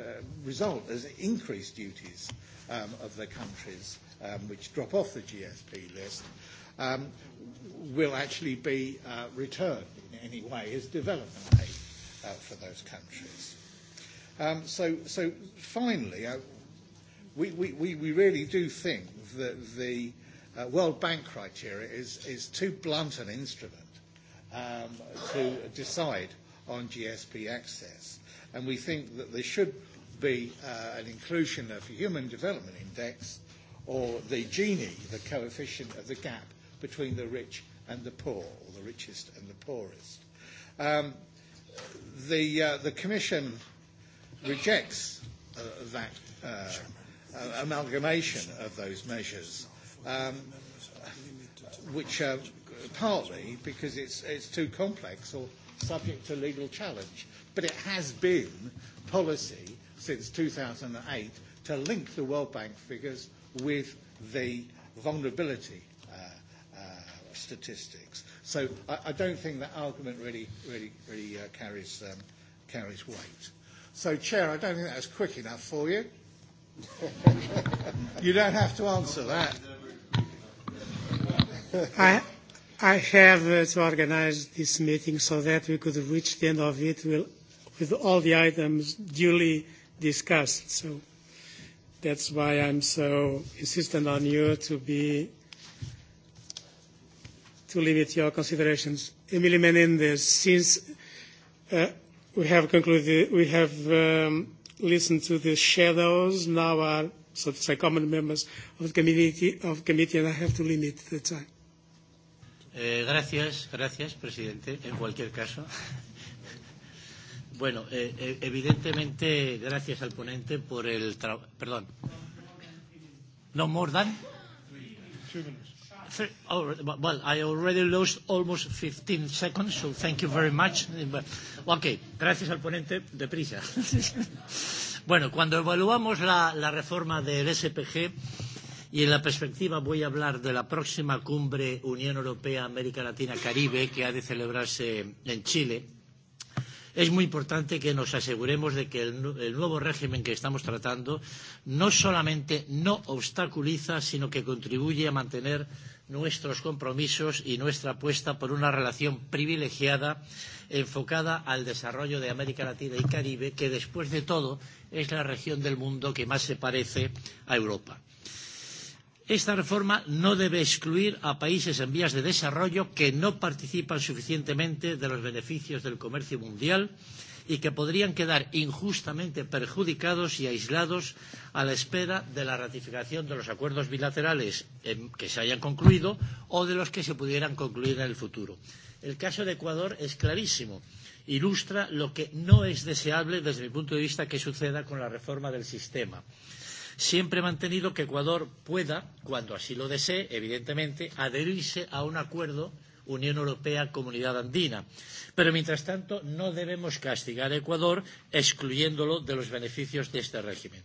Speaker 18: result as increased duties um, of the countries um, which drop off the GSP list um, will actually be uh, returned in any way as development aid uh, for those countries. Um, so, so finally, uh, we, we, we really do think that the uh, World Bank criteria is, is too blunt an instrument um, to decide on GSP access. And we think that there should be uh, an inclusion of Human Development Index or the Gini, the coefficient of the gap between the rich and the poor, or the richest and the poorest. Um, the, uh, the Commission rejects uh, that uh, uh, amalgamation of those measures, um, which are partly because it's, it's too complex or subject to legal challenge. But it has been policy since 2008 to link the World Bank figures with the vulnerability statistics. So I, I don't think that argument really, really, really uh, carries, um, carries weight. So, Chair, I don't think that quick enough for you. you don't have to answer that.
Speaker 2: I, I have uh, to organize this meeting so that we could reach the end of it will, with all the items duly discussed. So that's why I'm so insistent on you to be to leave it to your considerations. Emily Menendez, since uh, we have concluded, we have um, listened to the shadows, now are, so to say, common members of the committee, of the committee and I have to limit the time.
Speaker 19: Eh, gracias, gracias, presidente, en cualquier caso. bueno, eh, eh evidentemente, gracias al ponente por el trabajo. Perdón. No more than? Two minutes. Well, oh, I already lost almost 15 seconds, so thank you very much. Ok, gracias al ponente, deprisa. bueno, cuando evaluamos la, la reforma del SPG y en la perspectiva voy a hablar de la próxima cumbre Unión Europea-América Latina-Caribe que ha de celebrarse en Chile, es muy importante que nos aseguremos de que el, el nuevo régimen que estamos tratando no solamente no obstaculiza, sino que contribuye a mantener nuestros compromisos y nuestra apuesta por una relación privilegiada enfocada al desarrollo de América Latina y Caribe, que después de todo es la región del mundo que más se parece a Europa. Esta reforma no debe excluir a países en vías de desarrollo que no participan suficientemente de los beneficios del comercio mundial, y que podrían quedar injustamente perjudicados y aislados a la espera de la ratificación de los acuerdos bilaterales en, que se hayan concluido o de los que se pudieran concluir en el futuro. El caso de Ecuador es clarísimo. Ilustra lo que no es deseable desde mi punto de vista que suceda con la reforma del sistema. Siempre he mantenido que Ecuador pueda, cuando así lo desee, evidentemente, adherirse a un acuerdo Unión Europea, Comunidad Andina. Pero, mientras tanto, no debemos castigar a Ecuador excluyéndolo de los beneficios de este régimen.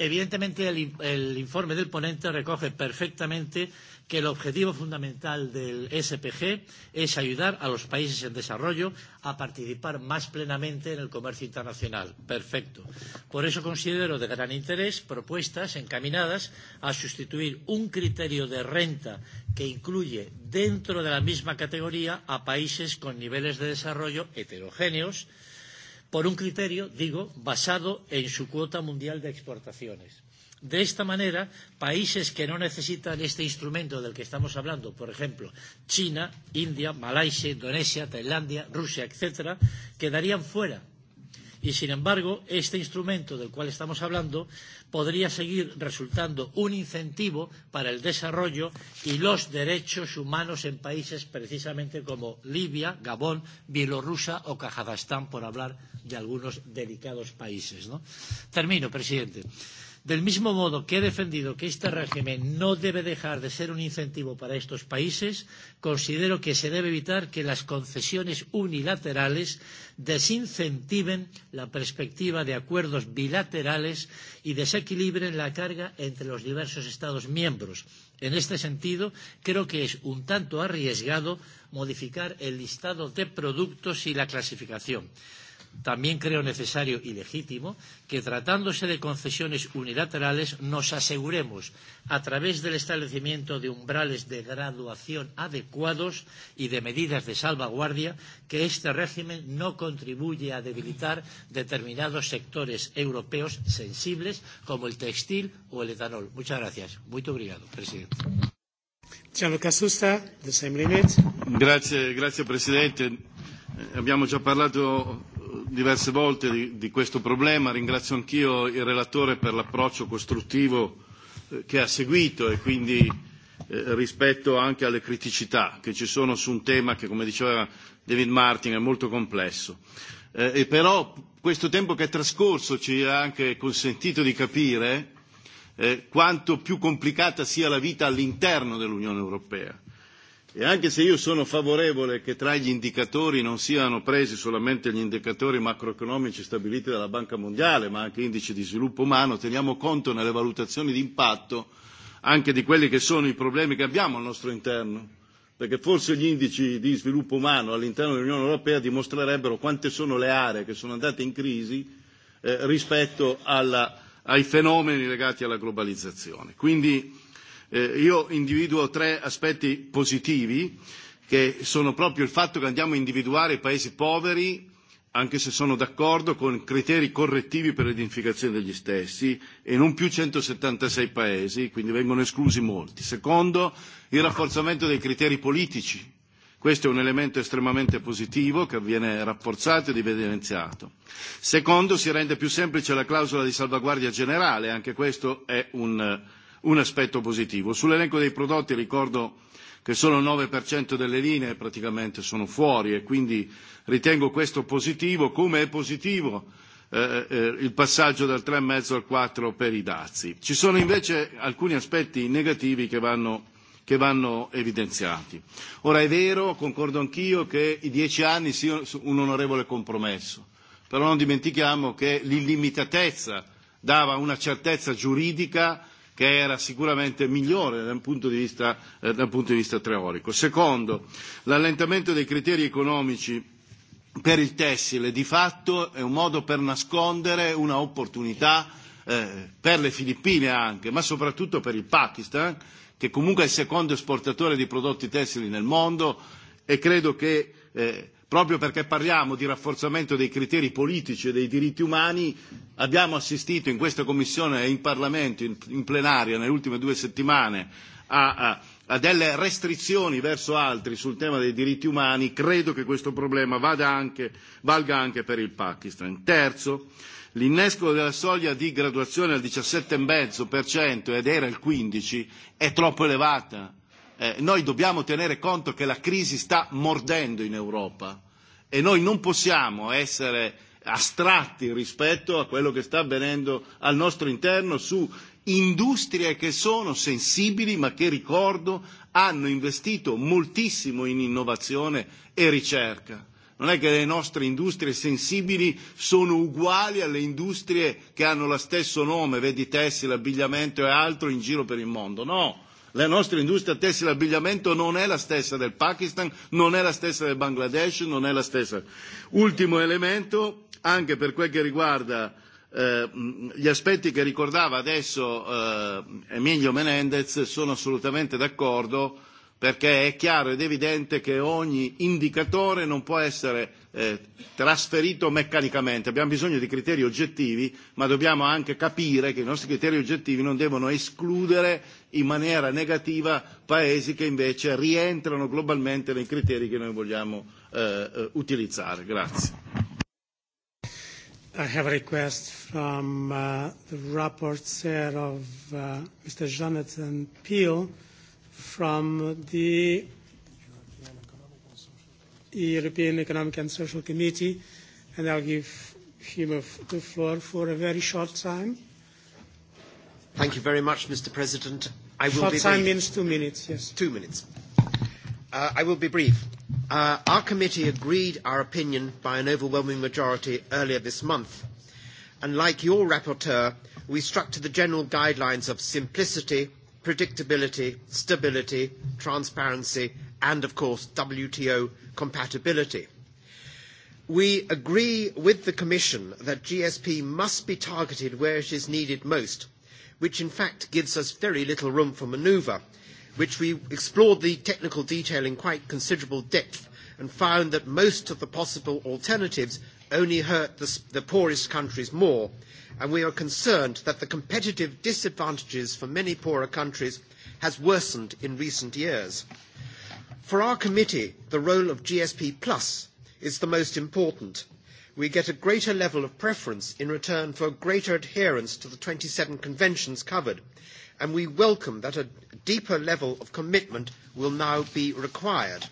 Speaker 19: Evidentemente, el, el informe del ponente recoge perfectamente que el objetivo fundamental del SPG es ayudar a los países en desarrollo a participar más plenamente en el comercio internacional. Perfecto. Por eso considero de gran interés propuestas encaminadas a sustituir un criterio de renta que incluye dentro de la misma categoría a países con niveles de desarrollo heterogéneos, por un criterio, digo, basado en su cuota mundial de exportaciones. De esta manera, países que no necesitan este instrumento del que estamos hablando, por ejemplo, China, India, Malasia, Indonesia, Tailandia, Rusia, etcétera, quedarían fuera Y, sin embargo, este instrumento del cual estamos hablando podría seguir resultando un incentivo para el desarrollo y los derechos humanos en países precisamente como Libia, Gabón, Bielorrusia o Kazajstán, por hablar de algunos delicados países. ¿no? Termino, presidente. Eh, Del mismo modo que he defendido que este régimen no debe dejar de ser un incentivo para estos países, considero que se debe evitar que las concesiones unilaterales desincentiven la perspectiva de acuerdos bilaterales y desequilibren la carga entre los diversos Estados miembros. En este sentido, creo que es un tanto arriesgado modificar el listado de productos y la clasificación también creo necesario y legítimo que tratándose de concesiones unilaterales nos aseguremos, a través del establecimiento de umbrales de graduación adecuados y de medidas de salvaguardia, que este régimen no contribuye a debilitar determinados sectores europeos sensibles como el textil o el etanol. Muchas gracias. Muy obrigado, presidente.
Speaker 2: Gianluca Susta, same limit.
Speaker 20: Presidente. Abbiamo già parlato diverse volte di, di questo problema. Ringrazio anch'io il relatore per l'approccio costruttivo eh, che ha seguito e quindi eh, rispetto anche alle criticità che ci sono su un tema che, come diceva David Martin, è molto complesso. Eh, e però questo tempo che è trascorso ci ha anche consentito di capire eh, quanto più complicata sia la vita all'interno dell'Unione Europea E anche se io sono favorevole che tra gli indicatori non siano presi solamente gli indicatori macroeconomici stabiliti dalla Banca Mondiale, ma anche indici di sviluppo umano, teniamo conto nelle valutazioni di impatto anche di quelli che sono i problemi che abbiamo al nostro interno, perché forse gli indici di sviluppo umano all'interno dell'Unione Europea dimostrerebbero quante sono le aree che sono andate in crisi eh, rispetto alla, ai fenomeni legati alla globalizzazione. Quindi, Eh, io individuo tre aspetti positivi che sono proprio il fatto che andiamo a individuare i paesi poveri, anche se sono d'accordo, con criteri correttivi per l'identificazione degli stessi e non più 176 paesi, quindi vengono esclusi molti. Secondo, il rafforzamento dei criteri politici. Questo è un elemento estremamente positivo che viene rafforzato ed evidenziato. Secondo, si rende più semplice la clausola di salvaguardia generale, anche questo è un un aspetto positivo. Sull'elenco dei prodotti ricordo che solo il 9% delle linee praticamente sono fuori e quindi ritengo questo positivo, come è positivo eh, eh, il passaggio dal 3,5 al 4 per i dazi. Ci sono invece alcuni aspetti negativi che vanno, che vanno evidenziati. Ora è vero, concordo anch'io, che i 10 anni siano un onorevole compromesso, però non dimentichiamo che l'illimitatezza dava una certezza giuridica che era sicuramente migliore dal punto di vista, eh, dal punto di vista teorico. Secondo, l'allentamento dei criteri economici per il tessile di fatto è un modo per nascondere una opportunità eh, per le Filippine anche, ma soprattutto per il Pakistan, che comunque è il secondo esportatore di prodotti tessili nel mondo e credo che eh, proprio perché parliamo di rafforzamento dei criteri politici e dei diritti umani, abbiamo assistito in questa Commissione e in Parlamento, in, in plenaria, nelle ultime due settimane, a, a, a delle restrizioni verso altri sul tema dei diritti umani, credo che questo problema vada anche, valga anche per il Pakistan. Terzo, l'innesco della soglia di graduazione al 17,5% ed era il 15% è troppo elevata Eh, noi dobbiamo tenere conto che la crisi sta mordendo in Europa e noi non possiamo essere astratti rispetto a quello che sta avvenendo al nostro interno su industrie che sono sensibili ma che, ricordo, hanno investito moltissimo in innovazione e ricerca. Non è che le nostre industrie sensibili sono uguali alle industrie che hanno lo stesso nome, vedi tessile, abbigliamento e altro in giro per il mondo. No, la nostra industria tessile e abbigliamento non è la stessa del Pakistan, non è la stessa del Bangladesh, non è la stessa. Ultimo elemento, anche per quel che riguarda eh, gli aspetti che ricordava adesso eh, Emilio Menendez, sono assolutamente d'accordo perché è chiaro ed evidente che ogni indicatore non può essere eh, trasferito meccanicamente, abbiamo bisogno di criteri oggettivi, ma dobbiamo anche capire che i nostri criteri oggettivi non devono escludere in maniera negativa paesi che invece rientrano globalmente nei criteri che noi vogliamo eh, eh utilizzare. Grazie.
Speaker 2: I have a request from uh, the rapporteur of uh, Mr. Jonathan Peel from the European Economic and Social Committee, and I'll give him the floor for a very short time.
Speaker 21: Thank you very much, Mr. President. I will short be time means two minutes, yes. Two minutes. Uh, I will be brief. Uh, our committee agreed our opinion by an overwhelming majority earlier this month. And like your rapporteur, we struck to the general guidelines of simplicity, predictability, stability, transparency and, of course, WTO compatibility. We agree with the Commission that GSP must be targeted where it is needed most, which in fact gives us very little room for manoeuvre, which we explored the technical detail in quite considerable depth and found that most of the possible alternatives only hurt the, the poorest countries more, and we are concerned that the competitive disadvantages for many poorer countries has worsened in recent years. For our committee, the role of GSP Plus is the most important. We get a greater level of preference in return for greater adherence to the 27 conventions covered, and we welcome that a deeper level of commitment will now be required.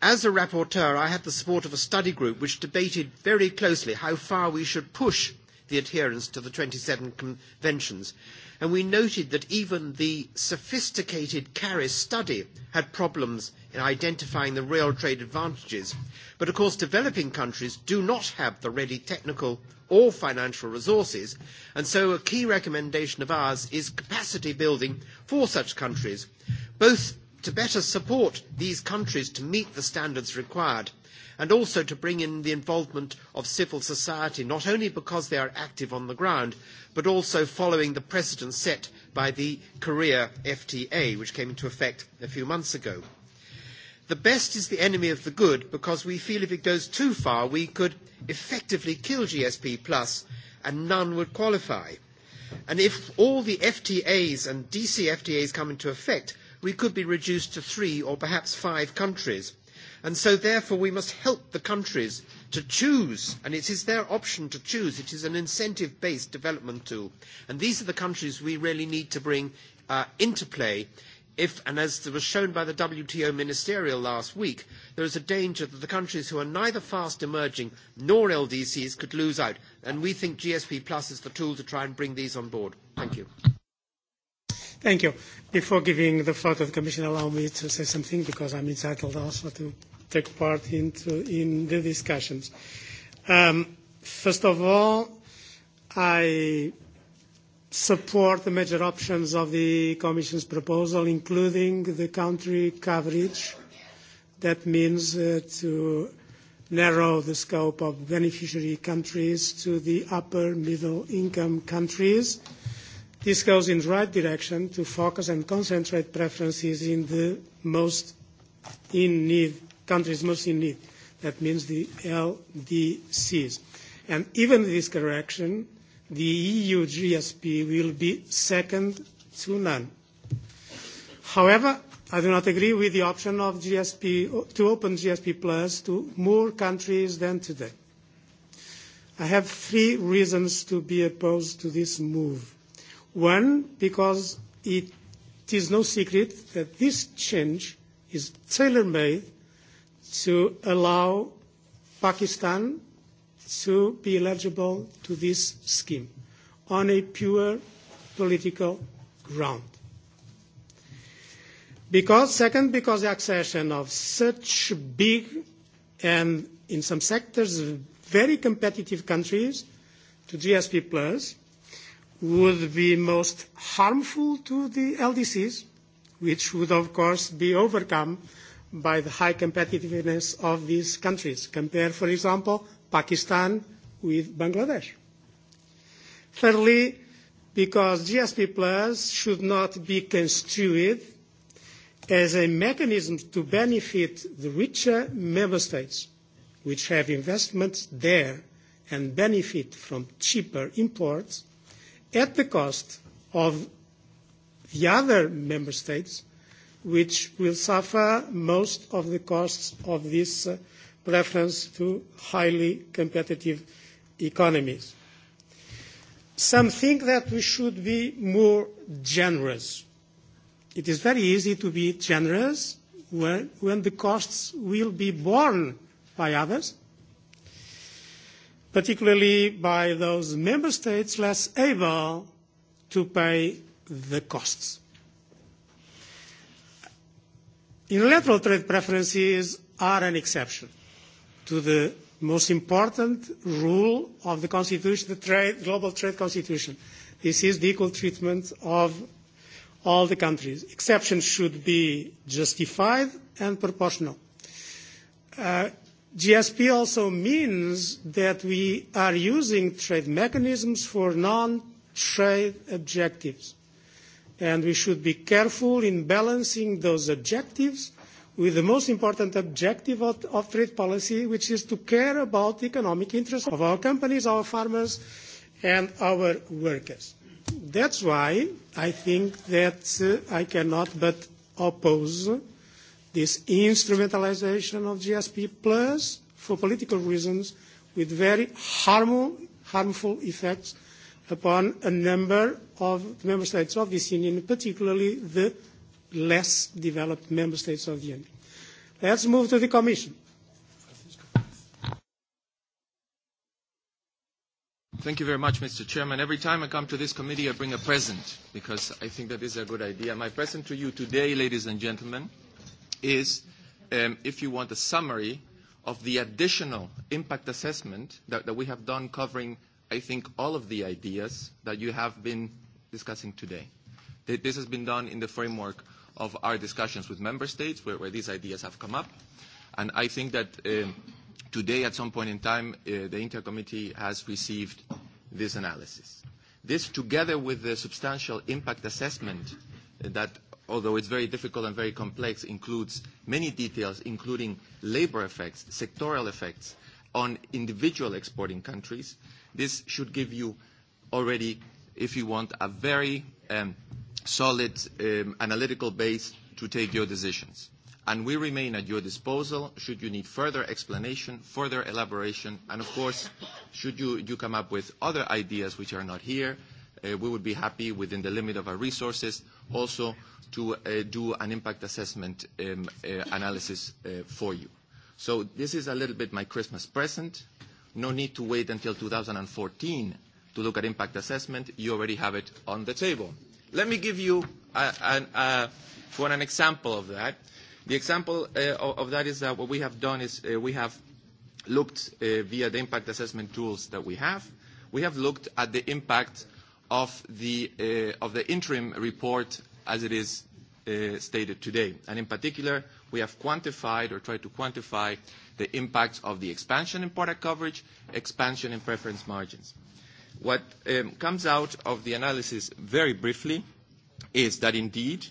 Speaker 21: As a rapporteur, I had the support of a study group which debated very closely how far we should push the adherence to the 27 conventions. And we noted that even the sophisticated CARIS study had problems in identifying the real trade advantages. But of course, developing countries do not have the ready technical or financial resources. And so a key recommendation of ours is capacity building for such countries, both to better support these countries to meet the standards required and also to bring in the involvement of civil society, not only because they are active on the ground, but also following the precedent set by the Korea FTA, which came into effect a few months ago. The best is the enemy of the good because we feel if it goes too far, we could effectively kill GSP Plus and none would qualify. And if all the FTAs and DCFTAs come into effect, we could be reduced to three or perhaps five countries And so therefore we must help the countries to choose, and it is their option to choose. It is an incentive-based development tool. And these are the countries we really need to bring uh, into play if, and as was shown by the WTO ministerial last week, there is a danger that the countries who are neither fast emerging nor LDCs could lose out. And we think GSP Plus is the tool to try and bring these on board. Thank you.
Speaker 2: Thank you. Before giving the floor to the Commission, allow me to say something because I'm entitled also to take part into, in the discussions. Um, first of all, I support the major options of the Commission's proposal, including the country coverage. That means uh, to narrow the scope of beneficiary countries to the upper middle income countries. This goes in the right direction to focus and concentrate preferences in the most in need countries most in need. That means the LDCs. And even this correction, the EU GSP will be second to none. However, I do not agree with the option of GSP to open GSP Plus to more countries than today. I have three reasons to be opposed to this move. One, because it is no secret that this change is tailor-made to allow Pakistan to be eligible to this scheme on a pure political ground. Because, second, because the accession of such big and, in some sectors, very competitive countries to GSP Plus would be most harmful to the LDCs, which would, of course, be overcome by the high competitiveness of these countries. Compare, for example, Pakistan with Bangladesh. Thirdly, because GSP Plus should not be construed as a mechanism to benefit the richer member states, which have investments there and benefit from cheaper imports, at the cost of the other member states which will suffer most of the costs of this uh, preference to highly competitive economies. Some think that we should be more generous. It is very easy to be generous when the costs will be borne by others, particularly by those member states less able to pay the costs. Unilateral trade preferences are an exception to the most important rule of the Constitution, the trade, Global Trade Constitution. This is the equal treatment of all the countries. Exceptions should be justified and proportional. Uh, GSP also means that we are using trade mechanisms for non-trade objectives and we should be careful in balancing those objectives with the most important objective of, of trade policy, which is to care about the economic interests of our companies, our farmers, and our workers. That's why I think that uh, I cannot but oppose this instrumentalization of GSP plus for political reasons with very harmful, harmful effects upon a number of the member states of this union, particularly the less developed member states of the union. Let's move to the Commission.
Speaker 22: Thank you very much, Mr. Chairman. Every time I come to this committee, I bring a present because I think that is a good idea. My present to you today, ladies and gentlemen, is, um, if you want, a summary of the additional impact assessment that, that we have done covering, I think, all of the ideas that you have been discussing today. This has been done in the framework of our discussions with member states where, where these ideas have come up. And I think that um, today, at some point in time, uh, the intercommittee has received this analysis. This, together with the substantial impact assessment uh, that, although it's very difficult and very complex, includes many details, including labor effects, sectoral effects on individual exporting countries, this should give you already if you want, a very um, solid um, analytical base to take your decisions. And we remain at your disposal should you need further explanation, further elaboration, and of course, should you, you come up with other ideas which are not here, uh, we would be happy within the limit of our resources also to uh, do an impact assessment um, uh, analysis uh, for you. So this is a little bit my Christmas present. No need to wait until 2014 to look at impact assessment. You already have it on the table. Let me give you a, an, a, an example of that. The example uh, of that is that what we have done is uh, we have looked uh, via the impact assessment tools that we have. We have looked at the impact of the, uh, of the interim report as it is uh, stated today. And in particular, we have quantified or tried to quantify the impact of the expansion in product coverage, expansion in preference margins. What um, comes out of the analysis very briefly is that indeed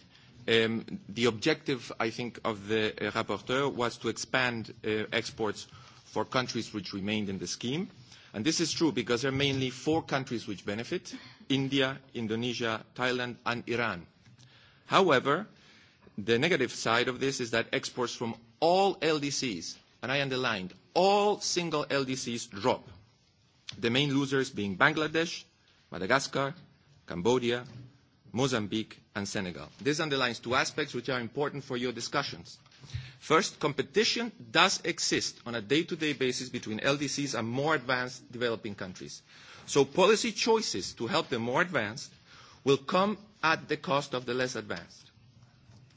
Speaker 22: um, the objective, I think, of the uh, rapporteur was to expand uh, exports for countries which remained in the scheme. And this is true because there are mainly four countries which benefit, India, Indonesia, Thailand, and Iran. However, the negative side of this is that exports from all LDCs, and I underlined, all single LDCs drop the main losers being Bangladesh, Madagascar, Cambodia, Mozambique, and Senegal. This underlines two aspects which are important for your discussions. First, competition does exist on a day-to-day -day basis between LDCs and more advanced developing countries. So policy choices to help the more advanced will come at the cost of the less advanced.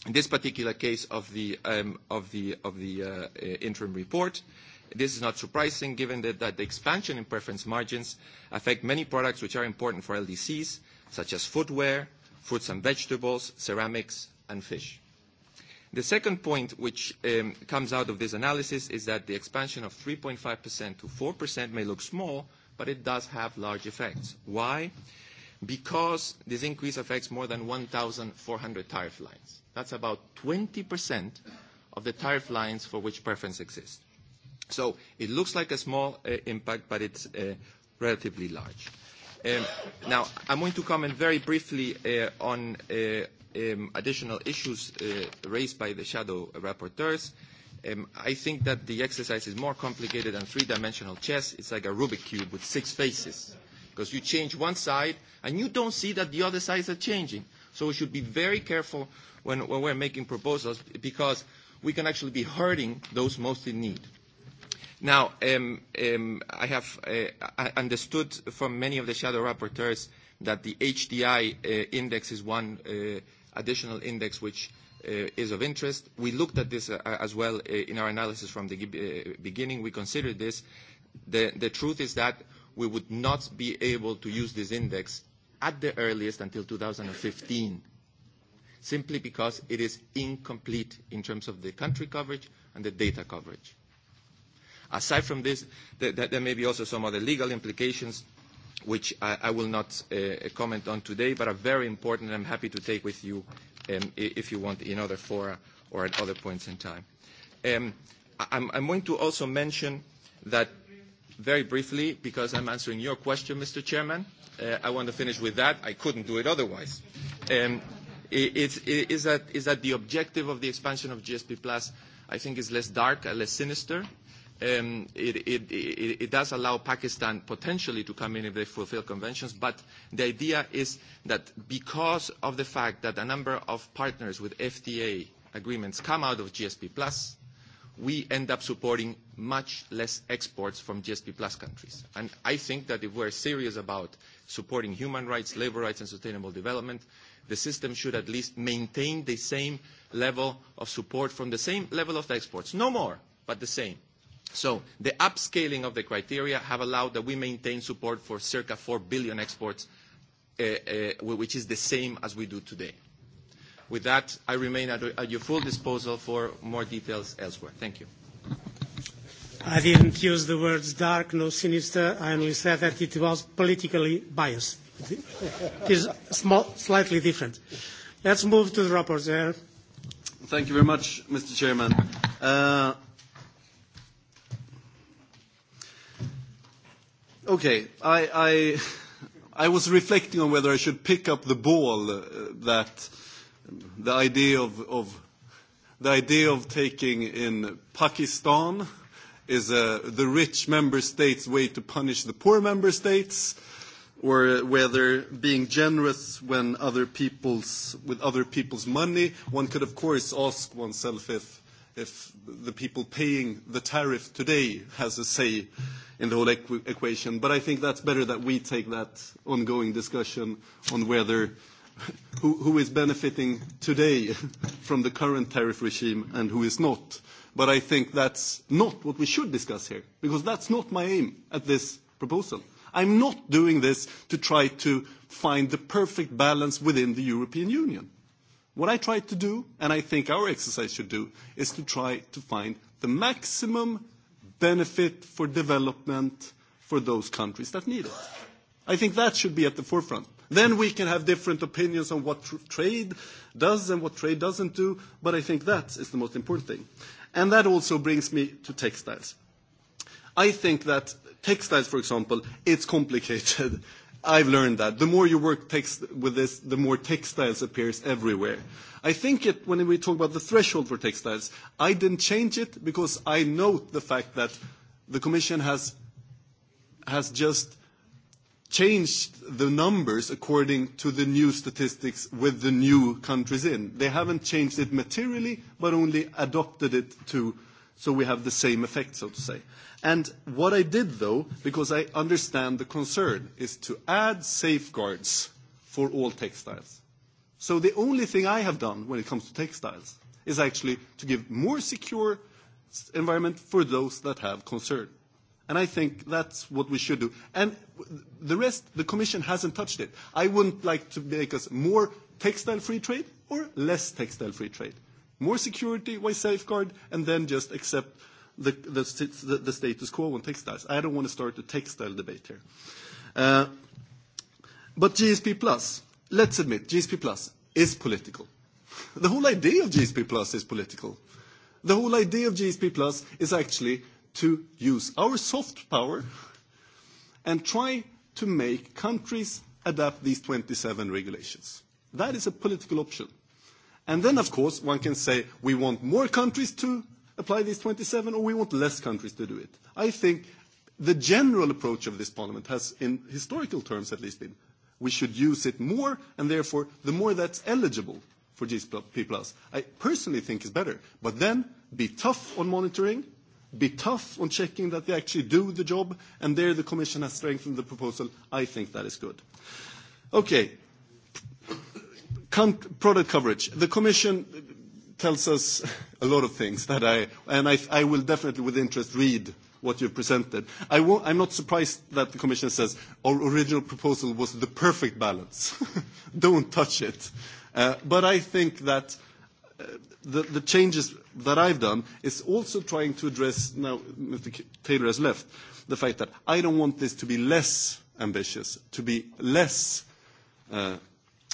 Speaker 22: In this particular case of the, um, of the, of the uh, uh, interim report, uh, This is not surprising given that, the expansion in preference margins affect many products which are important for LDCs, such as footwear, fruits and vegetables, ceramics, and fish. The second point which um, comes out of this analysis is that the expansion of 3.5% to 4% may look small, but it does have large effects. Why? Because this increase affects more than 1,400 tariff lines. That's about 20% of the tariff lines for which preference exists. So it looks like a small uh, impact, but it's uh, relatively large. Um, now, I'm going to comment very briefly uh, on um, additional issues raised by the shadow rapporteurs. Um, I think that the exercise is more complicated than three-dimensional chess. It's like a Rubik cube with six faces, because you change one side, and you don't see that the other sides are changing. So we should be very careful when, when we're making proposals, because we can actually be hurting those most in need. Now, um, um, I have uh, understood from many of the shadow rapporteurs that the HDI uh, index is one uh, additional index which is of interest. We looked at this as well in our analysis from the beginning. We considered this. the truth is that we would not be able to use this index at the earliest until 2015, simply because it is incomplete in terms of the country coverage and the data coverage. Aside from this, there may be also some other legal implications which I, I will not uh, comment on today, but are very important and I'm happy to take with you um, if you want in other fora or at other points in time. Um, I'm, I'm going to also mention that very briefly, because I'm answering your question, Mr. Chairman. Uh, I want to finish with that. I couldn't do it otherwise. Um, it, it, is, that, is that the objective of the expansion of GSP Plus, I think, is less dark, less sinister um, it, it, it, it does allow Pakistan potentially to come in if they fulfill conventions, but the idea is that because of the fact that a number of partners with FTA agreements come out of GSP Plus, we end up supporting much less exports from GSP Plus countries. And I think that if we're serious about supporting human rights, labor rights, and sustainable development, the system should at least maintain the same level of support from the same level of exports. No more, but the same. So the upscaling of the criteria have allowed that we maintain support for circa 4 billion exports, uh, uh, which is the same as we do today. With that, I remain at, your full disposal for more details elsewhere. Thank you.
Speaker 2: I didn't use the words dark, no sinister. I only said that it was politically biased. it is small, slightly different. Let's move to the rapporteur.
Speaker 16: Thank you very much, Mr. Chairman. Uh, Okay. I, I, I was reflecting on whether I should pick up the ball uh, that the idea of, of the idea of taking in Pakistan is uh, the rich member states' way to punish the poor member states, or uh, whether being generous when other people's, with other people's money. One could, of course, ask oneself if, if the people paying the tariff today has a say in the whole equ equation. But I think that's better that we take that ongoing discussion on whether who, who is benefiting today from the current tariff regime and who is not. But I think that's not what we should discuss here, because that's not my aim at this proposal. I'm not doing this to try to find the perfect balance within the European Union. What I try to do, and I think our exercise should do, is to try to find the maximum benefit for development for those countries that need it. I think that should be at the forefront. Then we can have different opinions on what tr trade does and what trade doesn't do, but I think that is the most important thing. And that also brings me to textiles. I think that textiles, for example, it's complicated. I've learned that. The more you work text with this, the more textiles appears everywhere. I think it, when we talk about the threshold for textiles, I didn't change it because I note the fact that the Commission has, has just changed the numbers according to the new statistics with the new countries in. They haven't changed it materially, but only adopted it to So we have the same effect, so to say. And what I did, though, because I understand the concern, is to add safeguards for all textiles. So the only thing I have done when it comes to textiles is actually to give more secure environment for those that have concern. And I think that's what we should do. And the rest, the Commission hasn't touched it. I wouldn't like to make us more textile free trade or less textile free trade more security, why safeguard, and then just accept the, status quo on textiles. I don't want to start a textile debate here. Uh, but GSP Plus, let's admit, GSP Plus is political. The whole idea of GSP Plus is political. The whole idea of GSP Plus is actually to use our soft power and try to make countries adapt these 27 regulations. That is a political option. And then, of course, one can say we want more countries to apply these 27 or we want less countries to do it. I think the general approach of this parliament has, in historical terms at least, been we should use it more, and therefore, the more that's eligible for GSP+, I personally think is better. But then be tough on monitoring, be tough on checking that they actually do the job, and there the Commission has strengthened the proposal. I think that is good. Okay, Product coverage. The Commission tells us a lot of things that I, and I, I will definitely with interest read what you've presented. I am not surprised that the Commission says our original proposal was the perfect balance. Don't touch it. Uh, but I think that uh, the, the, changes that I've done is also trying to address, now Mr. Taylor has left, the fact that I don't want this to be less ambitious, to be less uh,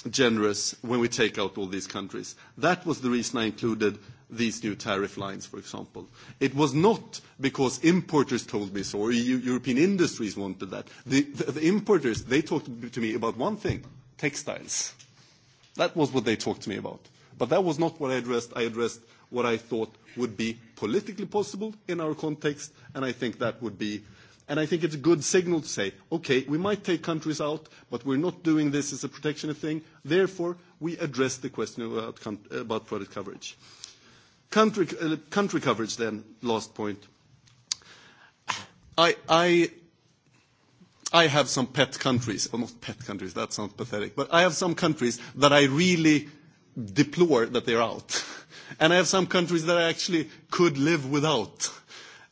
Speaker 16: generous when we take out all these countries. That was the reason I included these new tariff lines, for example. It was not because importers told me so or European industries wanted that. The, the, the importers, they talked to me about one thing, textiles. That was what they talked to me about. But that was not what I addressed. I addressed what I thought would be politically possible in our context, and I think that would be And I think it's a good signal to say, okay, we might take countries out, but we're not doing this as a protectionist thing. Therefore, we address the question about, product coverage. Uh, country, coverage then, last point. I, have some pet countries, well, not pet countries, that sounds pathetic, but I have some countries that I really deplore that they're out. and I have some countries that I actually could live without.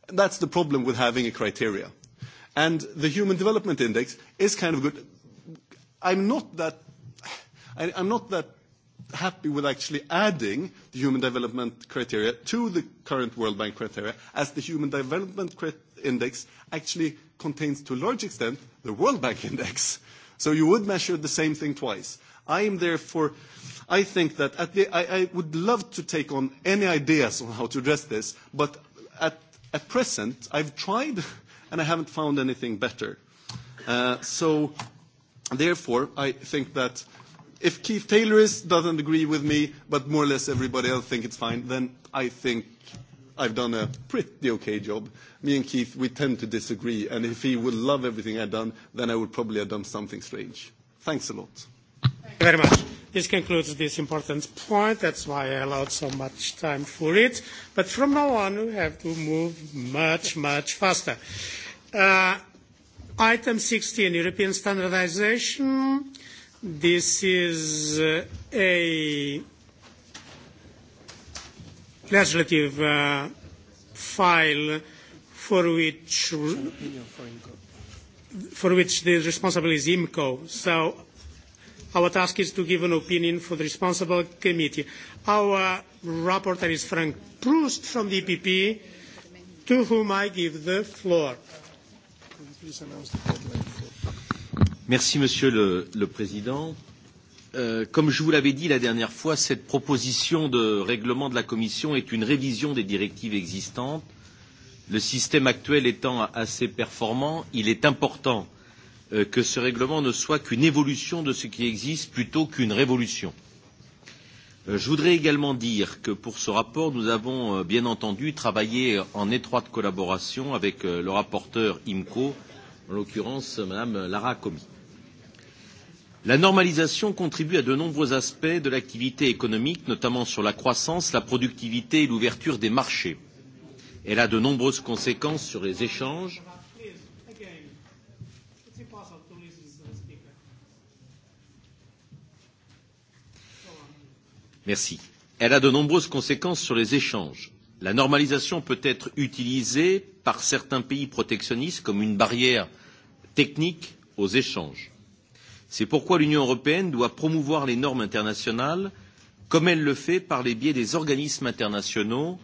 Speaker 16: that's the problem with having a criteria. And the Human Development Index is kind of good. I'm not that, I, I'm not that happy with actually adding the Human Development criteria to the current World Bank criteria, as the Human Development Index actually contains, to a large extent, the World Bank Index. So you would measure the same thing twice. I am therefore, I think that at the, I, I would love to take on any ideas on how to address this, but at, at present, I've tried and I haven't found anything better. Uh, so therefore, I think that if Keith Taylor is, doesn't agree with me, but more or less everybody else think it's fine, then I think I've done a pretty okay job. Me and Keith, we tend to disagree, and if he would love everything I've done, then I would probably have done something strange. Thanks a lot very much. This concludes
Speaker 2: this important point. That's why I allowed so much time for it. But from now on, we have to move much, much faster. Uh, item 16, European standardization. This is uh, a legislative uh, file for which for which the responsibility is IMCO. So Our task is to give an opinion for the responsible committee. Our rapporteur is Frank Proust from the EPP, to whom I give the floor.
Speaker 23: Merci, Monsieur le, le Président. Euh, comme je vous l'avais dit la dernière fois, cette proposition de règlement de la Commission est une révision des directives existantes. Le système actuel étant assez performant, il est important Euh, que ce règlement ne soit qu'une évolution de ce qui existe plutôt qu'une révolution. Euh, je voudrais également dire que pour ce rapport, nous avons euh, bien entendu travaillé en étroite collaboration avec le rapporteur IMCO, en l'occurrence Madame Lara Comi. La normalisation contribue à de nombreux aspects de l'activité économique, notamment sur la croissance, la productivité et l'ouverture des marchés. Elle a de nombreuses conséquences sur les échanges, Merci. Elle a de nombreuses conséquences sur les échanges. La normalisation peut être utilisée par certains pays protectionnistes comme une barrière technique aux échanges. C'est pourquoi l'Union européenne doit promouvoir les normes internationales comme elle le fait par les biais des organismes internationaux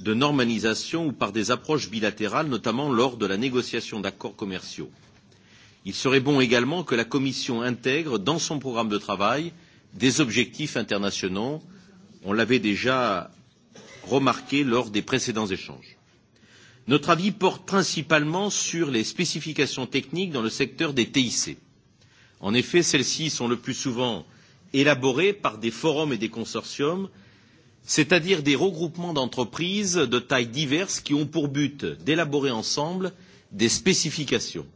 Speaker 23: de normalisation ou par des approches bilatérales, notamment lors de la négociation d'accords commerciaux. Il serait bon également que la Commission intègre dans son programme de travail des objectifs internationaux. On l'avait déjà remarqué lors des précédents échanges. Notre avis porte principalement sur les spécifications techniques dans le secteur des TIC. En effet, celles-ci sont le plus souvent élaborées par des forums et des consortiums, c'est-à-dire des regroupements d'entreprises de tailles diverses qui ont pour but d'élaborer ensemble des spécifications.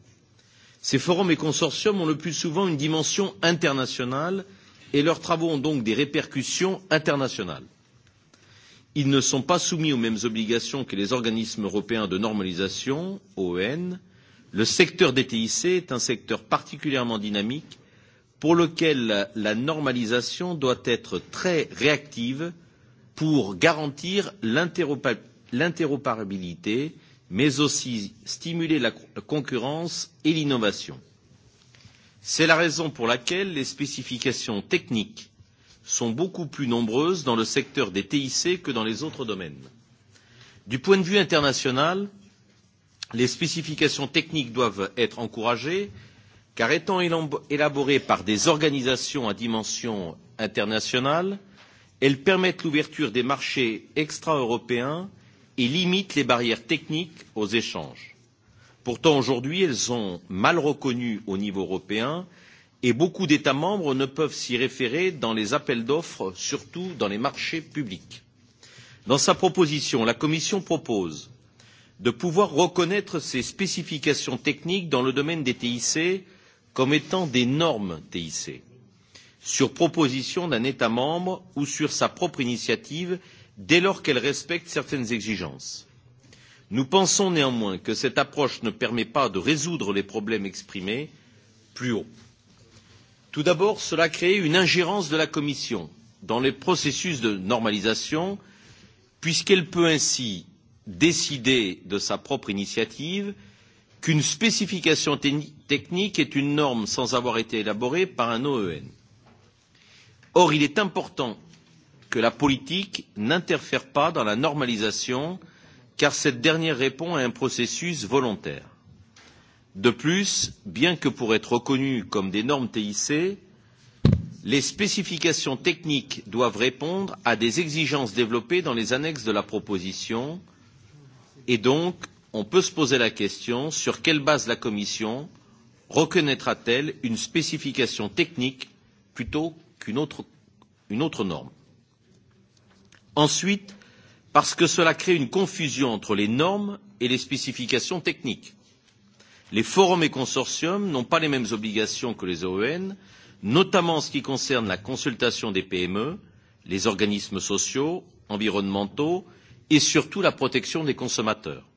Speaker 23: Ces forums et consortiums ont le plus souvent une dimension internationale et leurs travaux ont donc des répercussions internationales. Ils ne sont pas soumis aux mêmes obligations que les organismes européens de normalisation, OEN. Le secteur des TIC est un secteur particulièrement dynamique pour lequel la normalisation doit être très réactive pour garantir l'interopérabilité, mais aussi stimuler la concurrence et l'innovation. C'est la raison pour laquelle les spécifications techniques sont beaucoup plus nombreuses dans le secteur des TIC que dans les autres domaines. Du point de vue international, les spécifications techniques doivent être encouragées car étant élaborées par des organisations à dimension internationale, elles permettent l'ouverture des marchés extra-européens et limitent les barrières techniques aux échanges. Pourtant, aujourd'hui, elles sont mal reconnues au niveau européen et beaucoup d'États membres ne peuvent s'y référer dans les appels d'offres, surtout dans les marchés publics. Dans sa proposition, la Commission propose de pouvoir reconnaître ces spécifications techniques dans le domaine des TIC comme étant des normes TIC, sur proposition d'un État membre ou sur sa propre initiative, dès lors qu'elles respectent certaines exigences. Nous pensons néanmoins que cette approche ne permet pas de résoudre les problèmes exprimés plus haut. Tout d'abord, cela crée une ingérence de la Commission dans les processus de normalisation, puisqu'elle peut ainsi décider de sa propre initiative qu'une spécification technique est une norme sans avoir été élaborée par un OEN. Or, il est important que la politique n'interfère pas dans la normalisation car cette dernière répond à un processus volontaire. De plus, bien que pour être reconnues comme des normes TIC, les spécifications techniques doivent répondre à des exigences développées dans les annexes de la proposition et donc on peut se poser la question sur quelle base la Commission reconnaîtra-t-elle une spécification technique plutôt qu'une autre, une autre norme. Ensuite, parce que cela crée une confusion entre les normes et les spécifications techniques. Les forums et consortiums n'ont pas les mêmes obligations que les OEN, notamment en ce qui concerne la consultation des PME, les organismes sociaux, environnementaux et surtout la protection des consommateurs.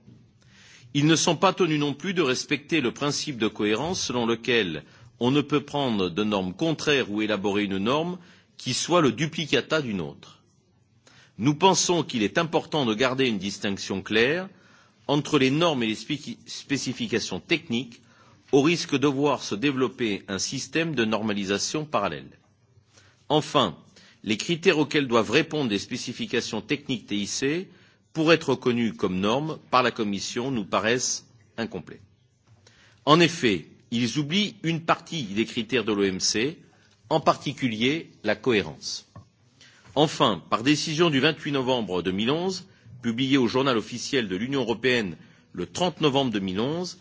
Speaker 23: Ils ne sont pas tenus non plus de respecter le principe de cohérence selon lequel on ne peut prendre de normes contraires ou élaborer une norme qui soit le duplicata d'une autre. Nous pensons qu'il est important de garder une distinction claire entre les normes et les spécifications techniques au risque de voir se développer un système de normalisation parallèle. Enfin, les critères auxquels doivent répondre les spécifications techniques TIC pour être reconnus comme normes par la Commission nous paraissent incomplets. En effet, ils oublient une partie des critères de l'OMC, en particulier la cohérence. Enfin, par décision du 28 novembre 2011, publiée au journal officiel de l'Union européenne le 30 novembre 2011,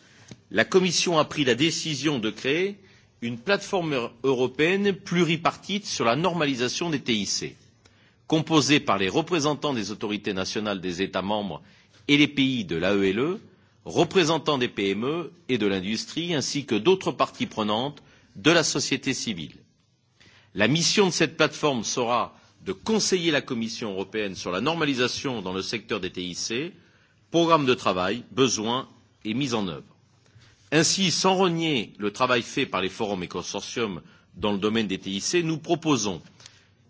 Speaker 23: la Commission a pris la décision de créer une plateforme européenne pluripartite sur la normalisation des TIC, composée par les représentants des autorités nationales des États membres et les pays de l'AELE, représentants des PME et de l'industrie, ainsi que d'autres parties prenantes de la société civile. La mission de cette plateforme sera de conseiller la Commission européenne sur la normalisation dans le secteur des TIC, programme de travail, besoins et mise en œuvre. Ainsi, sans renier le travail fait par les forums et consortiums dans le domaine des TIC, nous proposons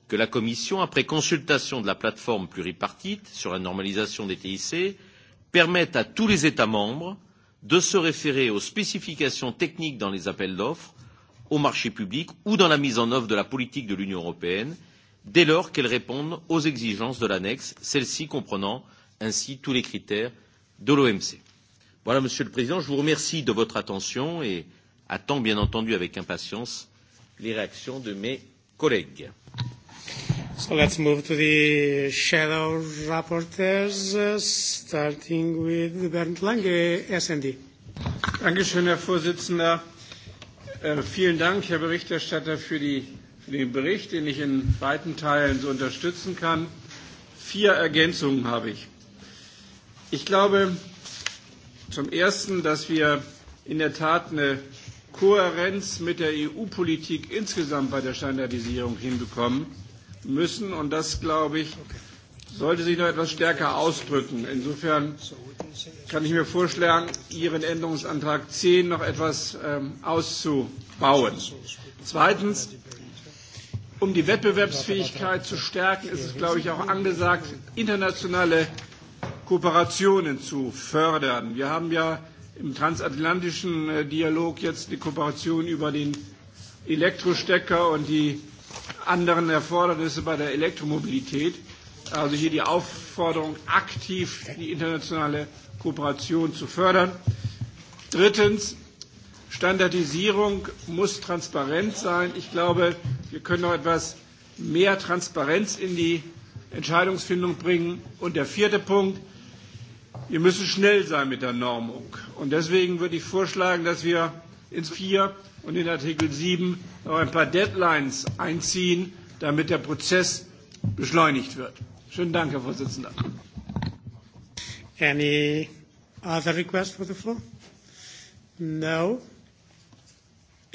Speaker 23: que la Commission, après consultation de la plateforme pluripartite sur la normalisation des TIC, permette à tous les États membres de se référer aux spécifications techniques dans les appels d'offres, au marché public ou dans la mise en œuvre de la politique de l'Union européenne dès lors qu'elles répondent aux exigences de l'annexe, celle-ci comprenant ainsi tous les critères de l'OMC. Voilà, Monsieur le Président, je vous remercie de votre attention et attends bien entendu avec impatience les réactions de mes collègues.
Speaker 2: So let's move to the shadow rapporteurs, starting with Bernd
Speaker 24: Lange, SND. Dankeschön, Herr Vorsitzender. Ähm, vielen Dank, Herr Berichterstatter, für die für den Bericht, den ich in weiten Teilen so unterstützen kann. Vier Ergänzungen habe ich. Ich glaube zum Ersten, dass wir in der Tat eine Kohärenz mit der EU-Politik insgesamt bei der Standardisierung hinbekommen müssen. Und das, glaube ich, sollte sich noch etwas stärker ausdrücken. Insofern kann ich mir vorschlagen, Ihren Änderungsantrag 10 noch etwas ähm, auszubauen. Zweitens Um die Wettbewerbsfähigkeit zu stärken, ist es, glaube ich, auch angesagt, internationale Kooperationen zu fördern. Wir haben ja im transatlantischen äh, Dialog jetzt die Kooperation über den Elektrostecker und die anderen Erfordernisse bei der Elektromobilität. Also hier die Aufforderung, aktiv die internationale Kooperation zu fördern. Drittens, Standardisierung muss transparent sein. Ich glaube, wir können noch etwas mehr Transparenz in die Entscheidungsfindung bringen. Und der vierte Punkt, wir müssen schnell sein mit der Normung. Und deswegen würde ich vorschlagen, dass wir ins Vier und in Artikel 7 noch ein paar Deadlines einziehen, damit der Prozess beschleunigt wird. Schönen Dank, Herr Vorsitzender.
Speaker 2: Any other request for the floor? No.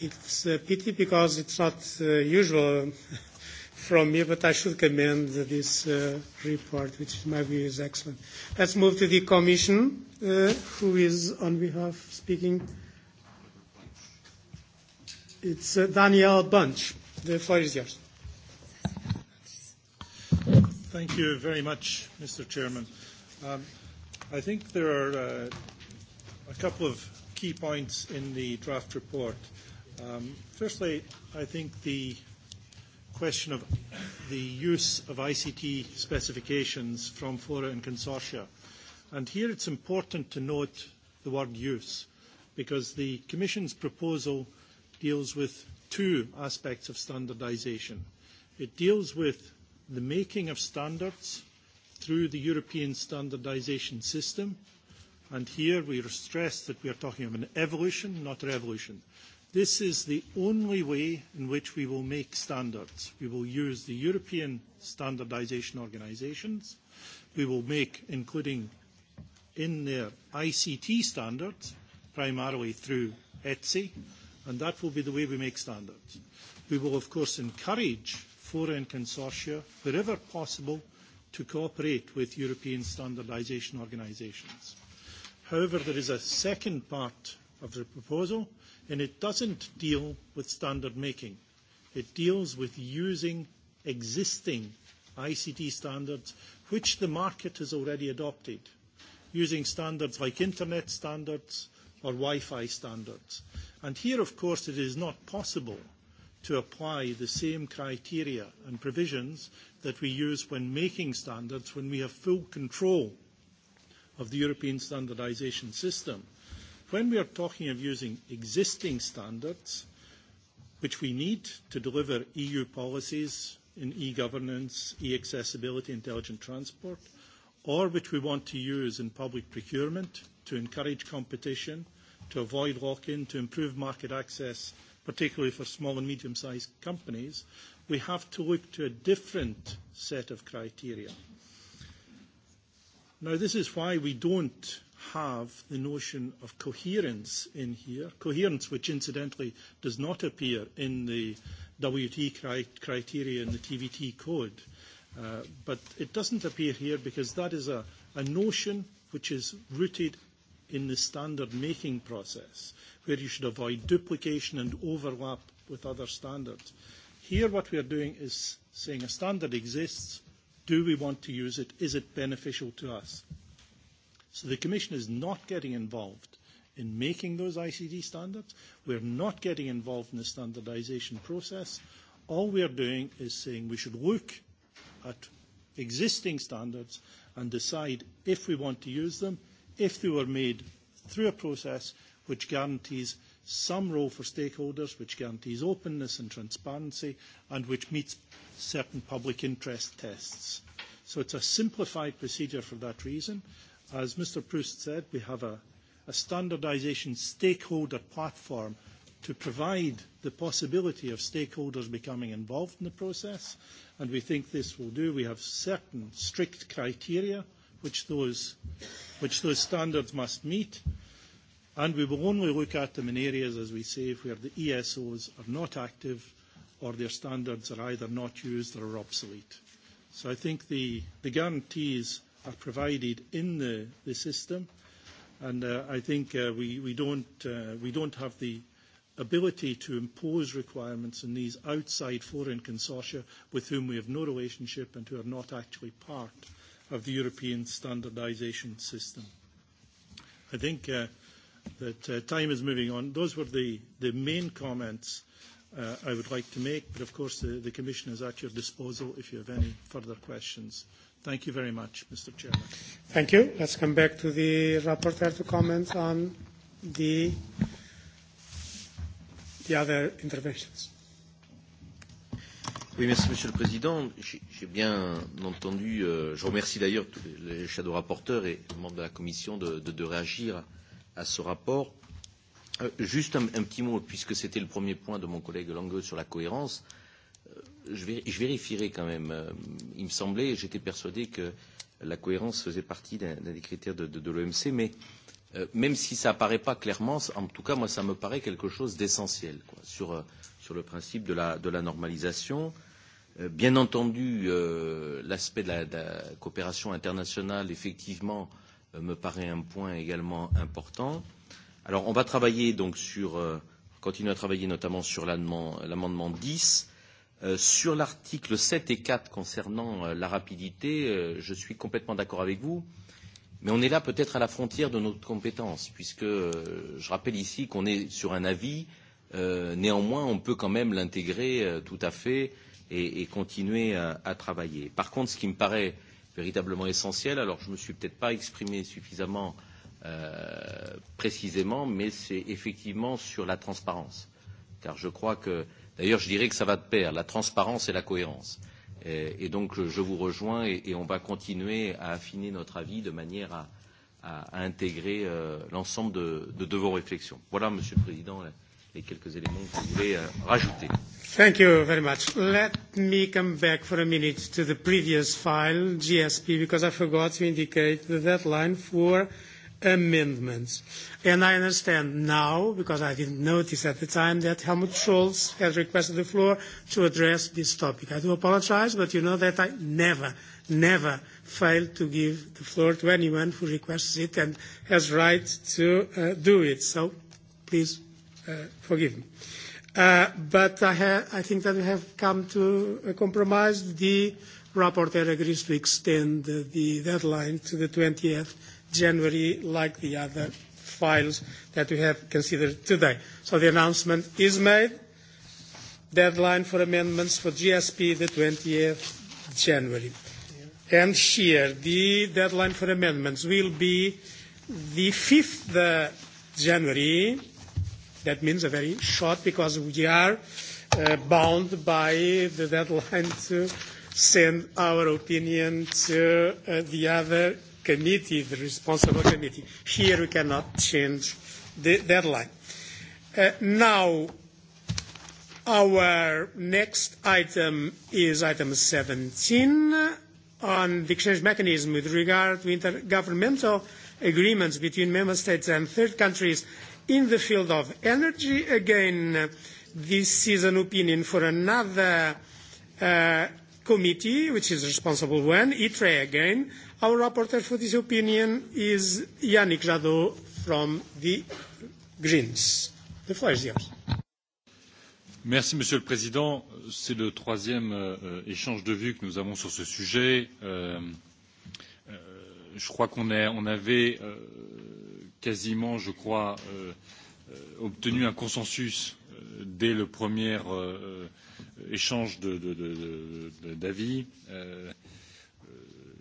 Speaker 2: It's a pity because it's not uh, usual from me, but I should commend this uh, report, which in my view is excellent. Let's move to the Commission, uh, who is on behalf speaking. It's uh, Daniel Bunch. The floor is yours.
Speaker 25: Thank you very much, Mr. Chairman. Um, I think there are uh, a couple of key points in the draft report. Uh, Um, firstly, I think the question of the use of ICT specifications from fora and consortia. And here it's important to note the word use, because the Commission's proposal deals with two aspects of standardisation. It deals with the making of standards through the European standardisation system, and here we stress that we are talking of an evolution, not revolution. This is the only way in which we will make standards. We will use the European standardisation organisations. We will make, including in their ICT standards, primarily through ETSI, and that will be the way we make standards. We will, of course, encourage foreign consortia, wherever possible, to cooperate with European standardisation organisations. However, there is a second part of the proposal, And it doesn't deal with standard making. It deals with using existing ICT standards, which the market has already adopted, using standards like internet standards or Wi-Fi standards. And here, of course, it is not possible to apply the same criteria and provisions that we use when making standards when we have full control of the European standardisation system. When we are talking of using existing standards, which we need to deliver EU policies in e-governance, e-accessibility, intelligent transport, or which we want to use in public procurement to encourage competition, to avoid lock-in, to improve market access, particularly for small and medium-sized companies, we have to look to a different set of criteria. Now, this is why we don't have the notion of coherence in here, coherence which incidentally does not appear in the WT cri criteria in the TVT code. Uh, but it doesn't appear here because that is a, a notion which is rooted in the standard making process, where you should avoid duplication and overlap with other standards. Here, what we are doing is saying a standard exists. Do we want to use it? Is it beneficial to us? So the Commission is not getting involved in making those ICD standards. We're not getting involved in the standardisation process. All we're doing is saying we should look at existing standards and decide if we want to use them, if they were made through a process which guarantees some role for stakeholders, which guarantees openness and transparency, and which meets certain public interest tests. So it's a simplified procedure for that reason. As Mr. Proust said, we have a, a standardisation stakeholder platform to provide the possibility of stakeholders becoming involved in the process, and we think this will do. We have certain strict criteria which those, which those standards must meet, and we will only look at them in areas, as we say, where the ESOs are not active or their standards are either not used or are obsolete. So I think the, the guarantees are provided in the, the system. And uh, I think uh, we, we, don't, uh, we don't have the ability to impose requirements on these outside foreign consortia with whom we have no relationship and who are not actually part of the European standardisation system. I think uh, that uh, time is moving on. Those were the, the main comments uh, I would like to make, but of course the, the Commission is at your disposal if you have any further questions Thank you very much, Mr. Chairman.
Speaker 2: Thank you. Let's come back to the rapporteur to comment on the, the other interventions.
Speaker 23: Oui, merci Monsieur le Président. J'ai bien entendu, euh, je remercie d'ailleurs les shadow rapporteurs et les membres de la Commission de, de, de réagir à ce rapport. Euh, juste un, un petit mot, puisque c'était le premier point de mon collègue Lange sur la cohérence. Euh, je, ver, je vérifierai quand même. Euh, il me semblait, j'étais persuadé que la cohérence faisait partie d'un des critères de, de, de l'OMC, mais euh, même si ça n'apparaît pas clairement, en tout cas, moi, ça me paraît quelque chose d'essentiel sur, euh, sur le principe de la, de la normalisation. Euh, bien entendu, euh, l'aspect de, la, de la coopération internationale, effectivement, euh, me paraît un point également important. Alors, on va travailler donc sur, euh, continuer à travailler notamment sur l'amendement 10 Euh, Euh, sur l'article 7 et 4 concernant euh, la rapidité, euh, je suis complètement d'accord avec vous, mais on est là peut-être à la frontière de notre compétence, puisque euh, je rappelle ici qu'on est sur un avis, euh, néanmoins on peut quand même l'intégrer euh, tout à fait et, et continuer à, à travailler. Par contre, ce qui me paraît véritablement essentiel, alors je ne me suis peut-être pas exprimé suffisamment euh, précisément, mais c'est effectivement sur la transparence, car je crois que euh, D'ailleurs, je dirais que ça va de pair, la transparence et la cohérence. Et, et donc, je vous rejoins et, et on va continuer à affiner notre avis de manière à, à, à intégrer euh, l'ensemble de, de, de vos réflexions. Voilà, Monsieur le Président, les quelques éléments que je voulais euh, rajouter.
Speaker 2: Thank you very much. Let me come back for a minute to the previous file, GSP, because I forgot to indicate the deadline for amendments. And I understand now, because I didn't notice at the time, that Helmut Scholz has requested the floor to address this topic. I do apologize, but you know that I never, never fail to give the floor to anyone who requests it and has right to uh, do it. So please uh, forgive me. Uh, but I, I think that we have come to a compromise. The rapporteur agrees to extend the deadline to the 20th January, like the other files that we have considered today. So the announcement is made. Deadline for amendments for GSP, the 20th January. And here, the deadline for amendments will be the 5th January. That means a very short because we are uh, bound by the deadline to send our opinion to uh, the other committee, the responsible committee. Here we cannot change the deadline. Uh, now, our next item is item 17 on the exchange mechanism with regard to intergovernmental agreements between member states and third countries in the field of energy. Again, this is an opinion for another uh, committee, which is responsible one, ITRE again. Our rapporteur for this opinion is Yannick Jadot from the Greens. The floor is yours.
Speaker 26: Merci, Monsieur le Président. C'est le troisième euh, échange de vues que nous avons sur ce sujet. Euh, euh, je crois qu'on on avait euh, quasiment, je crois, euh, euh, obtenu un consensus dès le premier euh, euh échange d'avis, euh, euh,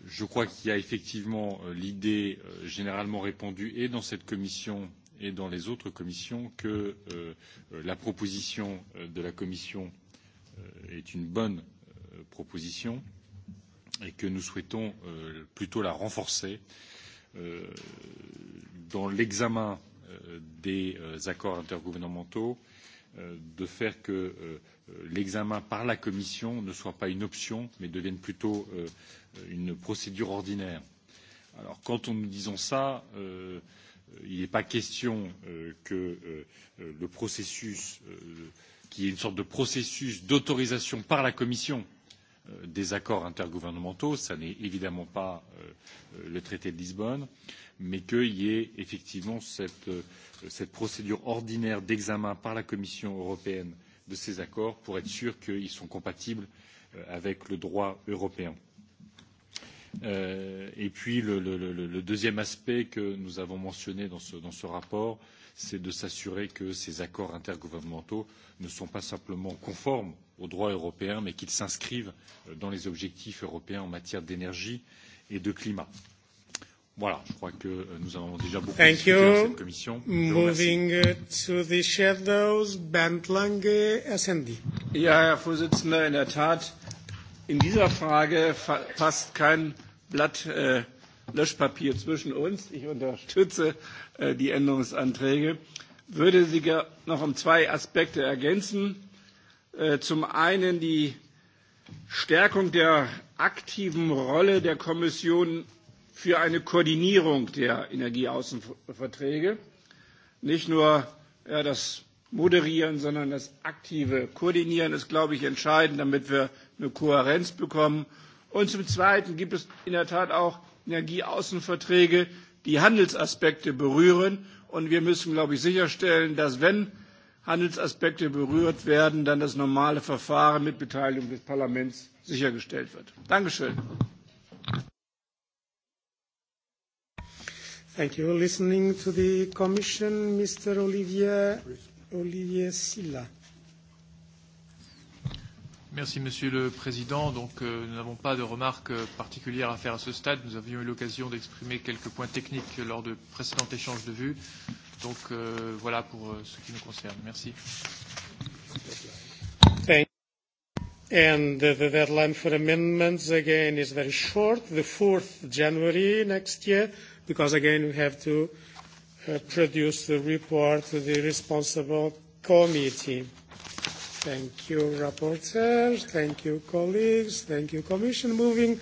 Speaker 26: je crois qu'il y a effectivement euh, l'idée généralement répandue et dans cette commission et dans les autres commissions que euh, la proposition de la Commission est une bonne proposition et que nous souhaitons euh, plutôt la renforcer euh, dans l'examen des accords intergouvernementaux Euh, de faire que euh, l'examen par la Commission ne soit pas une option, mais devienne plutôt euh, une procédure ordinaire. Alors, quand on nous disons ça, euh, il n'est pas question euh, que euh, le processus, euh, qu'il y ait une sorte de processus d'autorisation par la Commission euh, des accords intergouvernementaux, ça n'est évidemment pas euh, le traité de Lisbonne. Euh, mais qu'il y ait effectivement cette, euh, cette procédure ordinaire d'examen par la Commission européenne de ces accords pour être sûr qu'ils sont compatibles euh, avec le droit européen. Euh, et puis le, le, le, le deuxième aspect que nous avons mentionné dans ce, dans ce rapport, c'est de s'assurer que ces accords intergouvernementaux ne sont pas simplement conformes au droit européen, mais qu'ils s'inscrivent euh, dans les objectifs européens en matière d'énergie et de climat. Euh, Voilà, je crois que euh, nous avons déjà beaucoup Thank discuté you. dans cette commission. Moving
Speaker 2: uh, to the shadows, Bernd Lange, SND.
Speaker 24: Ja, Herr Vorsitzender, in der Tat, in dieser Frage passt kein Blatt äh, Löschpapier zwischen uns. Ich unterstütze äh, die Änderungsanträge. Würde sie noch um zwei Aspekte ergänzen. Äh, zum einen die Stärkung der aktiven Rolle der Kommission für eine Koordinierung der Energieaußenverträge. Nicht nur ja, das Moderieren, sondern das aktive Koordinieren ist, glaube ich, entscheidend, damit wir eine Kohärenz bekommen. Und zum Zweiten gibt es in der Tat auch Energieaußenverträge, die Handelsaspekte berühren. Und wir müssen, glaube ich, sicherstellen, dass wenn Handelsaspekte berührt werden, dann das normale Verfahren mit Beteiligung des Parlaments sichergestellt wird. Dankeschön.
Speaker 2: Thank you. Listening to the Commission, Mr. Olivier, Olivier Silla.
Speaker 9: Merci Monsieur le Président. Donc, euh, nous n'avons pas de remarques euh, particulières à faire à ce stade. Nous avions eu l'occasion d'exprimer quelques points techniques lors de précédents échanges de vues. Donc, euh, voilà pour euh, ce qui nous concerne. Merci.
Speaker 2: And the deadline for amendments again is very short, the 4th January next year because again we have to uh, produce the report to the responsible committee. Thank you, rapporteurs. Thank you, colleagues. Thank you, Commission. Moving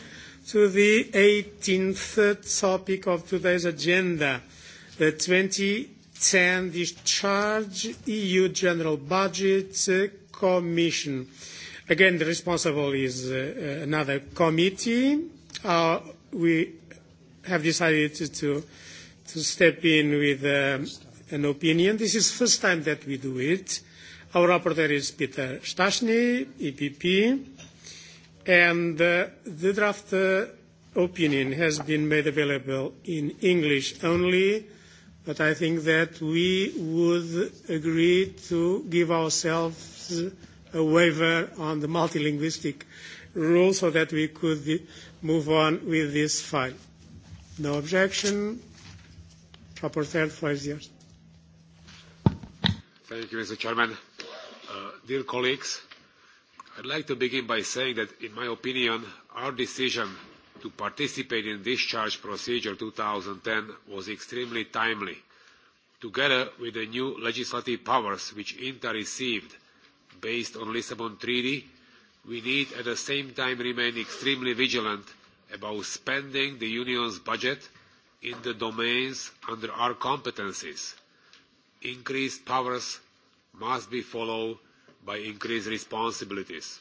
Speaker 2: to the 18th topic of today's agenda, the 2010 discharge EU General Budget Commission. Again, the responsible is uh, another committee. Uh, we have decided to, to, to step in with um, an opinion. This is the first time that we do it. Our rapporteur is Peter Stashny, EPP, and uh, the draft uh, opinion has been made available in English only, but I think that we would agree to give ourselves a waiver on the multilingualistic rule so that we could move on with this file. No objection. Rapporteur, floor is yours.
Speaker 27: Thank you, Mr. Chairman. Uh, dear colleagues, I'd like to begin by saying that, in my opinion, our decision to participate in discharge procedure 2010 was extremely timely, together with the new legislative powers which INTA received based on Lisbon Treaty, we need at the same time remain extremely vigilant about spending the Union's budget in the domains under our competences. Increased powers must be followed by increased responsibilities.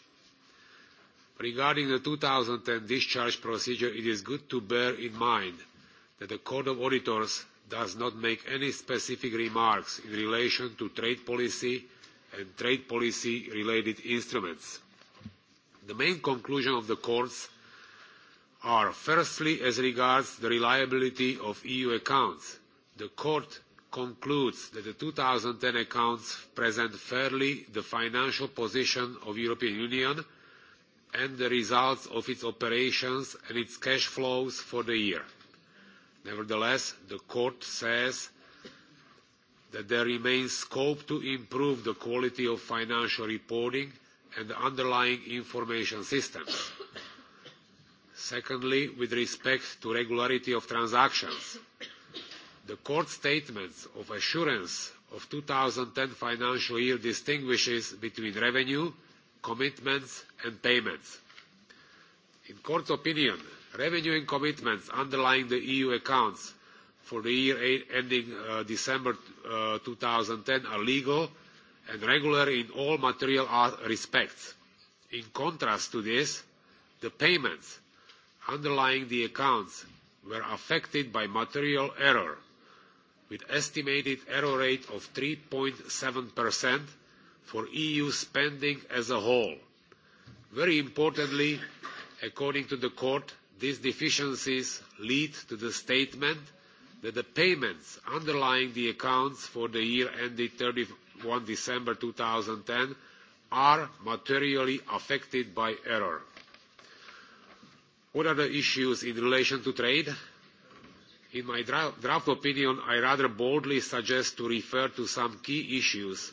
Speaker 27: Regarding the 2010 discharge procedure, it is good to bear in mind that the Court of Auditors does not make any specific remarks in relation to trade policy and trade policy-related instruments. The main conclusion of the Court's are firstly as regards the reliability of eu accounts. the court concludes that the two thousand and ten accounts present fairly the financial position of the european union and the results of its operations and its cash flows for the year. nevertheless the court says that there remains scope to improve the quality of financial reporting and the underlying information systems Secondly, with respect to regularity of transactions, the court statements of assurance of 2010 financial year distinguishes between revenue, commitments, and payments. In court's opinion, revenue and commitments underlying the EU accounts for the year ending uh, December uh, 2010 are legal and regular in all material uh, respects. In contrast to this, the payments underlying the accounts were affected by material error, with estimated error rate of 3.7% for EU spending as a whole. Very importantly, according to the court, these deficiencies lead to the statement that the payments underlying the accounts for the year ended 31 December 2010 are materially affected by error. What are the issues in relation to trade? In my draft opinion, I rather boldly suggest to refer to some key issues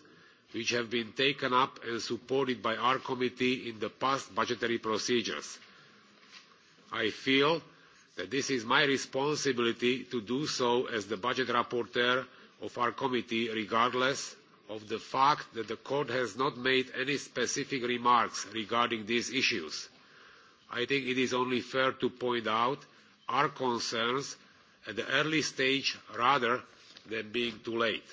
Speaker 27: which have been taken up and supported by our committee in the past budgetary procedures. I feel that this is my responsibility to do so as the budget rapporteur of our committee, regardless of the fact that the court has not made any specific remarks regarding these issues. I think it is only fair to point out our concerns at the early stage rather than being too late.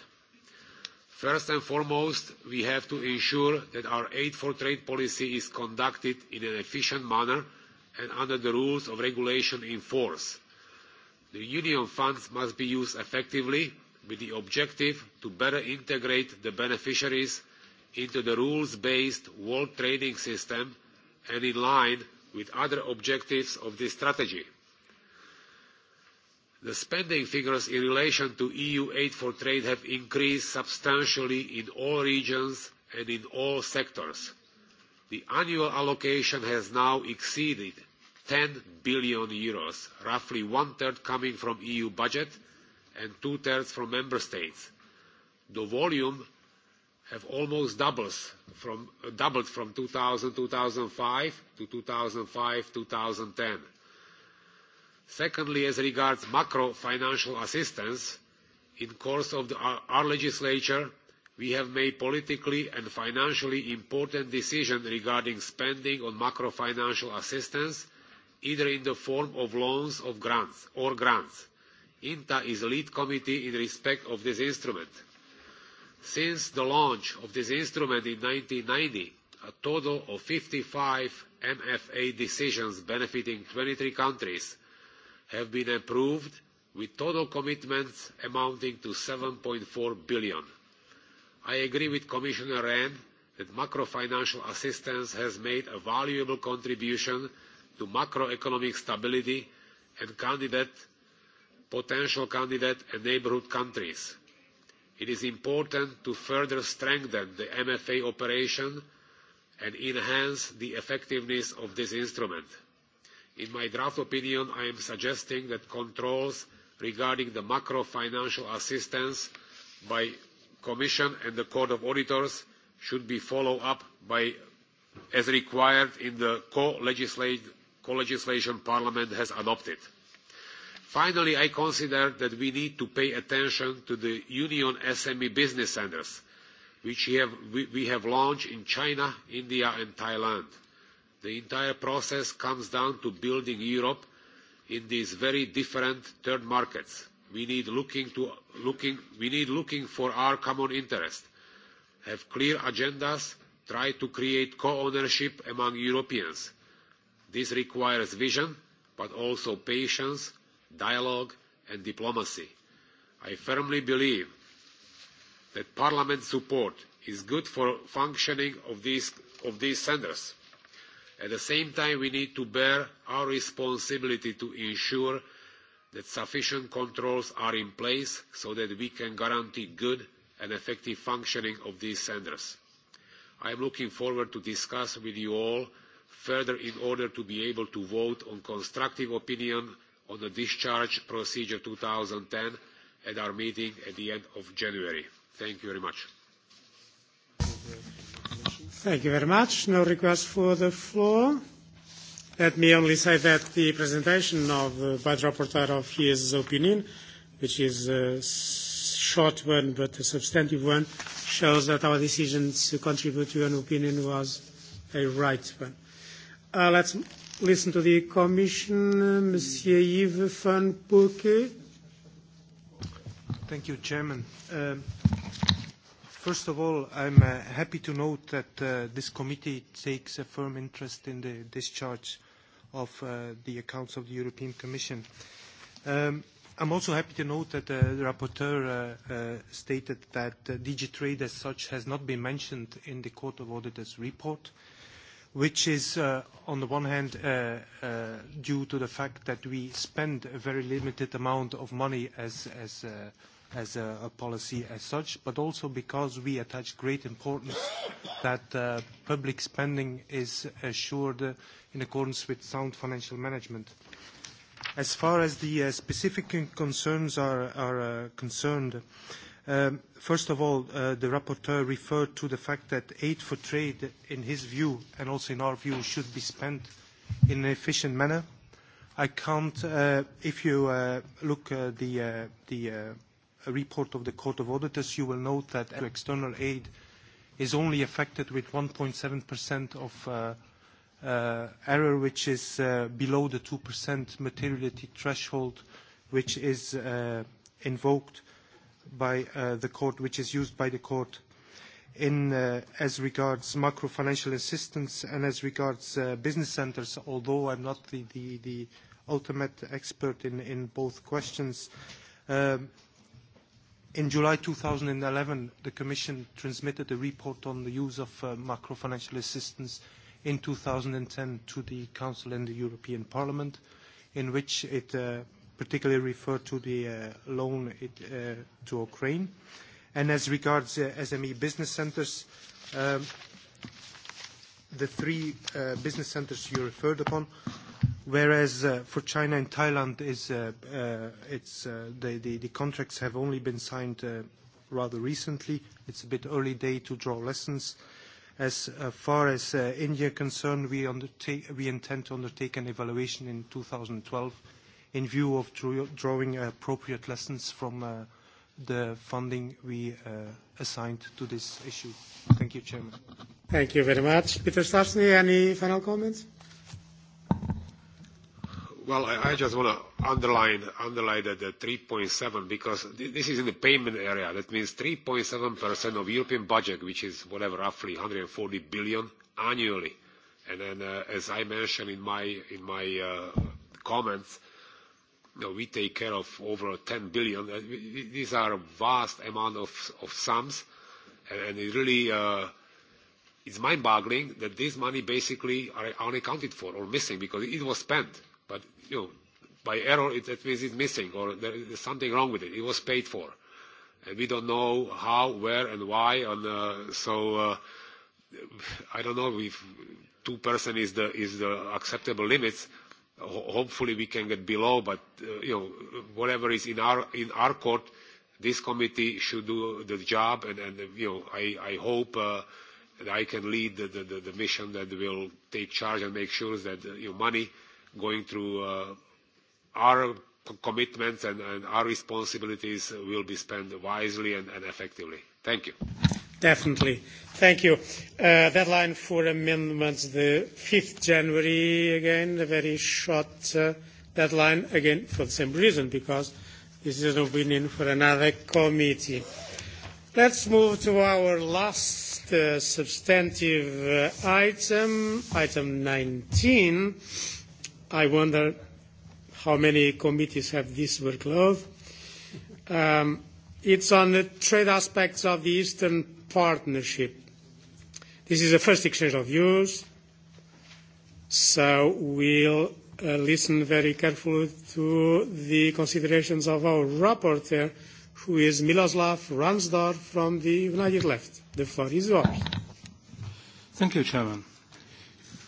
Speaker 27: First and foremost, we have to ensure that our aid for trade policy is conducted in an efficient manner and under the rules of regulation in force. The union funds must be used effectively with the objective to better integrate the beneficiaries into the rules-based world trading system and in line with other objectives of this strategy. The spending figures in relation to EU aid for trade have increased substantially in all regions and in all sectors. The annual allocation has now exceeded 10 billion euros, roughly one-third coming from EU budget and two-thirds from member states. The volume have almost doubles from, doubled from 2000, 2005 to 2005, 2010. Secondly, as regards macro financial assistance, in course of the, our, our legislature, we have made politically and financially important decisions regarding spending on macro financial assistance, either in the form of loans of grants or grants. INTA is lead committee in respect of this instrument Since the launch of this instrument in 1990, a total of 55 MFA decisions benefiting 23 countries have been approved, with total commitments amounting to 7.4 billion. I agree with Commissioner Rehn that macro-financial assistance has made a valuable contribution to macroeconomic stability and candidate, potential candidate and neighbourhood countries it is important to further strengthen the mfa operation and enhance the effectiveness of this instrument. in my draft opinion i am suggesting that controls regarding the macro financial assistance by the commission and the court of auditors should be followed up by as required in the co legislation parliament has adopted. Finally, I consider that we need to pay attention to the Union SME Business Centres, which we have, launched in China, India and Thailand. The entire process comes down to building Europe in these very different third markets. We need looking, to, looking, we need looking for our common interest, have clear agendas, try to create co-ownership among Europeans. This requires vision, but also patience dialogue and diplomacy. I firmly believe that Parliament's support is good for functioning of these, of these centres. At the same time, we need to bear our responsibility to ensure that sufficient controls are in place so that we can guarantee good and effective functioning of these centres. I am looking forward to discuss with you all further in order to be able to vote on constructive opinion on the discharge procedure 2010 at our meeting at the end of January. Thank you very much.
Speaker 2: Thank you very much. No request for the floor. Let me only say that the presentation of, uh, by the rapporteur of his opinion, which is a uh, short one but a substantive one, shows that our decision to contribute to an opinion was a right one. Uh, let's listen to the Commission, Monsieur Yves van Poeke.
Speaker 28: Thank you, Chairman. Um, first of all, I'm uh, happy to note that uh, this committee takes a firm interest in the discharge of uh, the accounts of the European Commission. Um, I'm also happy to note that uh, the rapporteur uh, uh, stated that uh, DigiTrade as such has not been mentioned in the Court of Auditors report. Uh, which is, uh, on the one hand, uh, uh, due to the fact that we spend a very limited amount of money as, a, policy as such, but also because we attach great importance that public spending is assured in accordance with sound financial management. As far as the specific concerns are concerned, Um, first of all, uh, the rapporteur referred to the fact that aid for trade, in his view and also in our view, should be spent in an efficient manner. I can't, uh, if you uh, look at uh, the, uh, the uh, report of the Court of Auditors, you will note that external aid is only affected with 1.7% of Uh, error, which is uh, below the 2% materiality threshold, which is uh, invoked by uh, the court, which is used by the court in uh, as regards macro financial assistance and as regards uh, business centers, although I'm not the, the, the ultimate expert in, in both questions. Um, in July 2011, the Commission transmitted a report on the use of uh, macro financial assistance in 2010 to the Council and the European Parliament, in which it uh, particularly refer to the uh, loan it, uh, to Ukraine. And as regards uh, SME business centers, um, the three uh, business centers you referred upon, whereas uh, for China and Thailand, is, uh, uh, it's, uh, the, the, the contracts have only been signed uh, rather recently. It's a bit early day to draw lessons. As uh, far as uh, India concerned, we, we intend to undertake an evaluation in 2012 in view of drawing appropriate lessons from uh, the funding we uh, assigned to this issue. Thank you, Chairman.
Speaker 2: Thank you very much. Peter Starsny, any final comments?
Speaker 27: Well, I, I just want to underline, underline the, the 3.7 because th this is in the payment area. That means 3.7% of European budget, which is whatever, roughly 140 billion annually. And then, uh, as I mentioned in my, in my uh, comments, No, we take care of over 10 billion. Uh, these are a vast amount of, of sums, and it really uh, it's mind-boggling that this money basically are unaccounted for or missing because it was spent, but you know, by error it, that means it's missing or there is something wrong with it. It was paid for, and we don't know how, where, and why. And uh, so uh, I don't know if two person is the is the acceptable limits hopefully we can get below, but uh, you know, whatever is in our in our court, this committee should do the job, and, and you know, I, I hope uh, that I can lead the, the, the mission that will take charge and make sure that uh, your know, money going through uh, our commitments and, and our responsibilities will be spent wisely and, and effectively. Thank you.
Speaker 2: Definitely. Thank you. Uh, deadline for amendments, the 5th January, again, a very short uh, deadline, again, for the same reason, because this is an opinion for another committee. Let's move to our last uh, substantive uh, item, item 19. I wonder how many committees have this workload. Um, it's on the trade aspects of the Eastern partnership. This is the first exchange of views, so we'll uh, listen very carefully to the considerations of our rapporteur, who is Miloslav Ransdorf from the United Left. The floor is yours.
Speaker 29: Thank you, Chairman.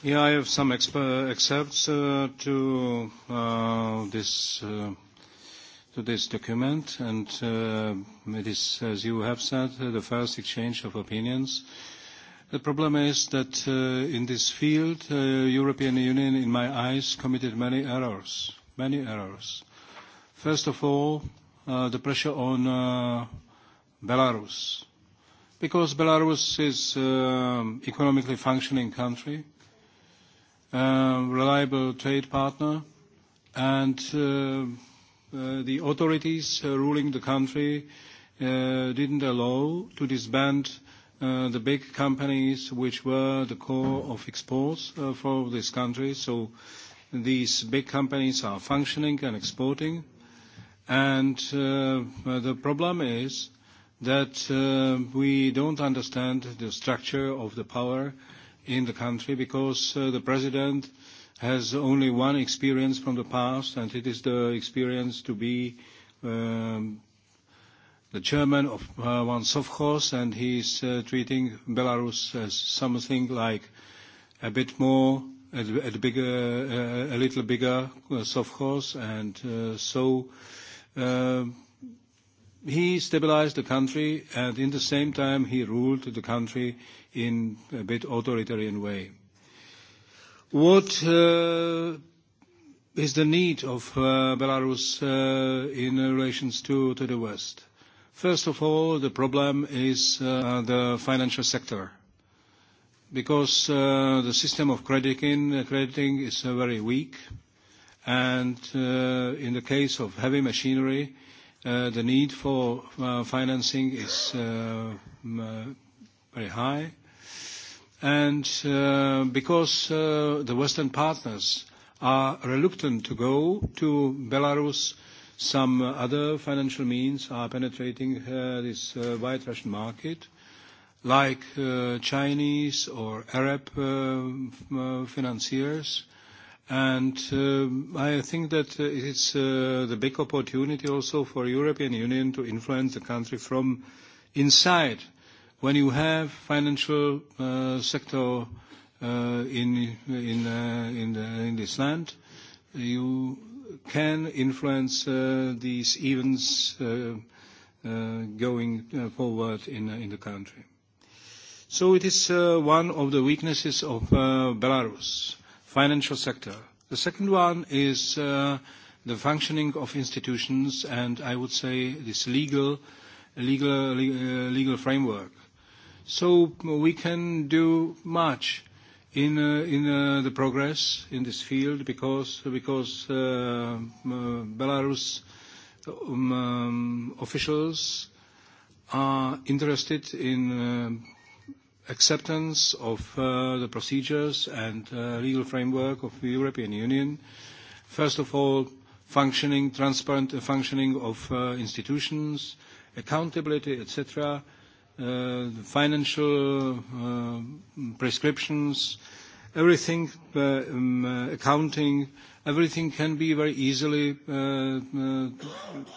Speaker 29: Yeah, I have some excerpts uh, to uh, this uh, to this document, and uh, it is, as you have said, uh, the first exchange of opinions. The problem is that uh, in this field, uh, European Union, in my eyes, committed many errors, many errors. First of all, uh, the pressure on uh, Belarus, because Belarus is an uh, economically functioning country, uh, reliable trade partner, and uh, Uh, the authorities uh, ruling the country uh, didn't allow to disband uh, the big companies which were the core of exports uh, for this country. So these big companies are functioning and exporting. And uh, the problem is that uh, we don't understand the structure of the power in the country because uh, the president uh, has only one experience from the past, and it is the experience to be um, the chairman of uh, one sovkhoz, and he is uh, treating Belarus as something like a bit more, a, a, bigger, uh, a little bigger uh, sovkhoz, and uh, so um, he stabilized the country, and in the same time he ruled the country in a bit authoritarian way. What uh, is the need of uh, Belarus uh, in relations to, to the West? First of all, the problem is uh, the financial sector, because uh, the system of crediting, uh, crediting is uh, very weak, and uh, in the case of heavy machinery, uh, the need for uh, financing is uh, uh very high and uh, because uh, the Western partners are reluctant to go to Belarus, some other financial means are penetrating uh, this uh, white Russian market, like uh, Chinese or Arab uh, uh financiers. And uh, I think that uh, it is uh, the big opportunity also for European Union to influence the country from inside when you have financial uh, sector uh, in, in, uh, in, the, in this land, you can influence uh, these events uh, uh, going uh, forward in, uh, in the country. So it is uh, one of the weaknesses of uh, Belarus, financial sector. The second one is uh, the functioning of institutions and I would say this legal, legal, uh, legal framework. So we can do much in, uh, in uh, the progress in this field because, because uh, uh, Belarus um, um, officials are interested in uh, acceptance of uh, the procedures and uh, legal framework of the European Union. First of all, functioning, transparent functioning of uh, institutions, accountability, etc Uh, financial uh, prescriptions, everything, uh, um, accounting, everything can be very easily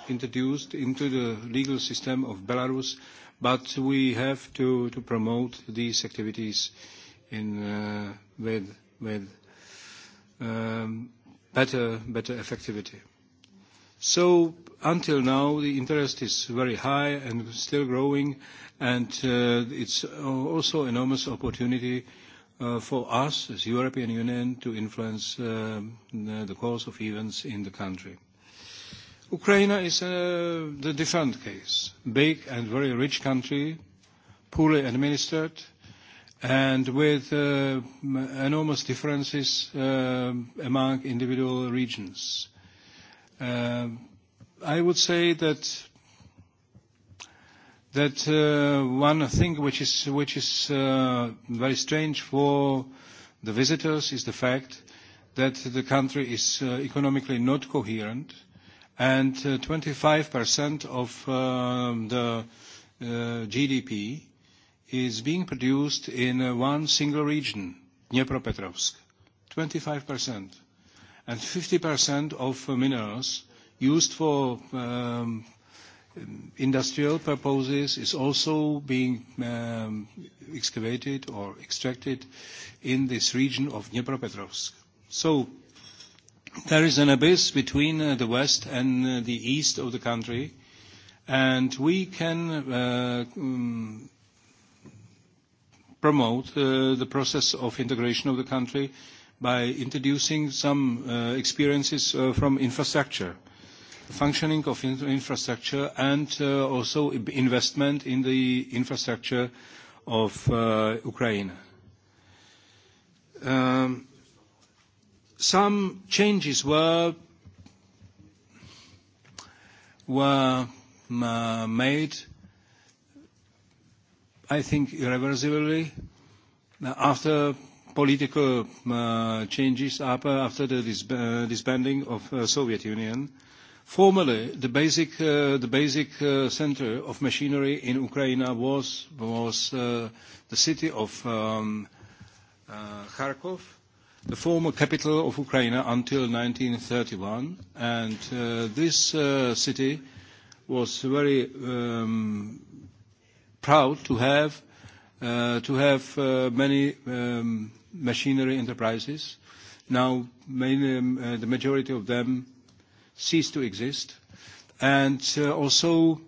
Speaker 29: introduced into the legal system of Belarus, but we have to, to promote these activities in, with, with um, better, better effectivity. So until now, the interest is very high and still growing, and uh, it's also enormous opportunity uh, for us as European Union to influence uh, the course of events in the country. Ukraine is uh, the different case. Big and very rich country, poorly administered, and with uh, enormous differences uh, among individual regions. Uh, I would say that that uh, one thing which is which is uh, very strange for the visitors is the fact that the country is uh, economically not coherent, and uh, 25% of uh, the uh, GDP is being produced in uh, one single region, Dnepropetrovsk. 25% and 50% of minerals used for um, industrial purposes is also being um, excavated or extracted in this region of Dnipropetrovsk. So there is an abyss between uh, the west and uh, the east of the country, and we can uh, um, promote uh, the process of integration of the country by introducing some uh, experiences uh, from infrastructure, functioning of in infrastructure, and uh, also investment in the infrastructure of uh, Ukraine. Um, some changes were were uh, made, I think, irreversibly after political uh, changes after the uh, disbanding of uh, Soviet Union. Formerly, the basic, uh, the basic uh, center of machinery in Ukraine was, was uh, the city of um, Kharkov, the former capital of Ukraine until 1931. And this city was very um, proud to have, to have many um, machinery enterprises. Now, mainly, um, uh, the majority of them cease to exist. And uh, also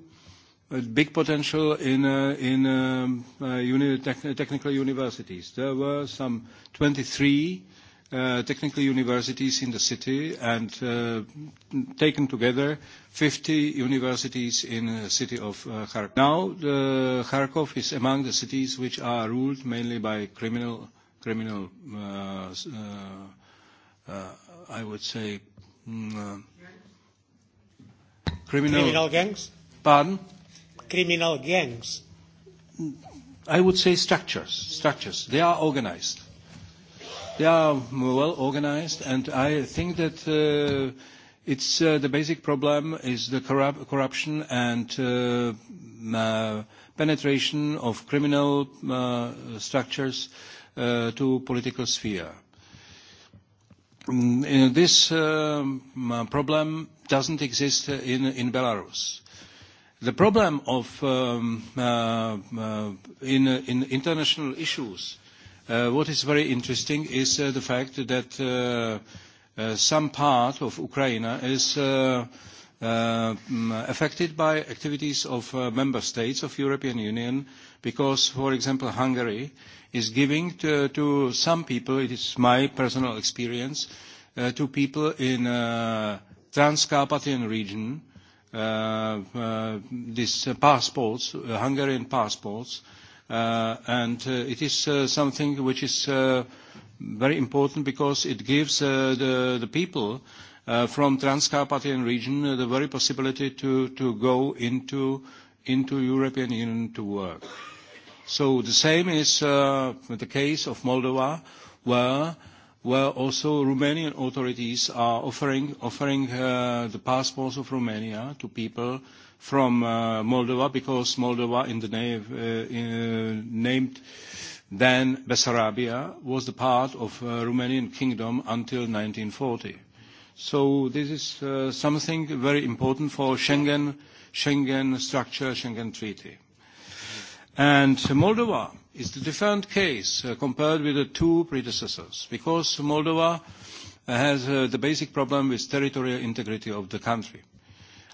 Speaker 29: a big potential in, uh, in um, uni technical universities. There were some 23 Uh, technical universities in the city and uh, taken together 50 universities in the city of uh, Kharkov. Now the Kharkov is among the cities which are ruled mainly by criminal criminal, uh, uh, uh, I would say, mm, uh, criminal, criminal gangs. Pardon? Criminal gangs. I would say structures. Structures. They are organized. They are mm, well organized, and I think that. Uh, It's uh, the basic problem is the corrup corruption and uh, uh, penetration of criminal uh, structures uh, to political sphere. Mm, this um, uh, problem doesn't exist in, in Belarus. The problem of um, uh, uh, in, in international issues, uh, what is very interesting is uh, the fact that uh, uh, some part of Ukraine is uh, uh, mm, affected by activities of uh, member states of European Union because, for example, Hungary uh, is giving to, to some people, it is my personal experience, uh, to people in uh, Transcarpathian region, uh, uh, these uh, passports, uh, Hungarian passports, uh, and uh, it is uh, something which is uh, very important because it gives uh, the, the people uh, from Transcarpathian region uh, the very possibility to, to go into, into European Union to work. So the same is uh, the case of Moldova, where, where also Romanian authorities are offering, offering uh, the passports of Romania to people from uh, Moldova, because Moldova, in the name, uh, in, uh, named then Bessarabia, was the part of uh, Romanian kingdom until 1940. So this is something very important for Schengen, Schengen structure, Schengen Treaty. And Moldova is the different case uh, compared with the two predecessors, because Moldova has uh, the basic problem with territorial integrity of the country.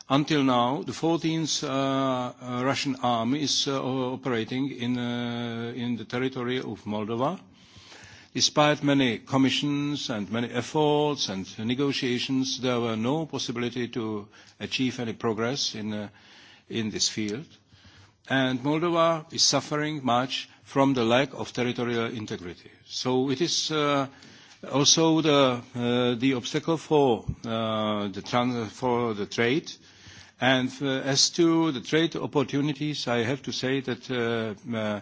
Speaker 29: Until now, the 14th uh, uh, Russian army is uh, operating in, uh, in the territory of Moldova, Despite many commissions and many efforts and negotiations, there were no possibility to achieve any progress in, uh, in this field and Moldova is suffering much from the lack of territorial integrity. So it is uh, also the, uh, the obstacle for, uh, the trans for the trade. And uh, as to the trade opportunities, I have to say that uh, uh,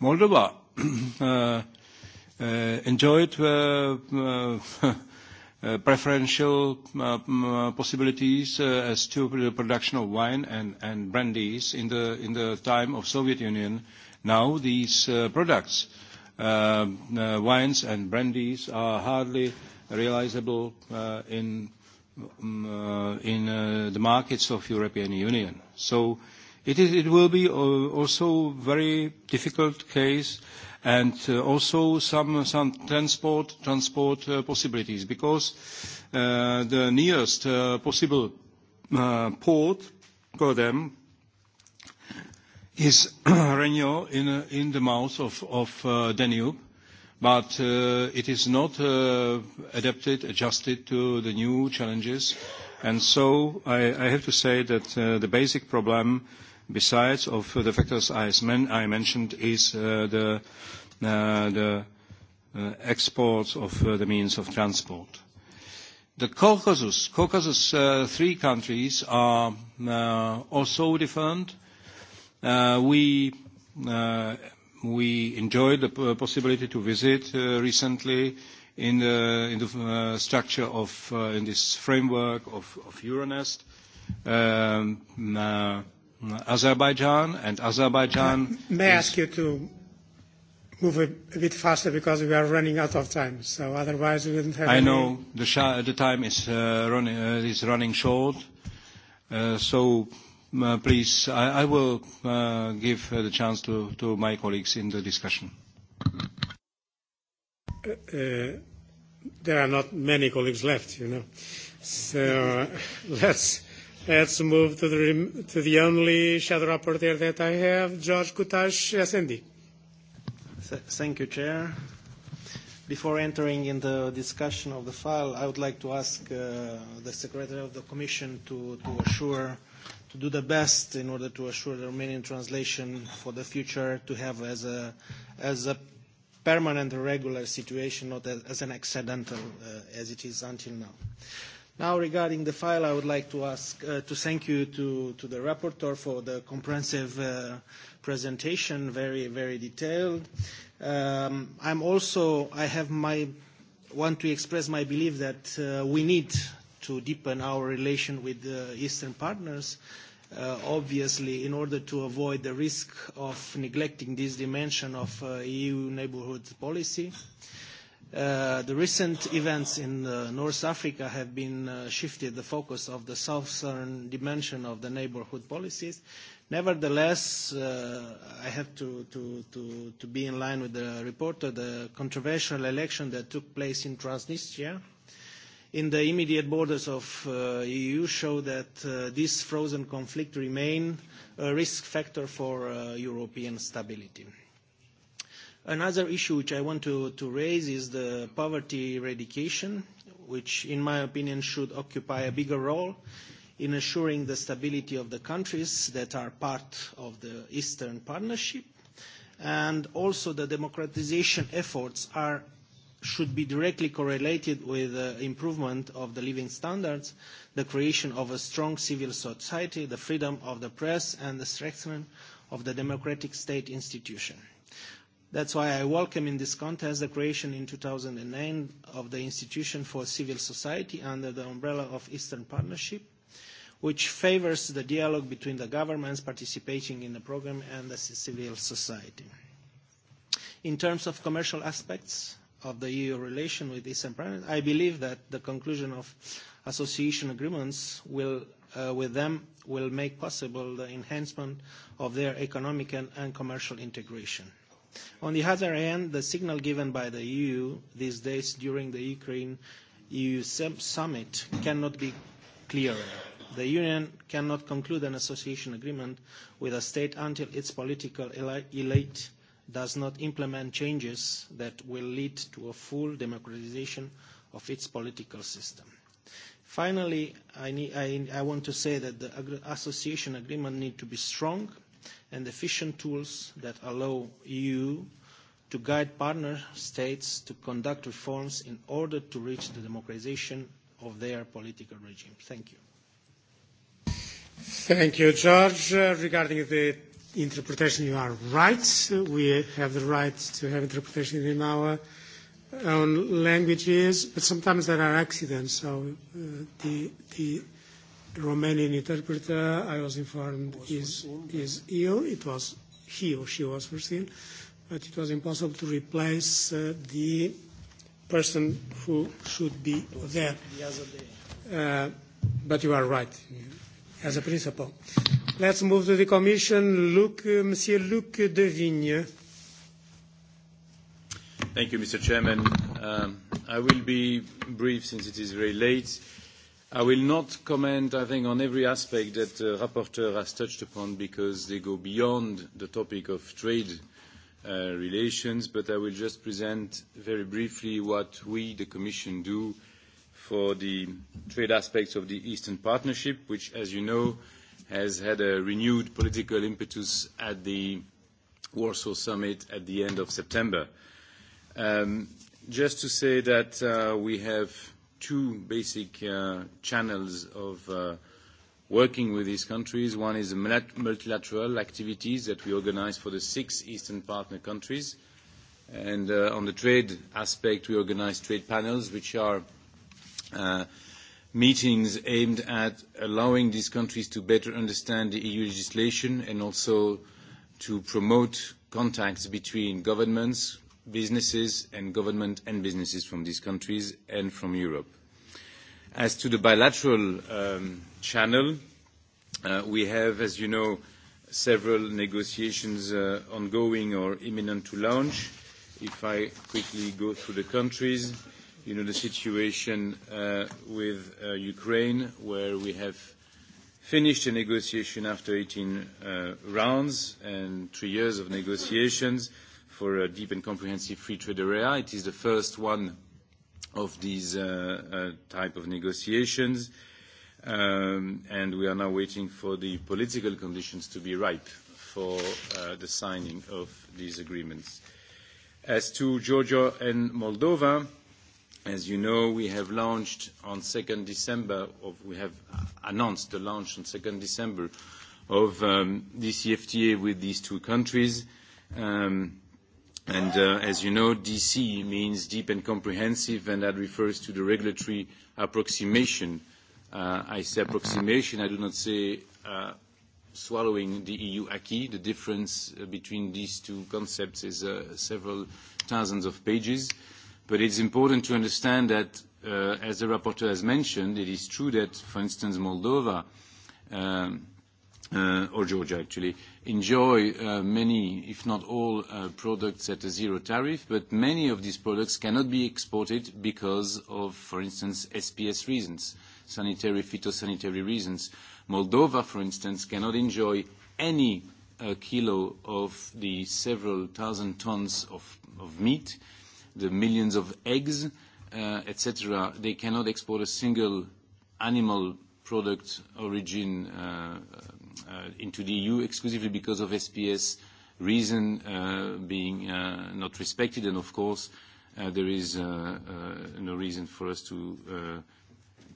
Speaker 29: Moldova uh, uh, enjoyed uh, uh, Uh, preferential uh, uh, possibilities as to the production of wine and, and brandies in the, in the time of Soviet Union. Now these products, wines and brandies, are hardly realizable in, in the markets of European Union. So it, is, it will be also very difficult case and uh, also some, transport, uh, possibilities because uh, the nearest possible port for them is Renio in, the mouth of, Danube, but it is not adapted, adjusted to the new challenges. And so I have to say that the basic problem besides of the factors I, mentioned, is uh, the, uh, uh, exports of the means of transport. The Caucasus, Caucasus three countries are also different. we, enjoyed the possibility to visit recently in the, structure of, in this framework of, Euronest. Um, Azerbaijan, and Azerbaijan.
Speaker 2: May I ask you to move a, a bit faster because we are running out of time. So otherwise, we wouldn't have. I any... know
Speaker 29: the, sh- the time is uh, running uh, is running short. Uh, so uh, please, I, I will uh, give uh, the chance to, to my colleagues in the discussion.
Speaker 2: Uh, uh there are not many colleagues left, you know. So let's Let's move to the, to the only shadow rapporteur that I have, George Kutash, SND. thank you, Chair.
Speaker 30: Before entering in the discussion of the file, I would like to ask uh, the Secretary of the Commission to, to assure, to do the best in order to assure the Romanian translation for the future to have as a, as a permanent regular situation, not as, as an accidental uh, as it is until now. Uh, Now, regarding the file, I would like to ask uh, to thank you to, to the rapporteur for the comprehensive uh, presentation, very, very detailed. Um, I'm also, I have my, want to express my belief that uh, we need to deepen our relation with the Eastern partners, uh, obviously, in order to avoid the risk of neglecting this dimension of uh, EU neighborhood policy. Uh, Uh, the recent events in uh, North Africa have been uh, shifted the focus of the southern dimension of the neighborhood policies. Nevertheless, uh, I have to, to, to, to be in line with the reporter, the controversial election that took place in Transnistria in the immediate borders of uh, EU show that uh, this frozen conflict remain a risk factor for uh, European stability. Another issue which I want to, to raise is the poverty eradication, which in my opinion should occupy a bigger role in assuring the stability of the countries that are part of the Eastern Partnership. And also the democratization efforts are, should be directly correlated with the improvement of the living standards, the creation of a strong civil society, the freedom of the press, and the strengthening of the democratic state institution. That's why I welcome in this context the creation in 2009 of the Institution for Civil Society under the umbrella of Eastern Partnership, which favors the dialogue between the governments participating in the program and the civil society. In terms of commercial aspects of the EU relation with Eastern Partnership, I believe that the conclusion of association agreements will, uh, with them will make possible the enhancement of their economic and, and commercial integration. On the other hand, the signal given by the EU these days during the Ukraine-EU summit cannot be clearer. The Union cannot conclude an association agreement with a state until its political elite does not implement changes that will lead to a full democratization of its political system. Finally, I, need, I, I want to say that the association agreement needs to be strong and efficient tools that allow EU to guide partner states to conduct reforms in order to reach the democratization of their political regime. Thank you.
Speaker 2: Thank you, George. Uh, regarding the interpretation, you are right. Uh, we have the right to have interpretation in our own languages, but sometimes there are accidents, so uh, the, the Romanian interpreter, I was informed, was is, is ill. It was he or she was foreseen, but it was impossible to replace uh, the person who should be there. Uh, but you are right, as a principle. Let's move to the Commission. Luc, uh, Monsieur Luc Devigne.
Speaker 31: Thank you, Mr. Chairman. Um, I will be brief since it is very late. Uh, I will not comment, I think, on every aspect that the uh, rapporteur has touched upon because they go beyond the topic of trade uh, relations, but I will just present very briefly what we, the Commission, do for the trade aspects of the Eastern Partnership, which, as you know, has had a renewed political impetus at the Warsaw Summit at the end of September. Um, just to say that uh, we have two basic uh, channels of uh, working with these countries. One is multilateral activities that we organize for the six Eastern partner countries. And uh, on the trade aspect, we organize trade panels, which are meetings aimed at allowing these countries to better understand the EU legislation and also to promote contacts between governments, businesses and government and businesses from these countries and from Europe. As to the bilateral um, channel, uh, we have, as you know, several negotiations uh, ongoing or imminent to launch. If I quickly go through the countries, you know the situation uh, with uh, Ukraine, where we have finished a negotiation after 18 uh, rounds and three years of negotiations for a deep and comprehensive free trade area. It is the first one of these uh, uh, type of negotiations, um, and we are now waiting for the political conditions to be ripe for uh, the signing of these agreements. As to Georgia and Moldova, as you know, we have launched on 2nd December, or we have announced the launch on 2nd December of um, the CFTA with these two countries. Um, And uh, as you know, DC means deep and comprehensive, and that refers to the regulatory approximation. Uh, I say approximation, I do not say uh, swallowing the EU acquis. The difference uh, between these two concepts is uh, several thousands of pages. But it's important to understand that, uh, as the rapporteur has mentioned, it is true that, for instance, Moldova um, uh, or Georgia actually, enjoy uh, many, if not all, uh, products at a zero tariff, but many of these products cannot be exported because of, for instance, SPS reasons, sanitary, phytosanitary reasons. Moldova, for instance, cannot enjoy any a uh, kilo of the several thousand tons of, of meat, the millions of eggs, uh, etc. They cannot export a single animal product origin uh, Uh, into the EU exclusively because of SPS reason uh, being uh, not respected. And of course, there is no reason for us to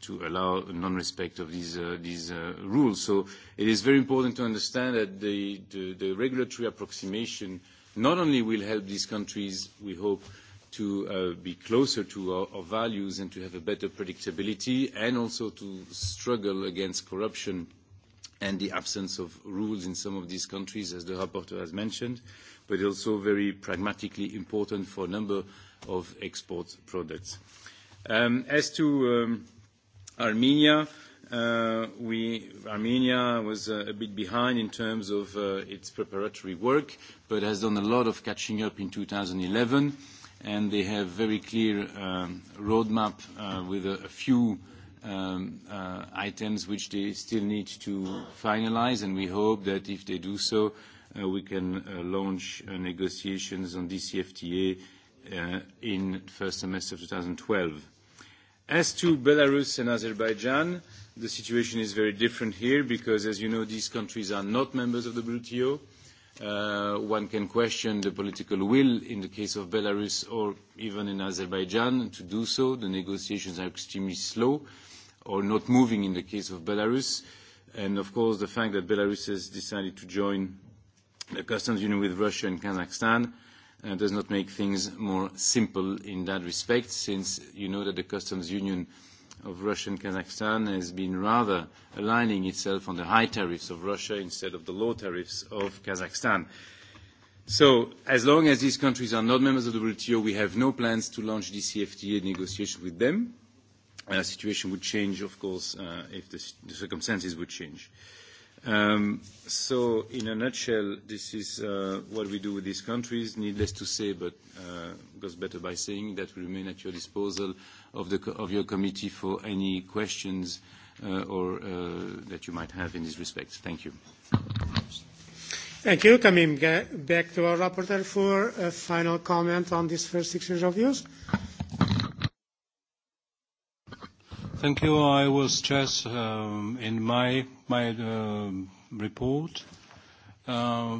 Speaker 31: to allow non-respect of these, uh, these uh, rules. So it is very important to understand that the, the, the regulatory approximation not only will help these countries, we hope, to uh, be closer to our, our values and to have a better predictability and also to struggle against corruption and the absence of rules in some of these countries, as the rapporteur has mentioned, but also very pragmatically important for a number of export products. Um, as to um, Armenia, uh, we, Armenia was uh, a bit behind in terms of uh, its preparatory work, but has done a lot of catching up in 2011, and they have very clear um, roadmap uh, with a, a few Um, uh, items which they still need to finalize, and we hope that if they do so, uh, we can uh, launch negotiations on DCFTA in first semester of 2012. As to Belarus and Azerbaijan, the situation is very different here because, as you know, these countries are not members of the WTO Uh, one can question the political will in the case of Belarus or even in Azerbaijan to do so. The negotiations are extremely slow or not moving in the case of Belarus. And of course, the fact that Belarus has decided to join the customs union with Russia and Kazakhstan uh, does not make things more simple in that respect, since you know that the customs union of Russia and Kazakhstan has been rather aligning itself on the high tariffs of Russia instead of the low tariffs of Kazakhstan. So as long as these countries are not members of the WTO, we have no plans to launch DCFTA negotiations with them. The uh, situation would change, of course, uh, if the, the circumstances would change. Um, so in a nutshell, this is uh, what we do with these countries. Needless to say, but uh, goes better by saying that we remain at your disposal of, the, of your committee for any questions uh, or uh, that you might have in this respect. Thank you.
Speaker 2: Thank you. Coming back to our rapporteur for a final comment on this first exchange of views.
Speaker 29: Thank you. I will stress um, in my, my uh, report uh,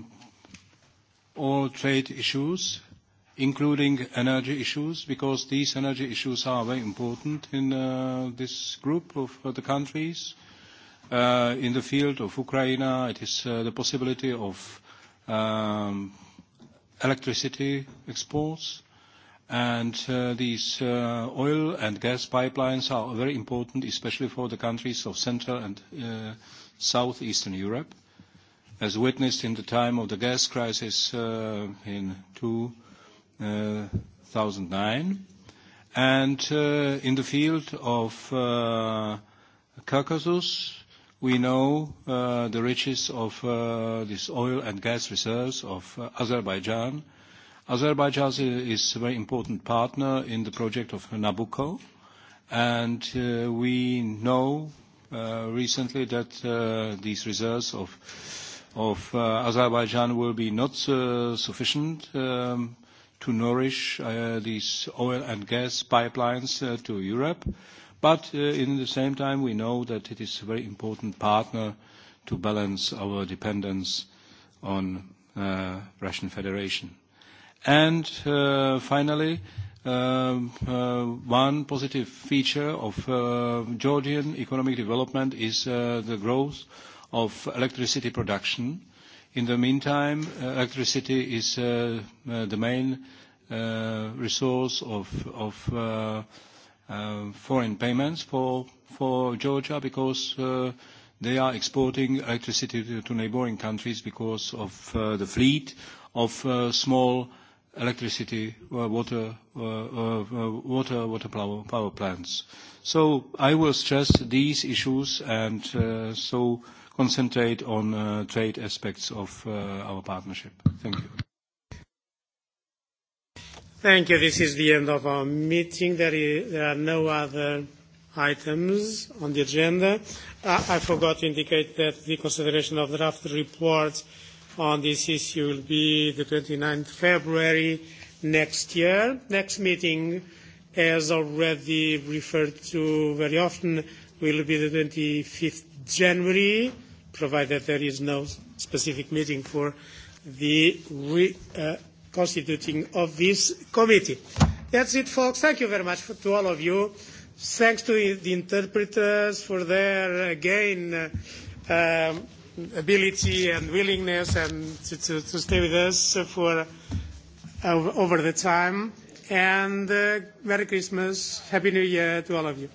Speaker 29: all trade issues including energy issues, because these energy issues are very important in uh, this group of uh, the countries. Uh, in the field of Ukraine, it is uh, the possibility of um, electricity exports, and uh, these uh, oil and gas pipelines are very important, especially for the countries of Central and uh, Southeastern Europe, as witnessed in the time of the gas crisis uh, in two. 2000 2009. And uh, in the field of uh, Caucasus, we know uh, the riches of uh, oil and gas reserves of uh, Azerbaijan. Azerbaijan is a very important partner in the project of Nabucco, and uh, we know uh, recently that uh, these reserves of, of uh, Azerbaijan will be not uh, sufficient um, to nourish uh, these oil and gas pipelines uh, to Europe. But uh, in the same time, we know that it is a very important partner to balance our dependence on uh, Russian Federation. And uh, finally, um, uh, one positive feature of uh, Georgian economic development is uh, the growth of electricity production In the meantime, uh, electricity is uh, uh, the main resource of, of foreign payments for, for Georgia because they are exporting electricity to, to neighboring countries because of uh, the fleet of uh, small electricity uh, water, water, water power, power plants. So I will stress these issues, and so concentrate on uh, trade aspects of uh, our partnership. Thank you.
Speaker 2: Thank you. This is the end of our meeting. There, are no other items on the agenda. I, forgot to indicate that the consideration of the draft reports on this issue will be the 29th February next year. Next meeting, as already referred to very often, will be the 25th January provided there is no specific meeting for the reconstituting uh, of this committee. That's it, folks. Thank you very much for, to all of you. Thanks to the interpreters for their, again, uh, um, ability and willingness and to, to, to stay with us for uh, over the time. And uh, Merry Christmas, Happy New Year to all of you.